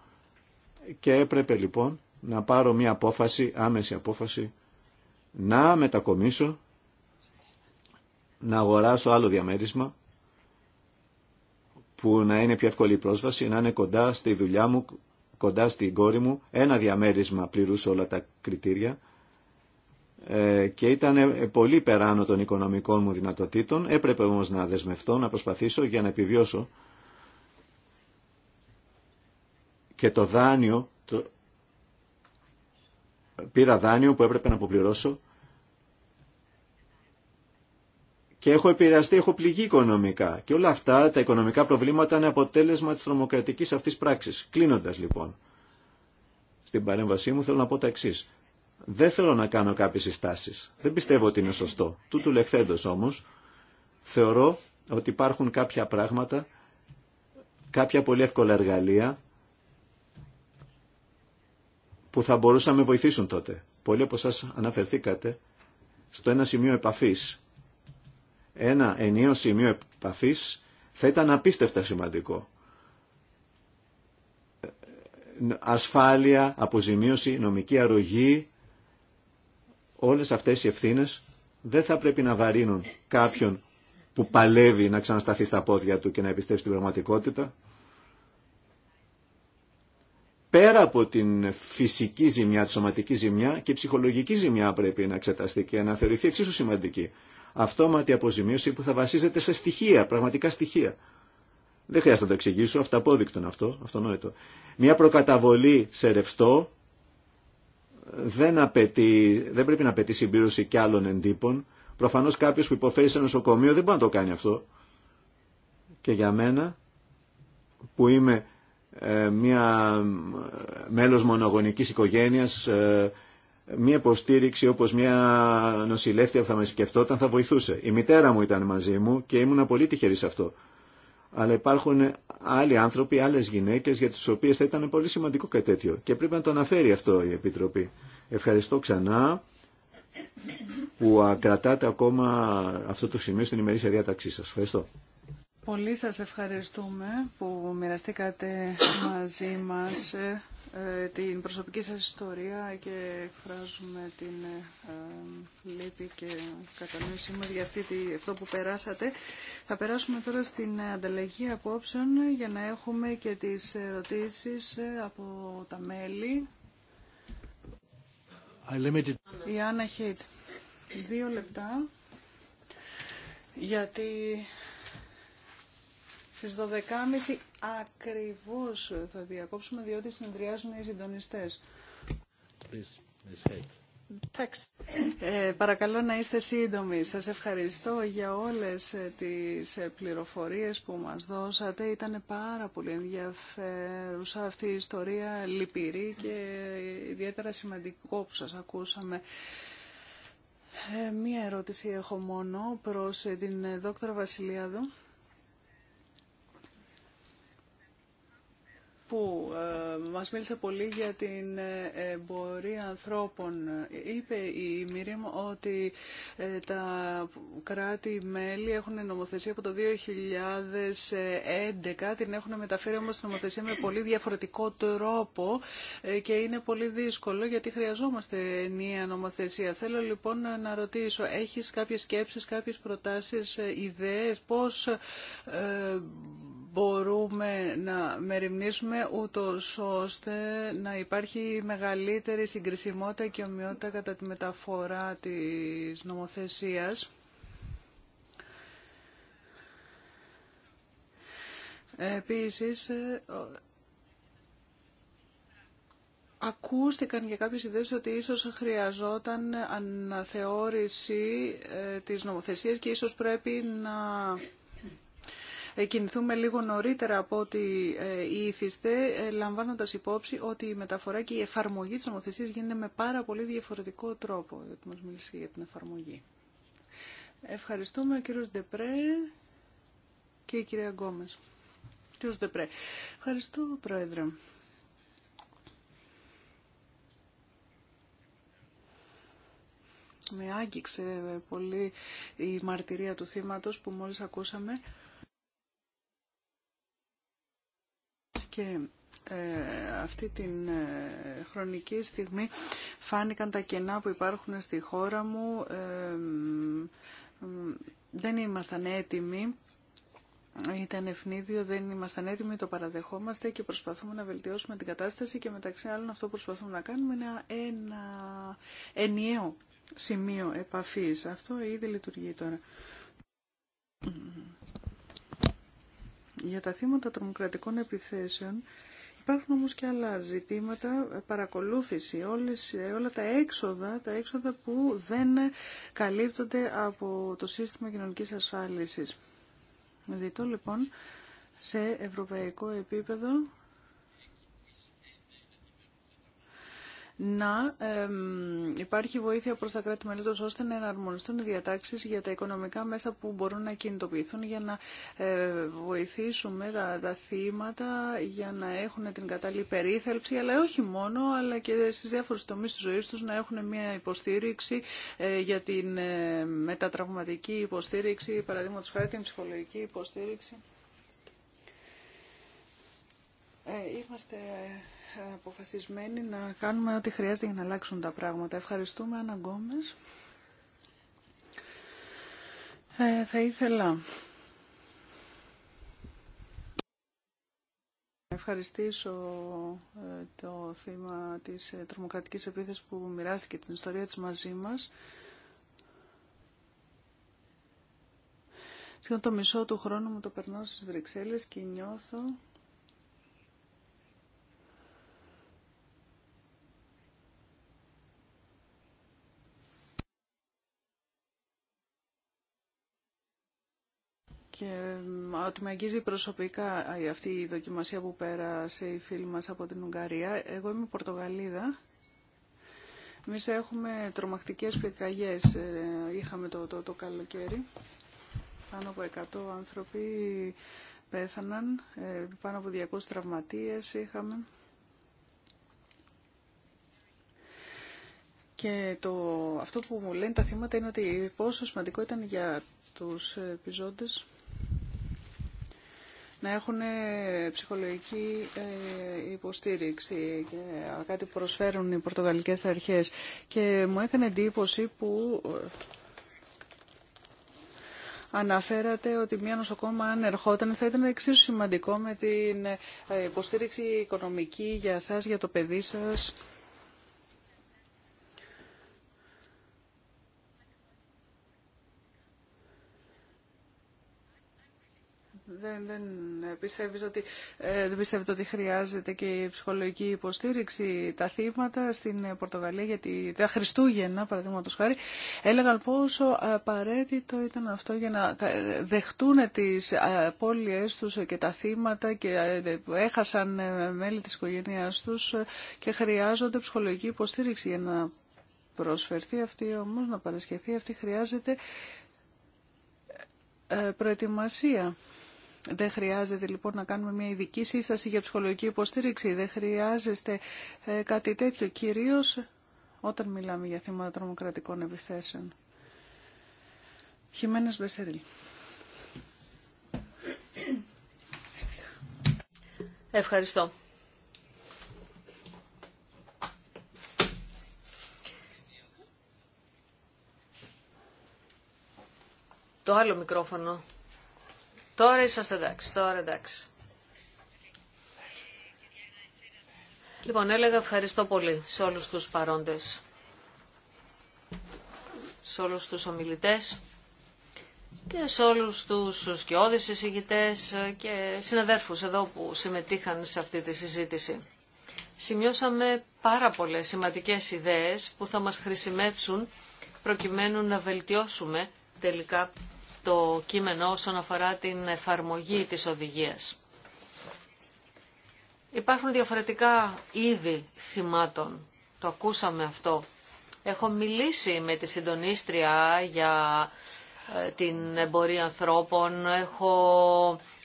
και έπρεπε λοιπόν να πάρω μια απόφαση, άμεση απόφαση, να μετακομίσω, να αγοράσω άλλο διαμέρισμα που να είναι πιο εύκολη η πρόσβαση, να είναι κοντά στη δουλειά μου, κοντά στην κόρη μου, ένα διαμέρισμα πληρούσε όλα τα κριτήρια ε, και ήταν ε, πολύ περάνω των οικονομικών μου δυνατοτήτων, έπρεπε όμως να δεσμευτώ, να προσπαθήσω για να επιβιώσω και το δάνειο, πήρα δάνειο που έπρεπε να αποπληρώσω και έχω επηρεαστεί, έχω πληγεί οικονομικά. Και όλα αυτά τα οικονομικά προβλήματα είναι αποτέλεσμα της τρομοκρατικής αυτής πράξης. Κλείνοντας λοιπόν, στην παρέμβασή μου θέλω να πω τα εξή. Δεν θέλω να κάνω κάποιες συστάσεις. Δεν πιστεύω ότι είναι σωστό. Τούτου λεχθέντος όμως, θεωρώ ότι υπάρχουν κάποια πράγματα, κάποια πολύ εύκολα εργαλεία που θα μπορούσαν να με βοηθήσουν τότε. Πολλοί από εσά αναφερθήκατε στο ένα σημείο επαφής. Ένα ενίο σημείο επαφής θα ήταν απίστευτα σημαντικό. Ασφάλεια, αποζημίωση, νομική αρρωγή, όλες αυτές οι ευθύνες δεν θα πρέπει να βαρύνουν κάποιον που παλεύει να ξανασταθεί στα πόδια του και να επιστρέψει την πραγματικότητα πέρα από την φυσική ζημιά, τη σωματική ζημιά και η ψυχολογική ζημιά πρέπει να εξεταστεί και να θεωρηθεί εξίσου σημαντική. Αυτόματη αποζημίωση που θα βασίζεται σε στοιχεία, πραγματικά στοιχεία. Δεν χρειάζεται να το εξηγήσω, αυταπόδεικτον αυτό, αυτονόητο. Μια προκαταβολή σε ρευστό δεν, απαιτεί, δεν πρέπει να απαιτεί συμπλήρωση κι άλλων εντύπων. Προφανώς κάποιο που υποφέρει σε νοσοκομείο δεν μπορεί να το κάνει αυτό. Και για μένα που είμαι ε, μια μέλος μονογονικής οικογένειας, ε, μια υποστήριξη όπως μια νοσηλεύτρια που θα με σκεφτόταν θα βοηθούσε. Η μητέρα μου ήταν μαζί μου και ήμουν πολύ τυχερή σε αυτό. Αλλά υπάρχουν άλλοι άνθρωποι, άλλες γυναίκες για τις οποίες θα ήταν πολύ σημαντικό κάτι τέτοιο. Και πρέπει να το αναφέρει αυτό η Επιτροπή. Ευχαριστώ ξανά που κρατάτε ακόμα αυτό το σημείο στην ημερήσια διάταξή σας. Ευχαριστώ. Πολύ σας ευχαριστούμε που μοιραστήκατε μαζί μας ε, ε, την προσωπική σας ιστορία και εκφράζουμε την ε, λύπη και κατανόησή μας για αυτή, αυτό που περάσατε. Θα περάσουμε τώρα στην ανταλλαγή απόψεων για να έχουμε και τις ερωτήσεις από τα μέλη. Η Άννα Χίτ. Δύο λεπτά. Γιατί στις 12.30 ακριβώς θα διακόψουμε διότι συνεδριάζουν οι συντονιστές. ε, παρακαλώ να είστε σύντομοι. Σας ευχαριστώ για όλες ε, τις ε, πληροφορίες που μας δώσατε. Ήταν πάρα πολύ ενδιαφέρουσα αυτή η ιστορία, λυπηρή και ιδιαίτερα σημαντικό που σας ακούσαμε. Ε, μία ερώτηση έχω μόνο προς την δόκτωρα Βασιλιάδου. που ε, μας μίλησε πολύ για την ε, εμπορία ανθρώπων. Είπε η Μίριμ ότι ε, τα κράτη-μέλη έχουν νομοθεσία από το 2011, την έχουν μεταφέρει όμως νομοθεσία με πολύ διαφορετικό τρόπο και είναι πολύ δύσκολο γιατί χρειαζόμαστε νέα νομοθεσία. Θέλω λοιπόν να ρωτήσω, έχεις κάποιες σκέψεις, κάποιες προτάσεις, ιδέες, πώς μπορούμε να μεριμνήσουμε ούτω ώστε να υπάρχει μεγαλύτερη συγκρισιμότητα και ομοιότητα κατά τη μεταφορά της νομοθεσίας. Επίσης, ε, ακούστηκαν για κάποιες ιδέες ότι ίσως χρειαζόταν αναθεώρηση ε, της νομοθεσίας και ίσως πρέπει να ε, κινηθούμε λίγο νωρίτερα από ό,τι ε, ήθιστε, ε, λαμβάνοντας υπόψη ότι η μεταφορά και η εφαρμογή τη νομοθεσία γίνεται με πάρα πολύ διαφορετικό τρόπο, γιατί μας μιλήσει για την εφαρμογή. Ευχαριστούμε ο κύριος Ντεπρέ και η κυρία Γκόμες. Κύριο Ντεπρέ. Ευχαριστώ, Πρόεδρε. Με άγγιξε πολύ η μαρτυρία του θύματος που μόλις ακούσαμε. και ε, αυτή την ε, χρονική στιγμή φάνηκαν τα κενά που υπάρχουν στη χώρα μου. Ε, δεν ήμασταν έτοιμοι. Ήταν ευνίδιο, δεν ήμασταν έτοιμοι, το παραδεχόμαστε και προσπαθούμε να βελτιώσουμε την κατάσταση και μεταξύ άλλων αυτό που προσπαθούμε να κάνουμε είναι ένα ενιαίο σημείο επαφής. Αυτό ήδη λειτουργεί τώρα. Για τα θύματα τρομοκρατικών επιθέσεων υπάρχουν όμως και άλλα ζητήματα, παρακολούθηση, όλες, όλα τα έξοδα, τα έξοδα που δεν καλύπτονται από το σύστημα κοινωνικής ασφάλισης. Ζητώ λοιπόν σε ευρωπαϊκό επίπεδο να υπάρχει βοήθεια προς τα κράτη-μέλη ώστε να εναρμονιστούν οι διατάξεις για τα οικονομικά μέσα που μπορούν να κινητοποιηθούν για να ε, βοηθήσουμε τα, θύματα για να έχουν την κατάλληλη περίθαλψη, αλλά όχι μόνο, αλλά και στις διάφορες τομείς της ζωής τους να έχουν μια υποστήριξη ε, για την ε, μετατραυματική υποστήριξη, παραδείγματος χάρη την ψυχολογική υποστήριξη αποφασισμένοι να κάνουμε ό,τι χρειάζεται για να αλλάξουν τα πράγματα. Ευχαριστούμε, Άννα Ε, θα ήθελα ευχαριστήσω ε, το θύμα της ε, τρομοκρατικής επίθεσης που μοιράστηκε την ιστορία της μαζί μας. Σχεδόν το μισό του χρόνου μου το περνάω στις Βρυξέλλες και νιώθω και ότι με αγγίζει προσωπικά αυτή η δοκιμασία που πέρασε η φίλη μας από την Ουγγαρία. Εγώ είμαι Πορτογαλίδα. Εμεί έχουμε τρομακτικές πυρκαγιές. Ε, είχαμε το, το, το καλοκαίρι. Πάνω από 100 άνθρωποι πέθαναν. Ε, πάνω από 200 τραυματίες είχαμε. Και το, αυτό που μου λένε τα θύματα είναι ότι πόσο σημαντικό ήταν για τους ε, επιζώντες να έχουν ε, ψυχολογική ε, υποστήριξη και κάτι που προσφέρουν οι πορτογαλικές αρχές. Και μου έκανε εντύπωση που ε, αναφέρατε ότι μια νοσοκόμα αν ερχόταν θα ήταν εξίσου σημαντικό με την υποστήριξη οικονομική για σας, για το παιδί σας. δεν, δεν, ότι, ε, δεν ότι χρειάζεται και η ψυχολογική υποστήριξη τα θύματα στην Πορτογαλία, γιατί τα Χριστούγεννα, παραδείγματος χάρη, έλεγαν πόσο απαραίτητο ήταν αυτό για να ε, δεχτούν τις απώλειές τους και τα θύματα και ε, έχασαν μέλη της οικογένειάς τους και χρειάζονται ψυχολογική υποστήριξη για να προσφερθεί αυτή όμως, να παρασχεθεί αυτή χρειάζεται προετοιμασία. Δεν χρειάζεται λοιπόν να κάνουμε μια ειδική σύσταση για ψυχολογική υποστήριξη. Δεν χρειάζεστε ε, κάτι τέτοιο, κυρίως όταν μιλάμε για θύματα τρομοκρατικών επιθέσεων. Χιμένες Μπεσερίλ. Ευχαριστώ. Το άλλο μικρόφωνο Τώρα είσαστε εντάξει, τώρα εντάξει. Λοιπόν, έλεγα ευχαριστώ πολύ σε όλους τους παρόντες, σε όλους τους ομιλητές και σε όλους τους σκιώδεις εισηγητές και συναδέρφους εδώ που συμμετείχαν σε αυτή τη συζήτηση. Σημειώσαμε πάρα πολλές σημαντικές ιδέες που θα μας χρησιμεύσουν προκειμένου να βελτιώσουμε τελικά το κείμενο όσον αφορά την εφαρμογή της οδηγίας. Υπάρχουν διαφορετικά είδη θυμάτων. Το ακούσαμε αυτό. Έχω μιλήσει με τη συντονίστρια για ε, την εμπορία ανθρώπων, έχω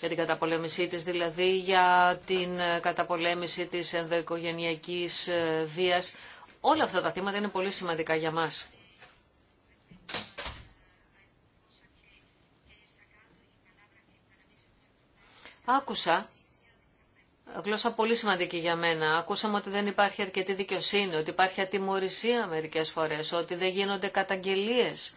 για την καταπολέμησή της δηλαδή, για την καταπολέμηση της ενδοοικογενειακής ε, βίας. Όλα αυτά τα θύματα είναι πολύ σημαντικά για μας. Άκουσα γλώσσα πολύ σημαντική για μένα. Ακούσαμε ότι δεν υπάρχει αρκετή δικαιοσύνη, ότι υπάρχει ατιμορρησία μερικές φορές, ότι δεν γίνονται καταγγελίες.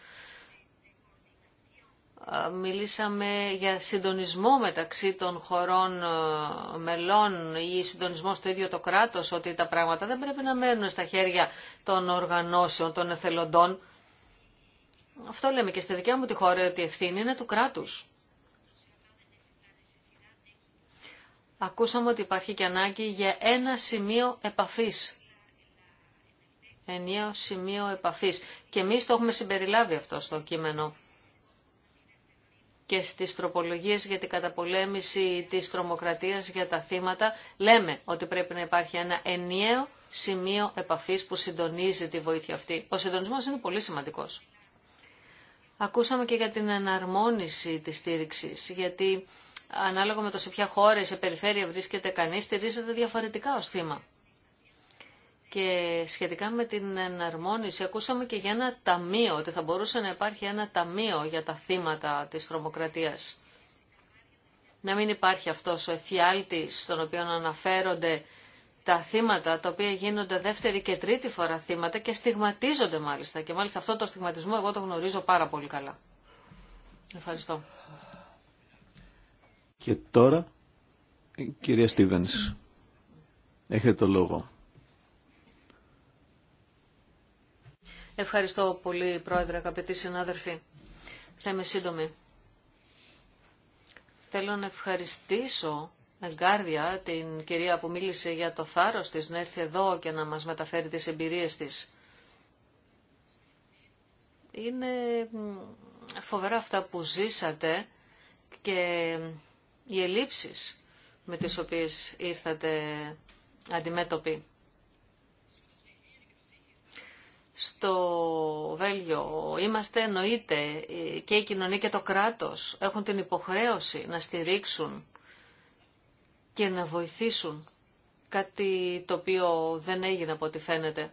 Μιλήσαμε για συντονισμό μεταξύ των χωρών ε, μελών ή συντονισμό στο ίδιο το κράτος, ότι τα πράγματα δεν πρέπει να μένουν στα χέρια των οργανώσεων, των εθελοντών. Αυτό λέμε και στη δικιά μου τη χώρα, ότι η ευθύνη είναι του κράτους. Ακούσαμε ότι υπάρχει και ανάγκη για ένα σημείο επαφής. Ενιαίο σημείο επαφής. Και εμείς το έχουμε συμπεριλάβει αυτό στο κείμενο και στις τροπολογίες για την καταπολέμηση της τρομοκρατίας για τα θύματα, λέμε ότι πρέπει να υπάρχει ένα ενιαίο σημείο επαφής που συντονίζει τη βοήθεια αυτή. Ο συντονισμός είναι πολύ σημαντικός. Ακούσαμε και για την εναρμόνιση της στήριξης, γιατί ανάλογα με το σε ποια χώρα σε περιφέρεια βρίσκεται κανείς, στηρίζεται διαφορετικά ως θύμα. Και σχετικά με την εναρμόνιση, ακούσαμε και για ένα ταμείο, ότι θα μπορούσε να υπάρχει ένα ταμείο για τα θύματα της τρομοκρατίας. Να μην υπάρχει αυτός ο εφιάλτης στον οποίο αναφέρονται τα θύματα, τα οποία γίνονται δεύτερη και τρίτη φορά θύματα και στιγματίζονται μάλιστα. Και μάλιστα αυτό το στιγματισμό εγώ το γνωρίζω πάρα πολύ καλά. Ευχαριστώ. Και τώρα, η κυρία Στίβενς, έχετε το λόγο. Ευχαριστώ πολύ, Πρόεδρε, αγαπητοί συνάδελφοι. Θα είμαι σύντομη. Θέλω να ευχαριστήσω εγκάρδια την κυρία που μίλησε για το θάρρος της να έρθει εδώ και να μας μεταφέρει τις εμπειρίες της. Είναι φοβερά αυτά που ζήσατε και οι ελλείψεις με τις οποίες ήρθατε αντιμέτωποι. Στο Βέλγιο είμαστε εννοείται και η κοινωνία και το κράτος έχουν την υποχρέωση να στηρίξουν και να βοηθήσουν κάτι το οποίο δεν έγινε από ό,τι φαίνεται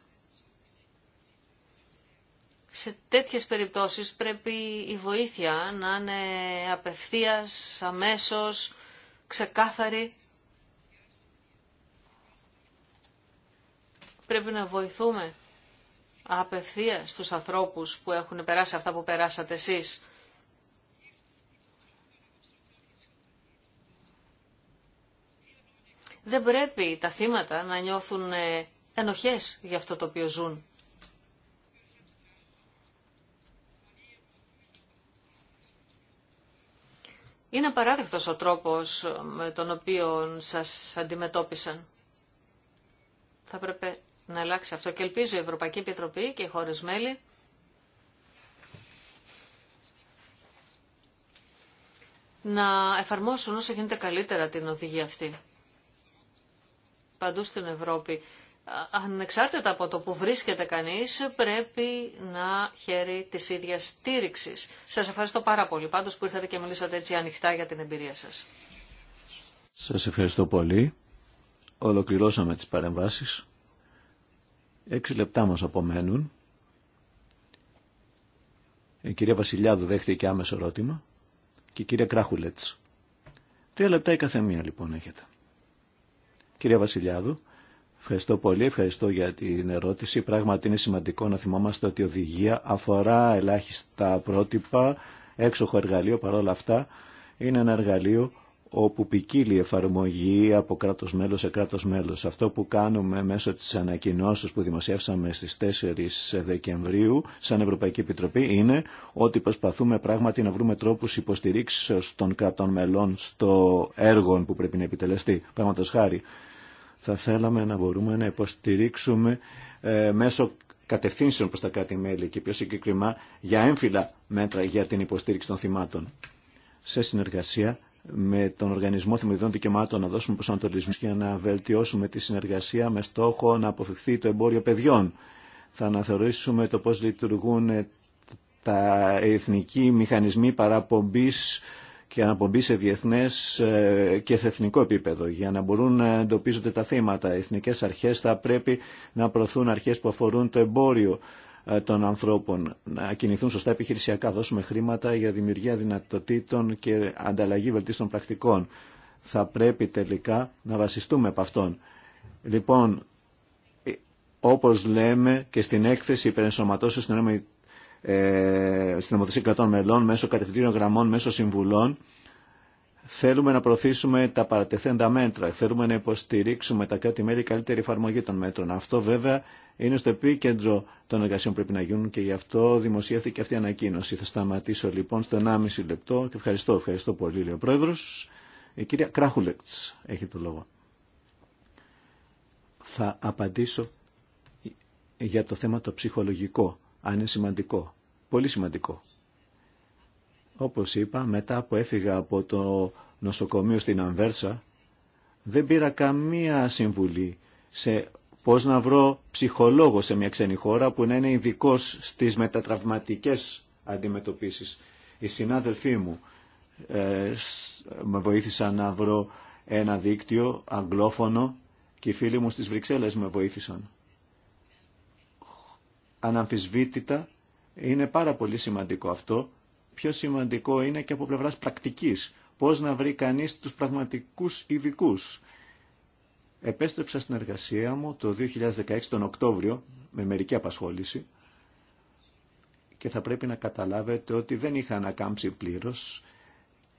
σε τέτοιες περιπτώσεις πρέπει η βοήθεια να είναι απευθείας, αμέσως, ξεκάθαρη. Πρέπει να βοηθούμε απευθεία στους ανθρώπους που έχουν περάσει αυτά που περάσατε εσείς. Δεν πρέπει τα θύματα να νιώθουν ε, ενοχές για αυτό το οποίο ζουν. Είναι απαράδεκτος ο τρόπος με τον οποίο σας αντιμετώπισαν. Θα πρέπει να αλλάξει αυτό και ελπίζω η Ευρωπαϊκή Επιτροπή και οι χώρες μέλη να εφαρμόσουν όσο γίνεται καλύτερα την οδηγία αυτή. Παντού στην Ευρώπη ανεξάρτητα από το που βρίσκεται κανείς, πρέπει να χαίρει της ίδιας στήριξης. Σας ευχαριστώ πάρα πολύ, πάντως που ήρθατε και μιλήσατε έτσι ανοιχτά για την εμπειρία σας. Σας ευχαριστώ πολύ. Ολοκληρώσαμε τις παρεμβάσεις. Έξι λεπτά μας απομένουν. Η ε, κυρία Βασιλιάδου δέχτηκε άμεσο ερώτημα και η κυρία Κράχουλετς. Τρία λεπτά η καθεμία λοιπόν έχετε. Κυρία Βασιλιάδου, Ευχαριστώ πολύ, ευχαριστώ για την ερώτηση. Πράγματι είναι σημαντικό να θυμόμαστε ότι η οδηγία αφορά ελάχιστα πρότυπα, έξοχο εργαλείο παρόλα αυτά. Είναι ένα εργαλείο όπου ποικίλει η εφαρμογή από κράτος μέλος σε κράτος μέλος. Αυτό που κάνουμε μέσω της ανακοινώσεως που δημοσιεύσαμε στις 4 Δεκεμβρίου σαν Ευρωπαϊκή Επιτροπή είναι ότι προσπαθούμε πράγματι να βρούμε τρόπους υποστηρίξεως των κρατών μελών στο έργο που πρέπει να επιτελεστεί. Πράγματος χάρη, θα θέλαμε να μπορούμε να υποστηρίξουμε ε, μέσω κατευθύνσεων προς τα κράτη-μέλη και πιο συγκεκριμά για έμφυλα μέτρα για την υποστήριξη των θυμάτων. Σε συνεργασία με τον Οργανισμό Θεμελιδών Δικαιωμάτων να δώσουμε προσανατολισμούς για να βελτιώσουμε τη συνεργασία με στόχο να αποφευχθεί το εμπόριο παιδιών. Θα αναθεωρήσουμε το πώς λειτουργούν τα εθνικοί μηχανισμοί παραπομπής και αναπομπή σε διεθνές ε, και εθνικό επίπεδο για να μπορούν να εντοπίζονται τα θύματα. Οι εθνικές αρχές θα πρέπει να προωθούν αρχές που αφορούν το εμπόριο ε, των ανθρώπων, να κινηθούν σωστά επιχειρησιακά, δώσουμε χρήματα για δημιουργία δυνατοτήτων και ανταλλαγή βελτίστων πρακτικών. Θα πρέπει τελικά να βασιστούμε από αυτόν. Λοιπόν, ε, όπως λέμε και στην έκθεση υπερενσωματώσεως στην ε, στην ομοθεσία κρατών μελών, μέσω κατευθυντήριων γραμμών, μέσω συμβουλών. Θέλουμε να προωθήσουμε τα παρατεθέντα μέτρα, θέλουμε να υποστηρίξουμε τα κράτη-μέλη καλύτερη εφαρμογή των μέτρων. Αυτό βέβαια είναι στο επίκεντρο των εργασιών που πρέπει να γίνουν και γι' αυτό δημοσιεύθηκε αυτή η ανακοίνωση. Θα σταματήσω λοιπόν στο 1,5 λεπτό και ευχαριστώ, ευχαριστώ πολύ, λέει ο πρόεδρο. Η κυρία Κράχουλεξ έχει το λόγο. Θα απαντήσω για το θέμα το ψυχολογικό αν είναι σημαντικό. Πολύ σημαντικό. Όπως είπα, μετά που έφυγα από το νοσοκομείο στην Αμβέρσα, δεν πήρα καμία συμβουλή σε πώς να βρω ψυχολόγο σε μια ξένη χώρα που να είναι ειδικό στις μετατραυματικές αντιμετωπίσεις. Οι συνάδελφοί μου ε, με βοήθησαν να βρω ένα δίκτυο αγγλόφωνο και οι φίλοι μου στις Βρυξέλλες με βοήθησαν. Αναμφισβήτητα είναι πάρα πολύ σημαντικό αυτό. Πιο σημαντικό είναι και από πλευράς πρακτικής. Πώς να βρει κανείς τους πραγματικούς ειδικού. Επέστρεψα στην εργασία μου το 2016 τον Οκτώβριο με μερική απασχόληση και θα πρέπει να καταλάβετε ότι δεν είχα ανακάμψει πλήρως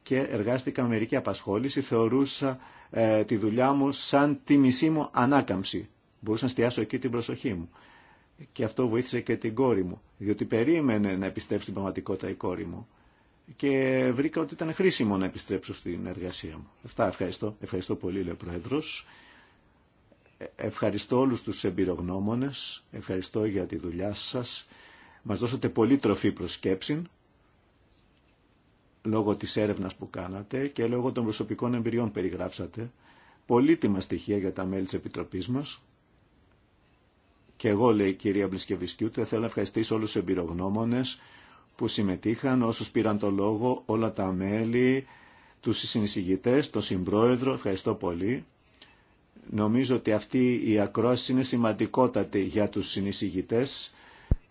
και εργάστηκα με μερική απασχόληση. Θεωρούσα ε, τη δουλειά μου σαν τη μισή μου ανάκαμψη. Μπορούσα να εστιάσω εκεί την προσοχή μου και αυτό βοήθησε και την κόρη μου, διότι περίμενε να επιστρέψει στην πραγματικότητα η κόρη μου και βρήκα ότι ήταν χρήσιμο να επιστρέψω στην εργασία μου. ευχαριστώ. Ευχαριστώ πολύ, λέει ο Πρόεδρος. Ε, ευχαριστώ όλους τους εμπειρογνώμονες, ευχαριστώ για τη δουλειά σας. Μας δώσατε πολύ τροφή προσκέψη λόγω της έρευνας που κάνατε και λόγω των προσωπικών εμπειριών περιγράψατε. Πολύτιμα στοιχεία για τα μέλη της Επιτροπής μας. Και εγώ, λέει η κυρία Μπλισκεβισκιούτε, θέλω να ευχαριστήσω όλους τους εμπειρογνώμονες που συμμετείχαν, όσους πήραν το λόγο, όλα τα μέλη, τους συνεισηγητές, τον συμπρόεδρο, ευχαριστώ πολύ. Νομίζω ότι αυτή η ακρόαση είναι σημαντικότατη για τους συνεισηγητές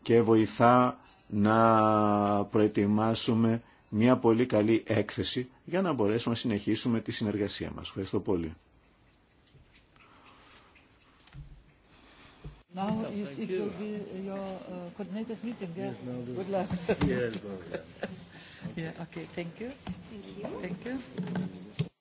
και βοηθά να προετοιμάσουμε μια πολύ καλή έκθεση για να μπορέσουμε να συνεχίσουμε τη συνεργασία μας. Ευχαριστώ πολύ. Now it, it will be your uh, coordinators meeting. Yeah. Yes, now Good luck. yes, yeah. yeah. Okay. Thank you. Thank you. Thank you.